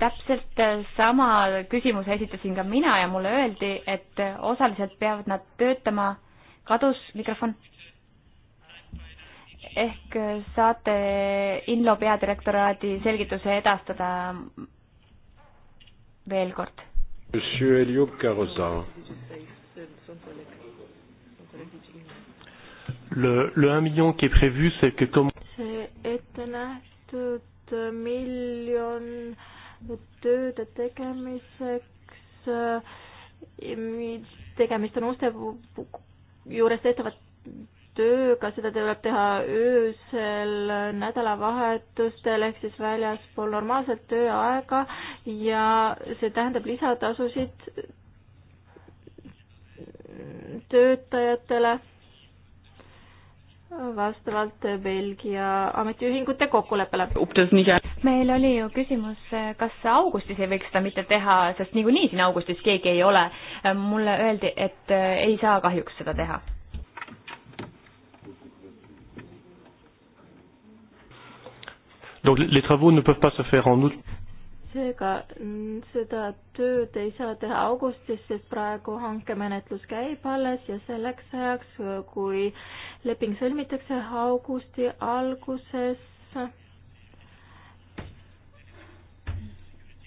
täpselt äh, sama küsimuse esitasin ka mina ja mulle öeldi, et osaliselt peavad nad töötama, kadus mikrofon. ehk äh, saate Inlo peadirektoraadi selgituse edastada veel kord? Monsieur Elio Carosa. Le, le 1 million qui est prévu, c'est que comme... see ette nähtud miljon tööde tegemiseks. Äh, tegemist on uste juures tehtava tööga, seda tuleb teha öösel, nädalavahetustel ehk siis väljaspool normaalset tööaega ja see tähendab lisatasusid töötajatele vastavalt Belgia ametiühingute kokkuleppele. meil oli ju küsimus, kas augustis ei võiks seda mitte teha, sest niikuinii siin augustis keegi ei ole. mulle öeldi, et ei saa kahjuks seda teha. Donc les travaux ne peuvent pas se faire en août seega seda tööd ei saa teha augustis, sest praegu hankemenetlus käib alles ja selleks ajaks, kui leping sõlmitakse augusti alguses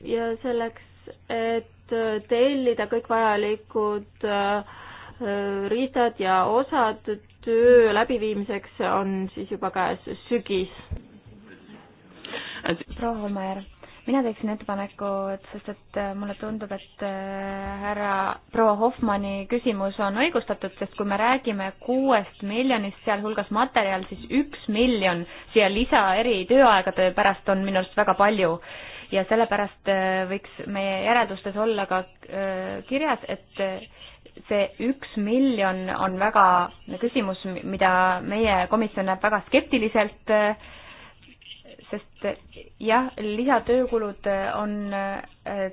ja selleks, et tellida kõik vajalikud äh, riistad ja osad töö läbiviimiseks on siis juba käes sügis. proua Holmajärv mina teeksin ettepaneku, et sest, et äh, mulle tundub, et äh, härra proua Hoffmanni küsimus on õigustatud, sest kui me räägime kuuest miljonist, sealhulgas materjal, siis üks miljon siia lisa eri tööaegade pärast on minu arust väga palju. ja sellepärast äh, võiks meie järeldustes olla ka kirjas, et see üks miljon on väga küsimus, mida meie komisjon näeb väga skeptiliselt äh, sest jah, lisatöökulud on äh,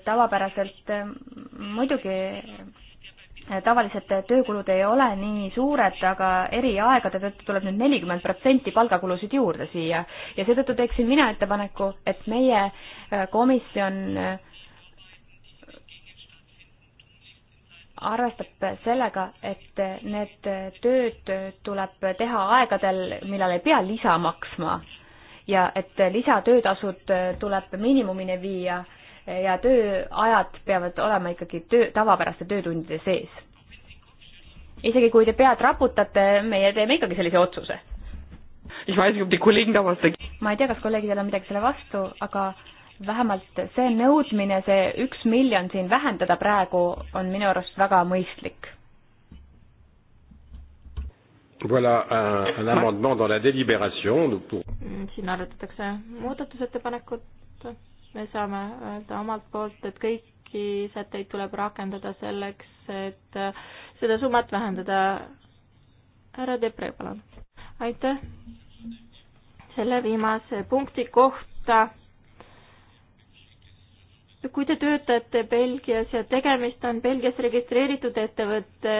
tavapäraselt äh, muidugi äh, tavaliselt töökulud ei ole nii suured, aga eriaegade tõttu tuleb nüüd nelikümmend protsenti palgakulusid juurde siia ja seetõttu teeksin mina ettepaneku, et meie komisjon arvestab sellega, et need tööd tuleb teha aegadel, millal ei pea lisa maksma ja et lisatöötasud äh, tuleb miinimumini viia ja tööajad peavad olema ikkagi töö, tavapäraste töötundide sees. isegi kui te pead raputate, meie teeme ikkagi sellise otsuse. ma ei tea, kas kolleegidel on midagi selle vastu, aga vähemalt see nõudmine, see üks miljon siin vähendada praegu on minu arust väga mõistlik Voilà un, un amendement dans la délibération. Nous pour... Mm, siin arutatakse muudatusettepanekut. me saame öelda omalt poolt, et kõiki sätteid tuleb rakendada selleks, et seda summat vähendada. härra Depre, palun. aitäh selle viimase punkti kohta kui te töötate Belgias ja tegemist on Belgias registreeritud ettevõtte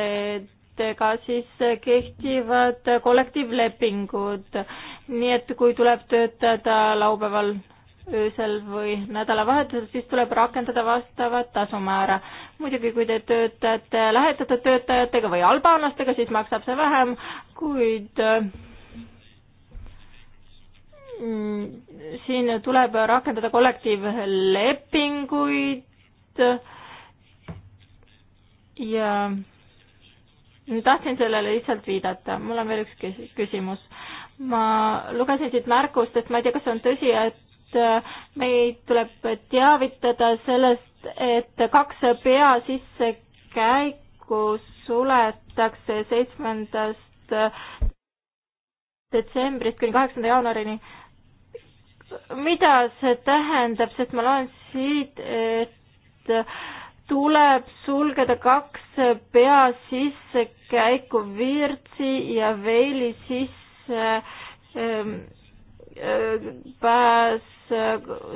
ettevõtetega, siis kehtivad kollektiivlepingud. nii et kui tuleb töötada laupäeval öösel või nädalavahetusel, siis tuleb rakendada vastavat tasumäära. muidugi, kui te töötate lähetatud töötajatega või albaanlastega, siis maksab see vähem, kuid mm, siin tuleb rakendada kollektiivlepinguid ja yeah tahtsin sellele lihtsalt viidata, mul on veel üks küsimus. ma lugesin siit märkustest, ma ei tea, kas see on tõsi, et äh, meid tuleb teavitada sellest, et kaks pea sissekäiku suletakse seitsmendast äh, detsembrist kuni kaheksanda jaanuarini. mida see tähendab, sest ma loen siit, et tuleb sulgeda kaks pea sisse käiku virtsi ja veeli sisse ähm, äh, pääs äh,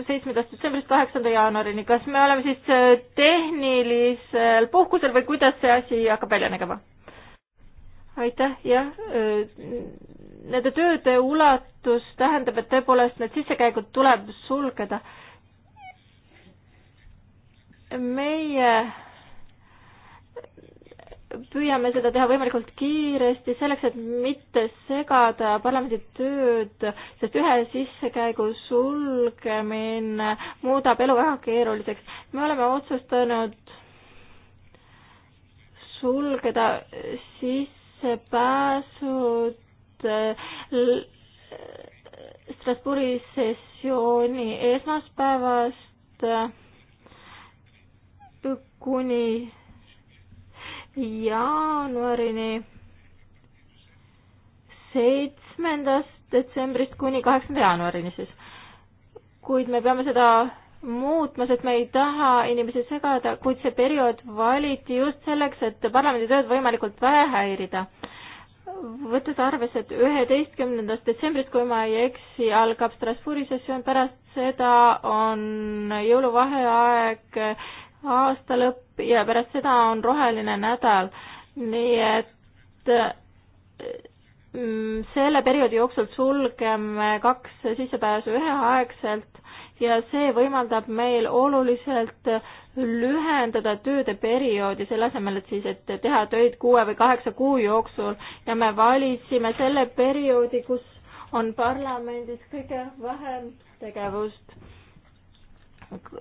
seitsmendast detsembrist kaheksanda jaanuarini. kas me oleme siis äh, tehnilisel puhkusel või kuidas see asi hakkab välja nägema? aitäh, jah. Äh, nende tööde ulatus tähendab, et tõepoolest need sissekäigud tuleb sulgeda meie püüame seda teha võimalikult kiiresti, selleks et mitte segada parlamendi tööd, sest ühe sissekäigu sulgemine muudab elu väga keeruliseks. me oleme otsustanud sulgeda sissepääsud äh, Strasbourgi sessiooni esmaspäevast kuni jaanuarini, seitsmendast detsembrist kuni kaheksanda jaanuarini siis. kuid me peame seda muutma, sest me ei taha inimesi segada, kuid see periood valiti just selleks, et parlamendi tööd võimalikult vähe häirida. võttes arvesse, et üheteistkümnendast detsembrist, kui ma ei eksi, algab Strasbourgi sessioon, pärast seda on jõuluvaheaeg aasta lõpp ja pärast seda on roheline nädal, nii et mm, selle perioodi jooksul sulgeme kaks sissepääsu üheaegselt ja see võimaldab meil oluliselt lühendada tööde perioodi, selle asemel, et siis, et teha töid kuue või kaheksa kuu jooksul ja me valisime selle perioodi, kus on parlamendis kõige vähem tegevust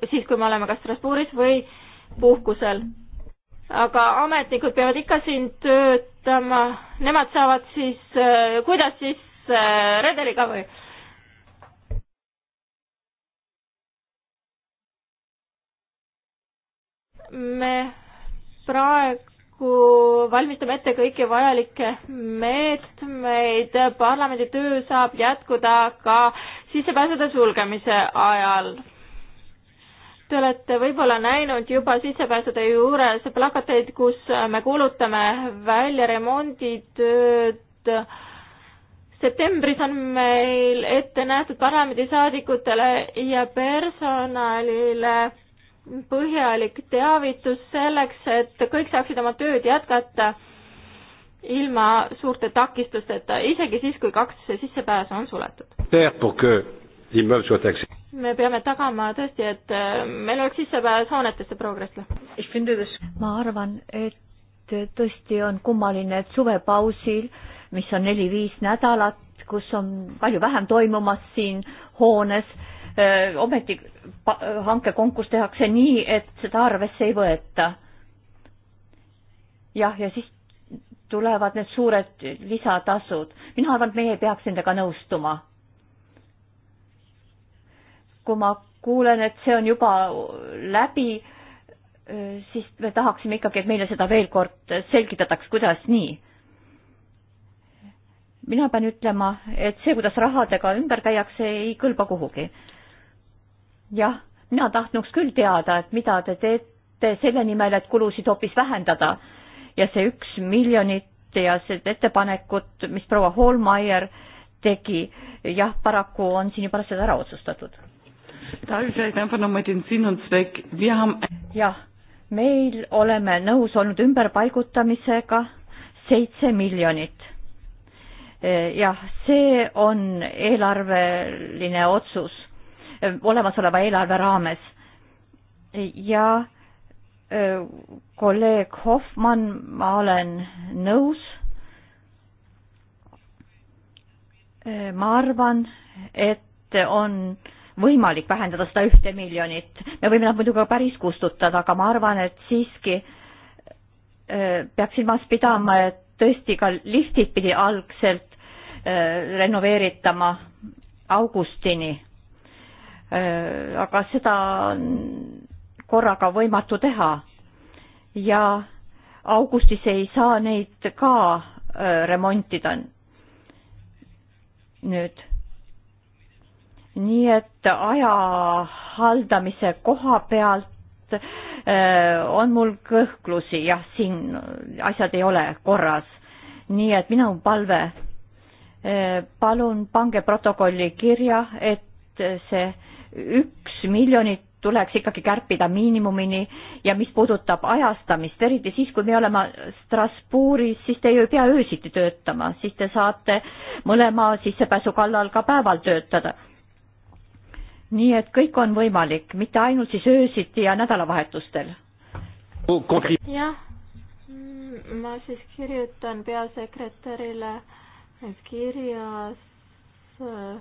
siis, kui me oleme kas Strasbourgis või puhkusel. aga ametnikud peavad ikka siin töötama, nemad saavad siis, äh, kuidas siis äh, redeliga või? me praegu valmistame ette kõiki vajalikke meetmeid, parlamendi töö saab jätkuda ka sissepääsude sulgemise ajal Te olete võib-olla näinud juba sissepääsude juures plakateid, kus me kuulutame välja remonditööd. septembris on meil ette nähtud parlamendisaadikutele ja personalile põhjalik teavitus selleks, et kõik saaksid oma tööd jätkata ilma suurte takistusteta, isegi siis, kui kaks sissepääsu on suletud me peame tagama tõesti, et äh, meil oleks sissepääs hoonetesse Progressile. ma arvan, et tõesti on kummaline, et suvepausil, mis on neli-viis nädalat, kus on palju vähem toimumas siin hoones, äh, ometi hankekonkurss tehakse nii, et seda arvesse ei võeta. jah, ja siis tulevad need suured lisatasud. mina arvan, et meie ei peaks nendega nõustuma kui ma kuulen, et see on juba läbi, siis me tahaksime ikkagi, et meile seda veel kord selgitataks, kuidas nii. mina pean ütlema, et see, kuidas rahadega ümber käiakse, ei kõlba kuhugi. jah, mina tahtnuks küll teada, et mida te teete selle nimel, et kulusid hoopis vähendada ja see üks miljonit ja see ettepanekut, mis proua Hallmeier tegi, jah, paraku on siin juba seda ära otsustatud Darf ich vielleicht einfach nochmal den Sinn und Zweck? Wir haben. jah, meil oleme nõus olnud ümberpaigutamisega seitse miljonit. E, jah, see on eelarveline otsus e, olemasoleva eelarve raames. E, ja kolleeg Hoffmann, ma olen nõus. ma arvan, et on äh, võimalik vähendada seda ühte miljonit. me võime nad muidugi ka päris kustutada, aga ma arvan, et siiski äh, peab silmas pidama, et tõesti ka liftid pidi algselt äh, renoveeritama augustini. Äh, aga seda on korraga võimatu teha. ja augustis ei saa neid ka remontida nüüd nii et aja haldamise koha pealt äh, on mul kõhklusi, jah, siin asjad ei ole korras. nii et minu palve, äh, palun pange protokolli kirja, et see üks miljonit tuleks ikkagi kärpida miinimumini ja mis puudutab ajastamist, eriti siis, kui me oleme Strasbourgis, siis te ju ei pea öösiti töötama, siis te saate mõlema sissepääsu kallal ka päeval töötada nii et kõik on võimalik, mitte ainult siis öösiti ja nädalavahetustel. jah, mm, ma siis kirjutan peasekretärile kirjas äh,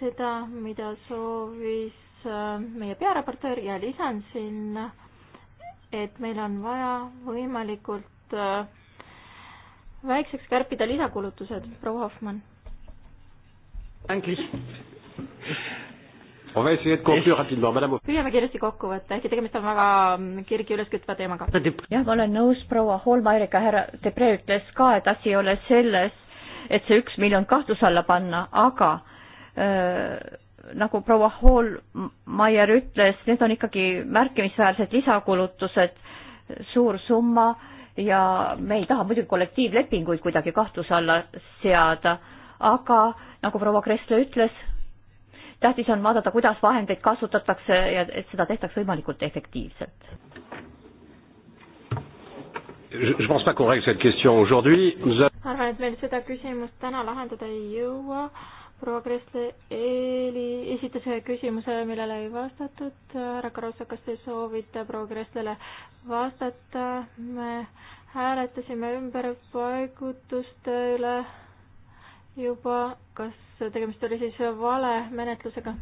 seda, mida soovis äh, meie pearaportöör ja lisan sinna, et meil on vaja võimalikult äh, väikseks kärpida lisakulutused, proua Hoffmann püüame kiiresti kokku võtta, ehkki tegemist on väga mm, kirgi üleskütva teemaga. jah, ma olen nõus proua Holmaeriga, härra Debre ütles ka, et asi ei ole selles, et see üks miljon kahtluse alla panna, aga öö, äh, nagu proua Hallmeier ütles, need on ikkagi märkimisväärsed lisakulutused, suur summa ja me ei taha muidugi kollektiivlepinguid kuidagi kahtluse alla seada, aga nagu proua Kressle ütles, tähtis on vaadata, kuidas vahendeid kasutatakse ja et seda tehtaks võimalikult efektiivselt. arvan, et meil seda küsimust täna lahendada ei jõua. proua Kressle eeli esitas ühe küsimuse, millele ei vastatud. härra Karossa, kas te soovite proua Kresslele vastata? me hääletasime ümberpaigutuste üle juba, kas tegemist oli siis vale menetlusega?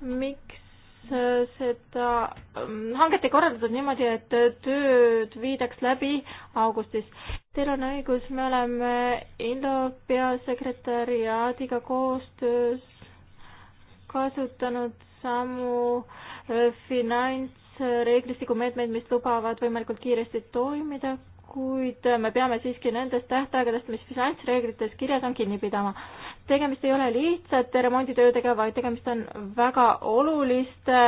miks seda mm, hanget ei korraldatud niimoodi, et tööd viidaks läbi augustis? Teil on õigus, me oleme Indo peasekretäriaadiga koostöös kasutanud samu äh, finantsreeglistiku meetmeid, mis lubavad võimalikult kiiresti toimida kuid me peame siiski nendest tähtaegadest, mis finantsreeglites kirjas on, kinni pidama. tegemist ei ole lihtsate remonditöödega, vaid tegemist on väga oluliste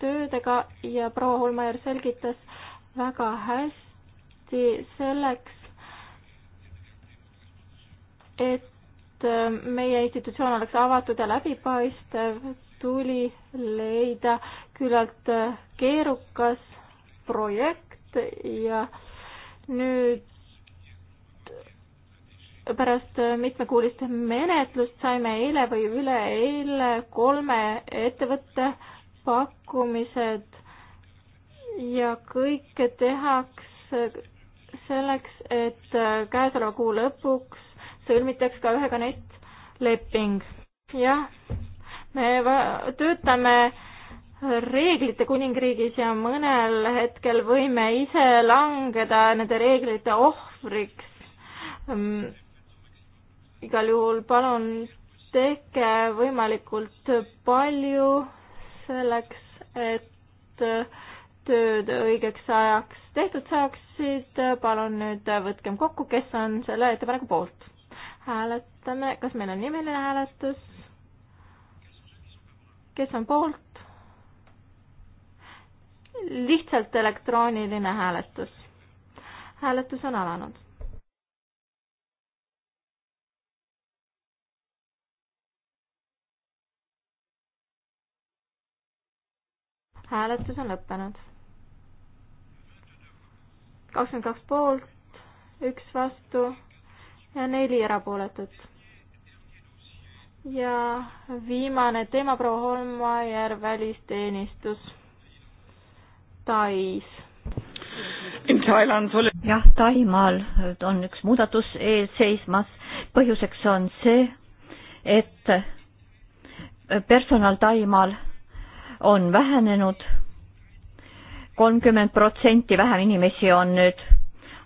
töödega ja proua Holmajärv selgitas väga hästi selleks, et meie institutsioon oleks avatud ja läbipaistev, tuli leida küllalt keerukas projekt ja äh, nüüd pärast mitmekuulist menetlust saime eile või üleeile kolme ettevõtte pakkumised ja kõike tehakse selleks, et käesoleva kuu lõpuks sõlmitaks ka ühega neist leping. jah, me töötame reeglite kuningriigis ja mõnel hetkel võime ise langeda nende reeglite ohvriks. Mm, igal juhul palun tehke võimalikult palju selleks, et tööd õigeks ajaks tehtud saaksid. palun nüüd võtkem kokku, kes on selle ettepaneku poolt. hääletame, kas meil on nimeline hääletus? kes on poolt? lihtsalt elektrooniline hääletus. hääletus on alanud. hääletus on lõppenud. kakskümmend kaks poolt, üks vastu ja neli erapooletut. ja viimane teema, proua Holmajärv, välisteenistus Tais. jah, Taimaal on üks muudatus ees seisma. põhjuseks on see, et personal Taimaal on vähenenud kolmkümmend protsenti vähem inimesi on nüüd,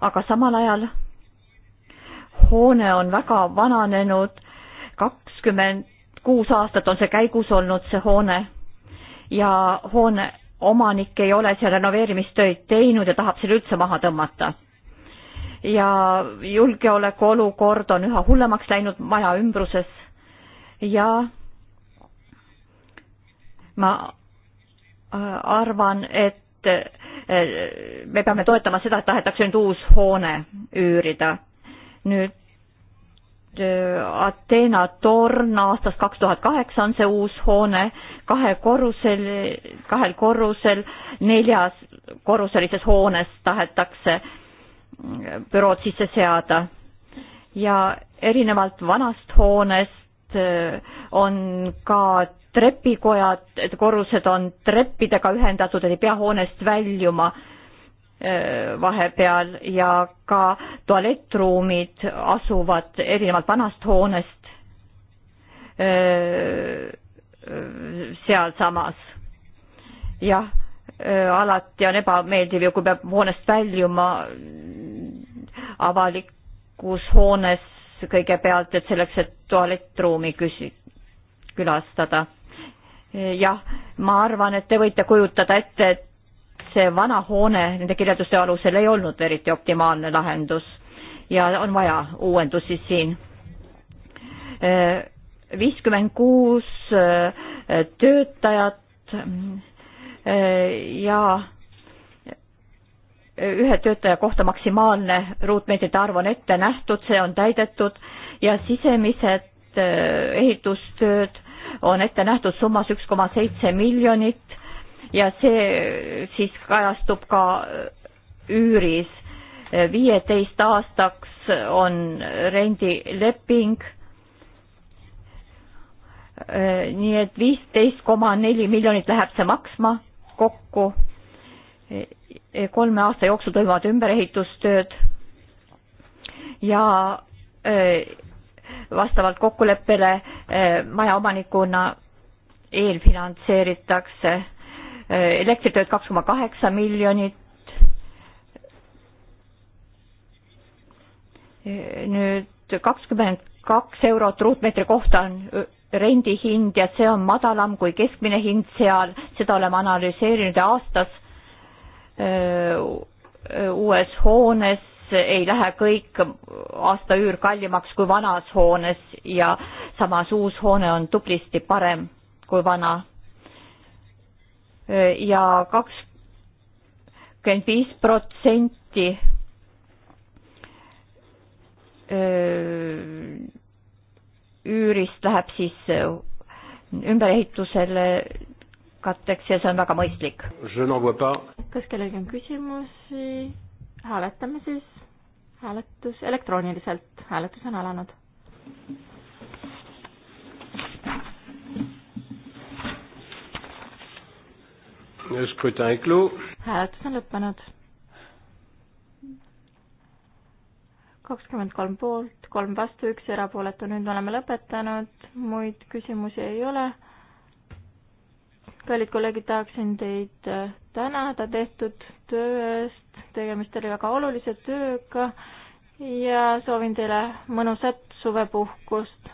aga samal ajal hoone on väga vananenud, kakskümmend kuus aastat on see käigus olnud, see hoone, ja hoone omanik ei ole seal renoveerimistöid teinud ja tahab selle üldse maha tõmmata. ja julgeolekuolukord on üha hullemaks läinud maja ümbruses ja ma äh, arvan, et äh, me peame toetama seda, et tahetakse nüüd uus hoone üürida. nüüd Äh, Ateena torn aastast kaks tuhat kaheksa on see uus hoone, kahe korrusel, kahel korrusel, neljas korruselises hoones tahetakse mm, bürood sisse seada. ja erinevalt vanast hoonest äh, on ka trepikojad, korrused on treppidega ühendatud, et ei pea hoonest väljuma vahepeal ja ka tualettruumid asuvad erinevalt vanast hoonest sealsamas. jah, alati on ebameeldiv ju, kui peab hoonest väljuma avalikus hoones kõigepealt, et selleks, et tualettruumi küsi-, külastada. jah, ma arvan, et te võite kujutada ette, et see vana hoone nende kirjelduste alusel ei olnud eriti optimaalne lahendus ja on vaja uuendusi siin. Äh, viiskümmend kuus äh, töötajat äh, ja ühe töötaja kohta maksimaalne ruutmeetrite arv on ette nähtud, see on täidetud ja sisemised ehitustööd on ette nähtud summas üks koma seitse miljonit ja see äh, siis kajastub ka äh, üüris. Äh, viieteist aastaks on rendileping. nii et viisteist koma neli miljonit läheb see maksma kokku. kolme aasta jooksul toimuvad ümberehitustööd ja vastavalt kokkuleppele majaomanikuna eelfinantseeritakse Äh, elektritööd kaks koma kaheksa miljonit. Äh, nüüd kakskümmend kaks eurot ruutmeetri kohta on äh, rendihind ja see on madalam kui keskmine hind seal, seda oleme analüseerinud ja aastas uues hoones ei lähe kõik aasta üür kallimaks kui vanas hoones ja samas uus hoone on tublisti parem kui vana ja kakskümmend viis protsenti üürist läheb siis ümberehitusele katteks ja see on väga mõistlik. kas kellelgi on küsimusi? hääletame siis. hääletus elektrooniliselt, hääletus on alanud. hääletus on lõppenud. kakskümmend kolm poolt, kolm vastu, üks erapooletu, nüüd me oleme lõpetanud, muid küsimusi ei ole. kallid kolleegid, tahaksin teid äh, tänada tehtud töö eest, tegemist oli väga olulise tööga ja soovin teile mõnusat suvepuhkust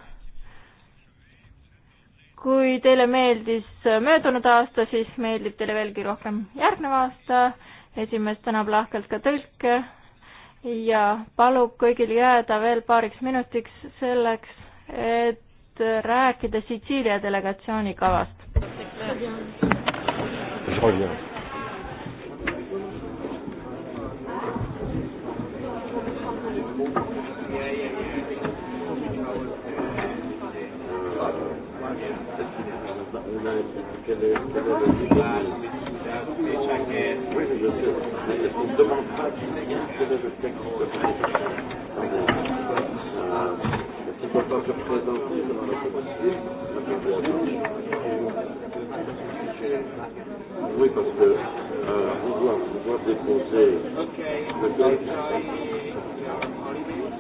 kui teile meeldis möödunud aasta, siis meeldib teile veelgi rohkem järgnev aasta. esimees tänab lahkelt ka tõlke ja palub kõigil jääda veel paariks minutiks selleks, et rääkida Sitsiilia delegatsiooni kavast. un attimo, perché le ne demande pas quelle est le texte. S'il ne peut pas se présenter devant la commission, Oui, parce que euh, on doit pouvoir déposer le texte.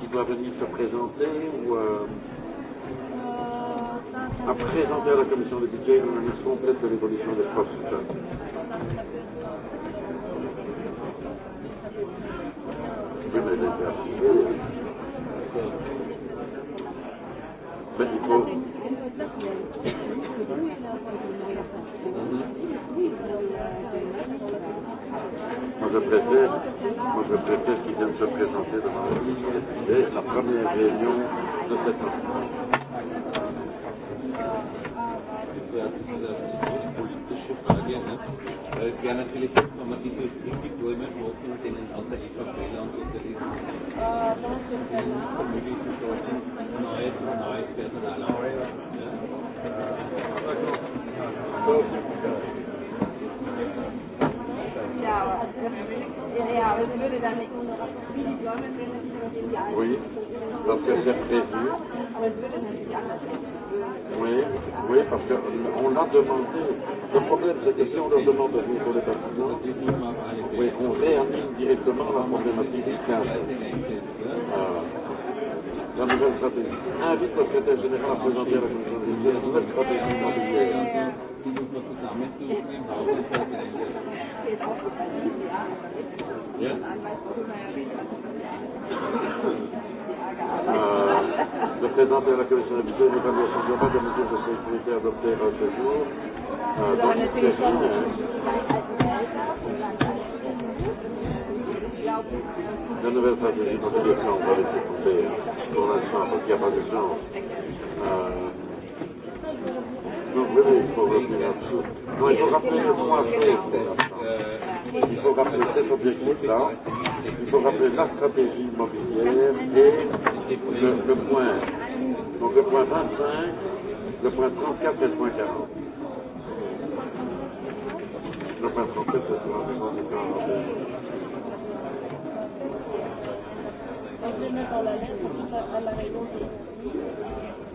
qui doit venir se présenter ou euh, à présenter à la commission des budgets une analyse complète de l'évolution des postes. Oui, mais les Mais il faut. Moi je préfère, moi je préfère qu'ils viennent se présenter devant la député, la première réunion de septembre. Ik ben natuurlijk ook omdat die dus niet door met mogen in een altijd iets van Nederland op de list. En voor jullie is het ook een nooit, nooit personeel. Ja, aber ja, ja, aber sie würde dann nicht nur wie die Bäume drin ist, oder wie die Alten. Oui, parce que c'est prévu. Aber es würde natürlich anders Oui, oui, parce qu'on euh, a demandé. Le problème, c'est que si on leur demande de venir pour les bâtiments, oui, on réanime directement la problématique du 15. Euh, la nouvelle stratégie. Invite le secrétaire général à présenter la commission des la nouvelle stratégie immobilière. Bien. Euh, de présenter à la commission habituelle une évaluation globale des mesures de sécurité adoptées à ce jour. Euh, donc, c'est La nouvelle stratégie contre le plan, on va laisser tomber pour l'instant, parce qu'il n'y a pas d'urgence. Euh, donc, oui, oui, il faut revenir là-dessous. Non, il faut rappeler ce qu'on a fait. Il faut rappeler cet objectif-là. Il faut rappeler la stratégie immobilière et le, le point. Donc, le point 25, le point 34 et le point 40 le printemps, peut-être,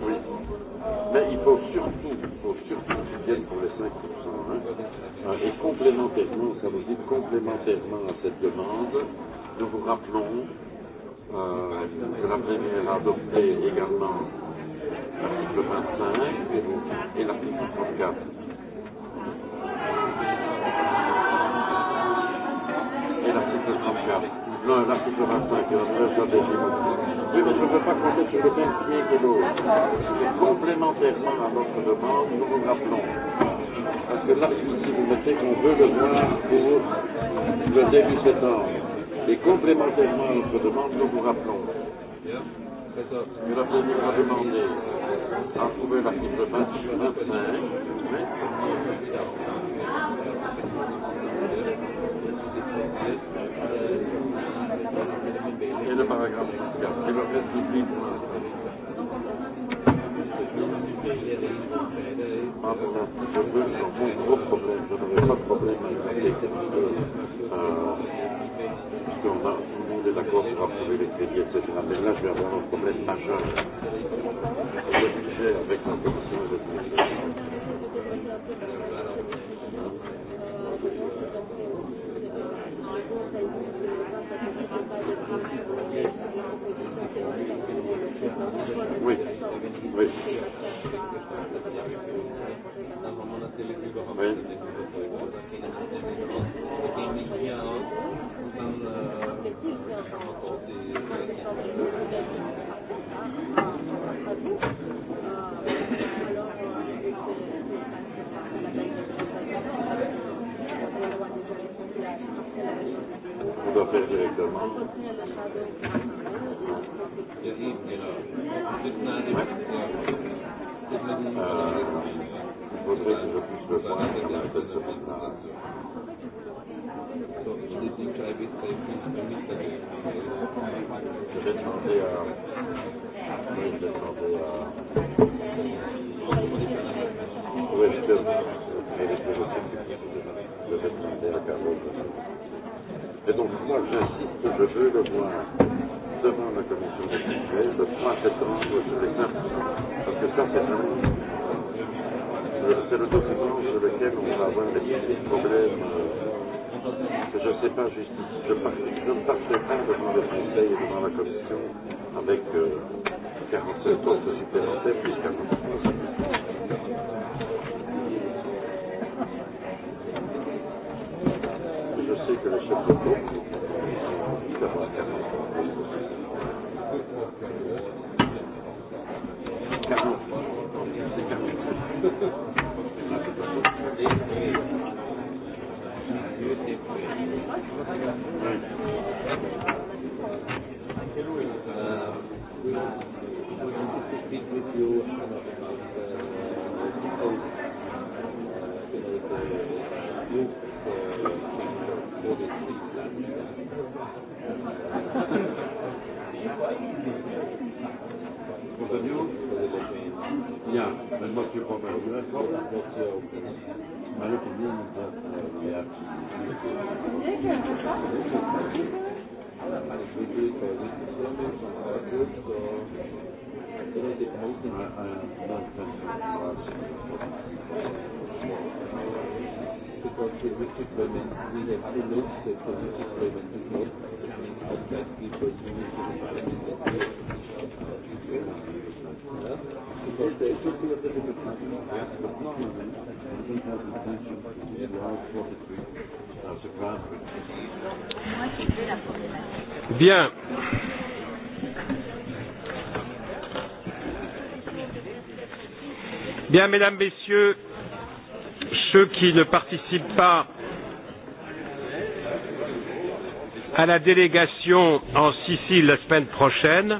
Oui. Mais il faut surtout, il faut surtout qu'ils viennent pour les 5%. Hein. Et complémentairement, ça veut dire complémentairement à cette demande, nous vous rappelons euh, que la première a adopté également l'article 25 et, et l'article 34. Et l'article 34 plan à l'article 25 et la valeur stratégique. Oui, mais je ne veux pas compter sur le même pied que l'autre. Complémentairement à notre demande, nous vous rappelons. Parce que là, si vous mettez qu'on veut le voir pour le début septembre, et complémentairement à notre demande, nous vous rappelons. Yeah. Mais la Réunion a demandé à trouver l'article 25, 25 mais, pas grave. Elle va faire du bruit pour l'instant. Ah bon, je veux sur mon gros problème, je n'aurai pas de problème à appeler parce que, euh, puisqu'on a, tout le monde est d'accord sur approuver les crédits, etc. Mais là, je vais avoir un problème majeur. Le budget avec la commission et le budget. Oui. Oui. On doit faire directement. جديد كده جبنا عندي بس جبنا دي Et donc moi j'insiste, je veux le voir devant la commission des budgets le 3 septembre sur les 9. Parce que ça, c'est vraiment. C'est le document sur lequel on va avoir les petits problèmes euh, que je ne sais pas justifier. Je, par... je ne partirai pas devant le Conseil et devant la Commission avec euh, 47 postes supplémentaires plus 47 postes. Je sais que le chef de groupe, il va avoir 40 postes. Thank you. what your problem is. The problem that uh, my opinion is that uh, we have to make a because the risk payment, we have announced that the risk payment is not coming out that people do need to the parliament that we have. Yeah. Thursday, 50th of the Casino at the Parliament, 2010, July 43. Bien. Bien, mesdames, messieurs, ceux qui ne participent pas à la délégation en Sicile la semaine prochaine,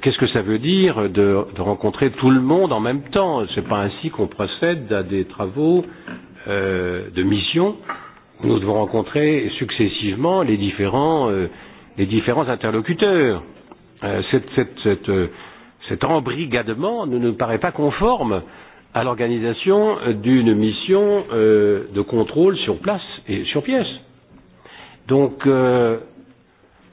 Qu'est-ce que ça veut dire de, de rencontrer tout le monde en même temps Ce n'est pas ainsi qu'on procède à des travaux euh, de mission où nous devons rencontrer successivement les différents, euh, les différents interlocuteurs. Euh, cette, cette, cette, euh, cet embrigadement ne nous paraît pas conforme à l'organisation d'une mission euh, de contrôle sur place et sur pièce. Donc, euh,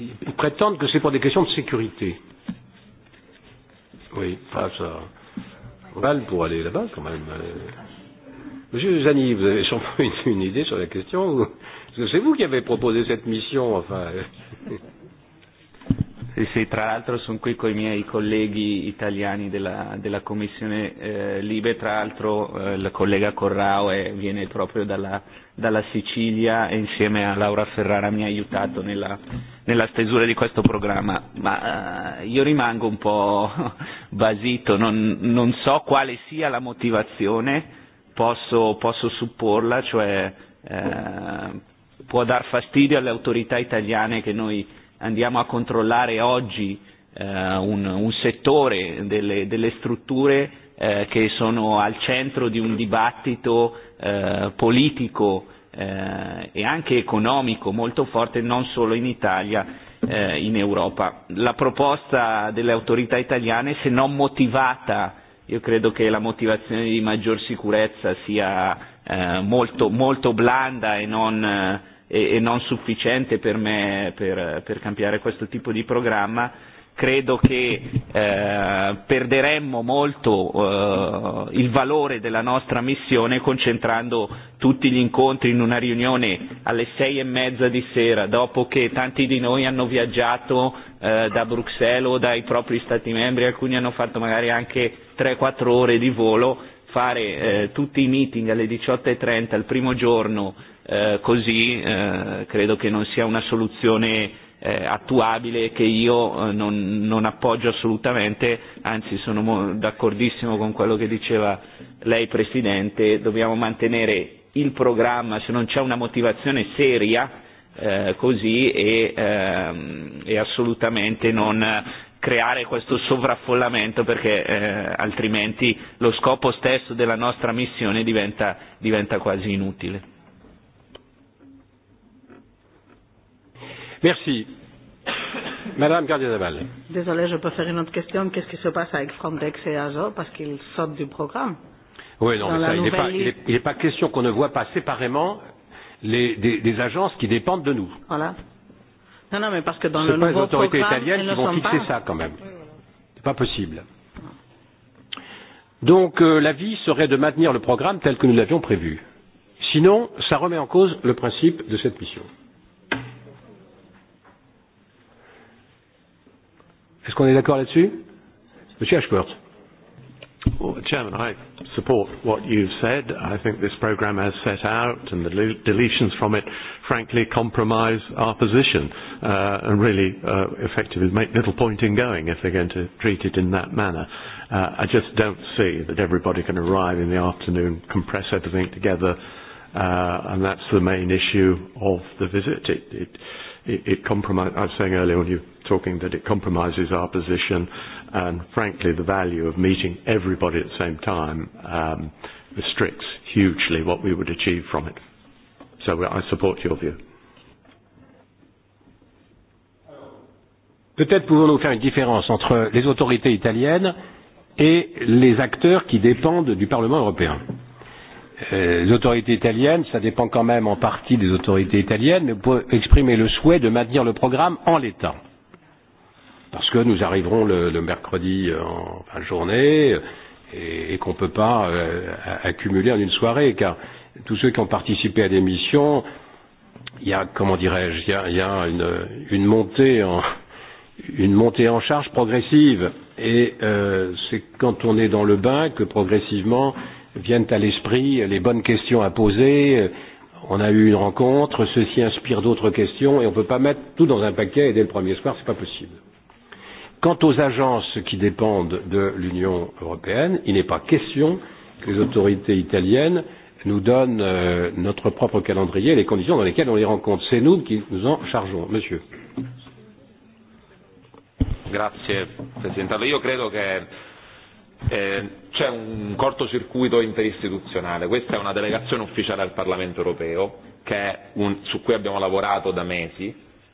ils prétendent que c'est pour des questions de sécurité. Oui, enfin ah, ça. Val pour aller là-bas quand même. Monsieur Zani, vous avez sûrement une, une idée sur la question ou... Parce que c'est vous qui avez proposé cette mission, enfin. Sì, sì, tra l'altro sono qui con i miei colleghi italiani della, della Commissione eh, Libe, tra l'altro eh, il collega Corrao è, viene proprio dalla, dalla Sicilia e insieme a Laura Ferrara mi ha aiutato nella, nella stesura di questo programma, ma eh, io rimango un po' basito, non, non so quale sia la motivazione, posso, posso supporla, cioè eh, può dar fastidio alle autorità italiane che noi andiamo a controllare oggi eh, un, un settore delle, delle strutture eh, che sono al centro di un dibattito eh, politico eh, e anche economico molto forte non solo in Italia eh, in Europa. La proposta delle autorità italiane, se non motivata, io credo che la motivazione di maggior sicurezza sia eh, molto, molto blanda e non eh, e, e non sufficiente per me per, per cambiare questo tipo di programma, credo che eh, perderemmo molto eh, il valore della nostra missione concentrando tutti gli incontri in una riunione alle sei e mezza di sera, dopo che tanti di noi hanno viaggiato eh, da Bruxelles o dai propri Stati membri, alcuni hanno fatto magari anche 3-4 ore di volo, fare eh, tutti i meeting alle 18.30 e il primo giorno eh, così eh, credo che non sia una soluzione eh, attuabile che io eh, non, non appoggio assolutamente, anzi sono d'accordissimo con quello che diceva lei Presidente, dobbiamo mantenere il programma se non c'è una motivazione seria eh, così e, ehm, e assolutamente non creare questo sovraffollamento perché eh, altrimenti lo scopo stesso della nostra missione diventa, diventa quasi inutile. Merci. Madame Gardiazabal. Désolée, je peux faire une autre question. Qu'est-ce qui se passe avec Frontex et Azor parce qu'ils sortent du programme Oui, non, Dans mais ça, il n'est pas, il est, il est pas question qu'on ne voit pas séparément les, des, des agences qui dépendent de nous. Voilà. Non, non, mais parce que dans le nouveau pas les autorités programme, italiennes qui vont fixer pas. ça quand même. C'est pas possible. Donc euh, l'avis serait de maintenir le programme tel que nous l'avions prévu. Sinon, ça remet en cause le principe de cette mission. Est-ce qu'on est, qu est d'accord là-dessus Monsieur Ashworth. Well, Chairman, I support what you've said. I think this programme as set out and the deletions from it, frankly, compromise our position uh, and really uh, effectively make little point in going if they're going to treat it in that manner. Uh, I just don't see that everybody can arrive in the afternoon, compress everything together, uh, and that's the main issue of the visit. It, it, uh, it, it compromises, I was saying earlier when you were talking that it compromises our position and frankly the value of meeting everybody at the same time um, restricts hugely what we would achieve from it. So I support your view. Peut-être pouvons-nous faire une différence entre les autorités italiennes et les acteurs qui dépendent du Parlement européen. Euh, euh, les autorités italiennes, ça dépend quand même en partie des autorités italiennes, mais vous pouvez exprimer le souhait de maintenir le programme en l'état. Parce que nous arriverons le, le mercredi euh, en fin de journée et, et qu'on ne peut pas euh, accumuler en une soirée, car tous ceux qui ont participé à des missions, il y a, comment dirais-je, il y a, il y a une, une, montée en, une montée en charge progressive. Et euh, c'est quand on est dans le bain que progressivement euh, viennent à l'esprit les bonnes questions à poser. On a eu une rencontre, ceci inspire d'autres questions et on ne peut pas mettre tout dans un paquet et dès le premier soir, c'est pas possible. Quant aux agences qui dépendent de l'Union européenne, il n'est pas question que les autorités italiennes nous donnent euh, notre propre calendrier et les conditions dans lesquelles on les rencontre. C'est nous qui nous en chargeons. Monsieur. Grazie Presidente. Io credo che eh, c'è un cortocircuito interistituzionale. Questa è una delegazione ufficiale al Parlamento europeo che è un, su cui abbiamo lavorato da mesi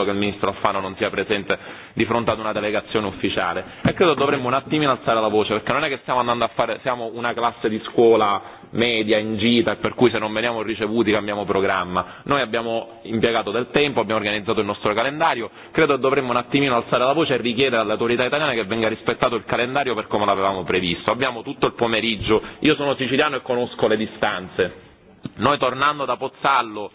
assurdo che il ministro Alfano non sia presente di fronte ad una delegazione ufficiale e credo dovremmo un attimino alzare la voce perché non è che stiamo andando a fare siamo una classe di scuola media in gita e per cui se non veniamo ricevuti cambiamo programma noi abbiamo impiegato del tempo abbiamo organizzato il nostro calendario credo che dovremmo un attimino alzare la voce e richiedere alle autorità italiane che venga rispettato il calendario per come l'avevamo previsto abbiamo tutto il pomeriggio io sono siciliano e conosco le distanze noi tornando da Pozzallo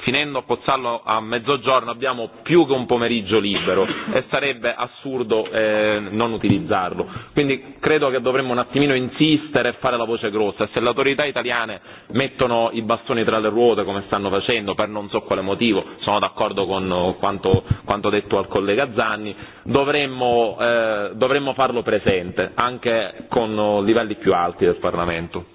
finendo a Pozzallo a mezzogiorno abbiamo più che un pomeriggio libero e sarebbe assurdo eh, non utilizzarlo. Quindi credo che dovremmo un attimino insistere e fare la voce grossa. Se le autorità italiane mettono i bastoni tra le ruote come stanno facendo per non so quale motivo, sono d'accordo con eh, quanto, quanto detto al collega Zanni, dovremmo, eh, dovremmo farlo presente anche con livelli più alti del Parlamento.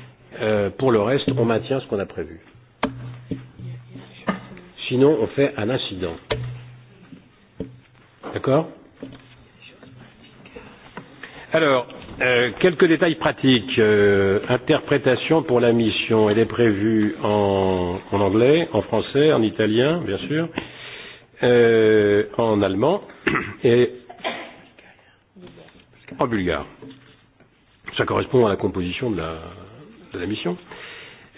Euh, pour le reste, on maintient ce qu'on a prévu. Sinon, on fait un incident. D'accord Alors, euh, quelques détails pratiques. Euh, interprétation pour la mission, elle est prévue en, en anglais, en français, en italien, bien sûr, euh, en allemand et en bulgare. Ça correspond à la composition de la, de la mission.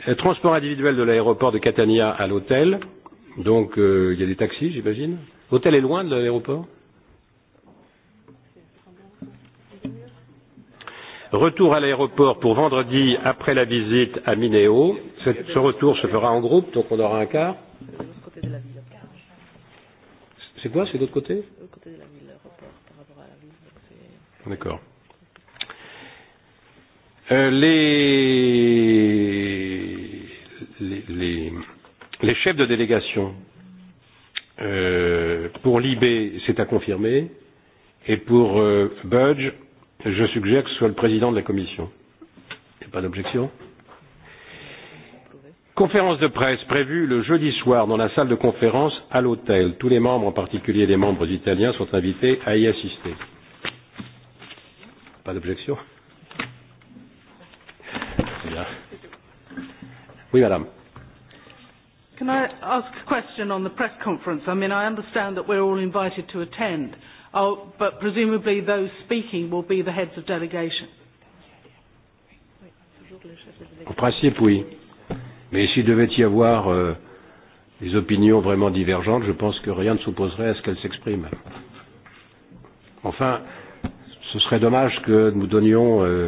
Euh, transport individuel de l'aéroport de Catania à l'hôtel. Donc, euh, il y a des taxis, j'imagine. L'hôtel est loin de l'aéroport Retour à l'aéroport pour vendredi après la visite à Mineo. Cette, ce retour se fera en groupe, donc on aura un quart. C'est quoi C'est de l'autre côté D'accord euh, les, les, les, les chefs de délégation euh, pour l'IB, c'est à confirmer, et pour euh, Budge, je suggère que ce soit le président de la commission. Il n'y a pas d'objection Conférence de presse prévue le jeudi soir dans la salle de conférence à l'hôtel. Tous les membres, en particulier les membres italiens, sont invités à y assister. Pas d'objection Oui, madame. Can I ask a question on the press conference? I mean, I understand that we're all invited to attend, oh, but presumably those speaking will be the heads of delegation. En principe, oui. Mais s'il devait y avoir euh, des opinions vraiment divergentes, je pense que rien ne s'opposerait à ce qu'elles s'expriment. Enfin, ce serait dommage que nous donnions euh,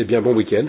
Eh bien, bon week-end.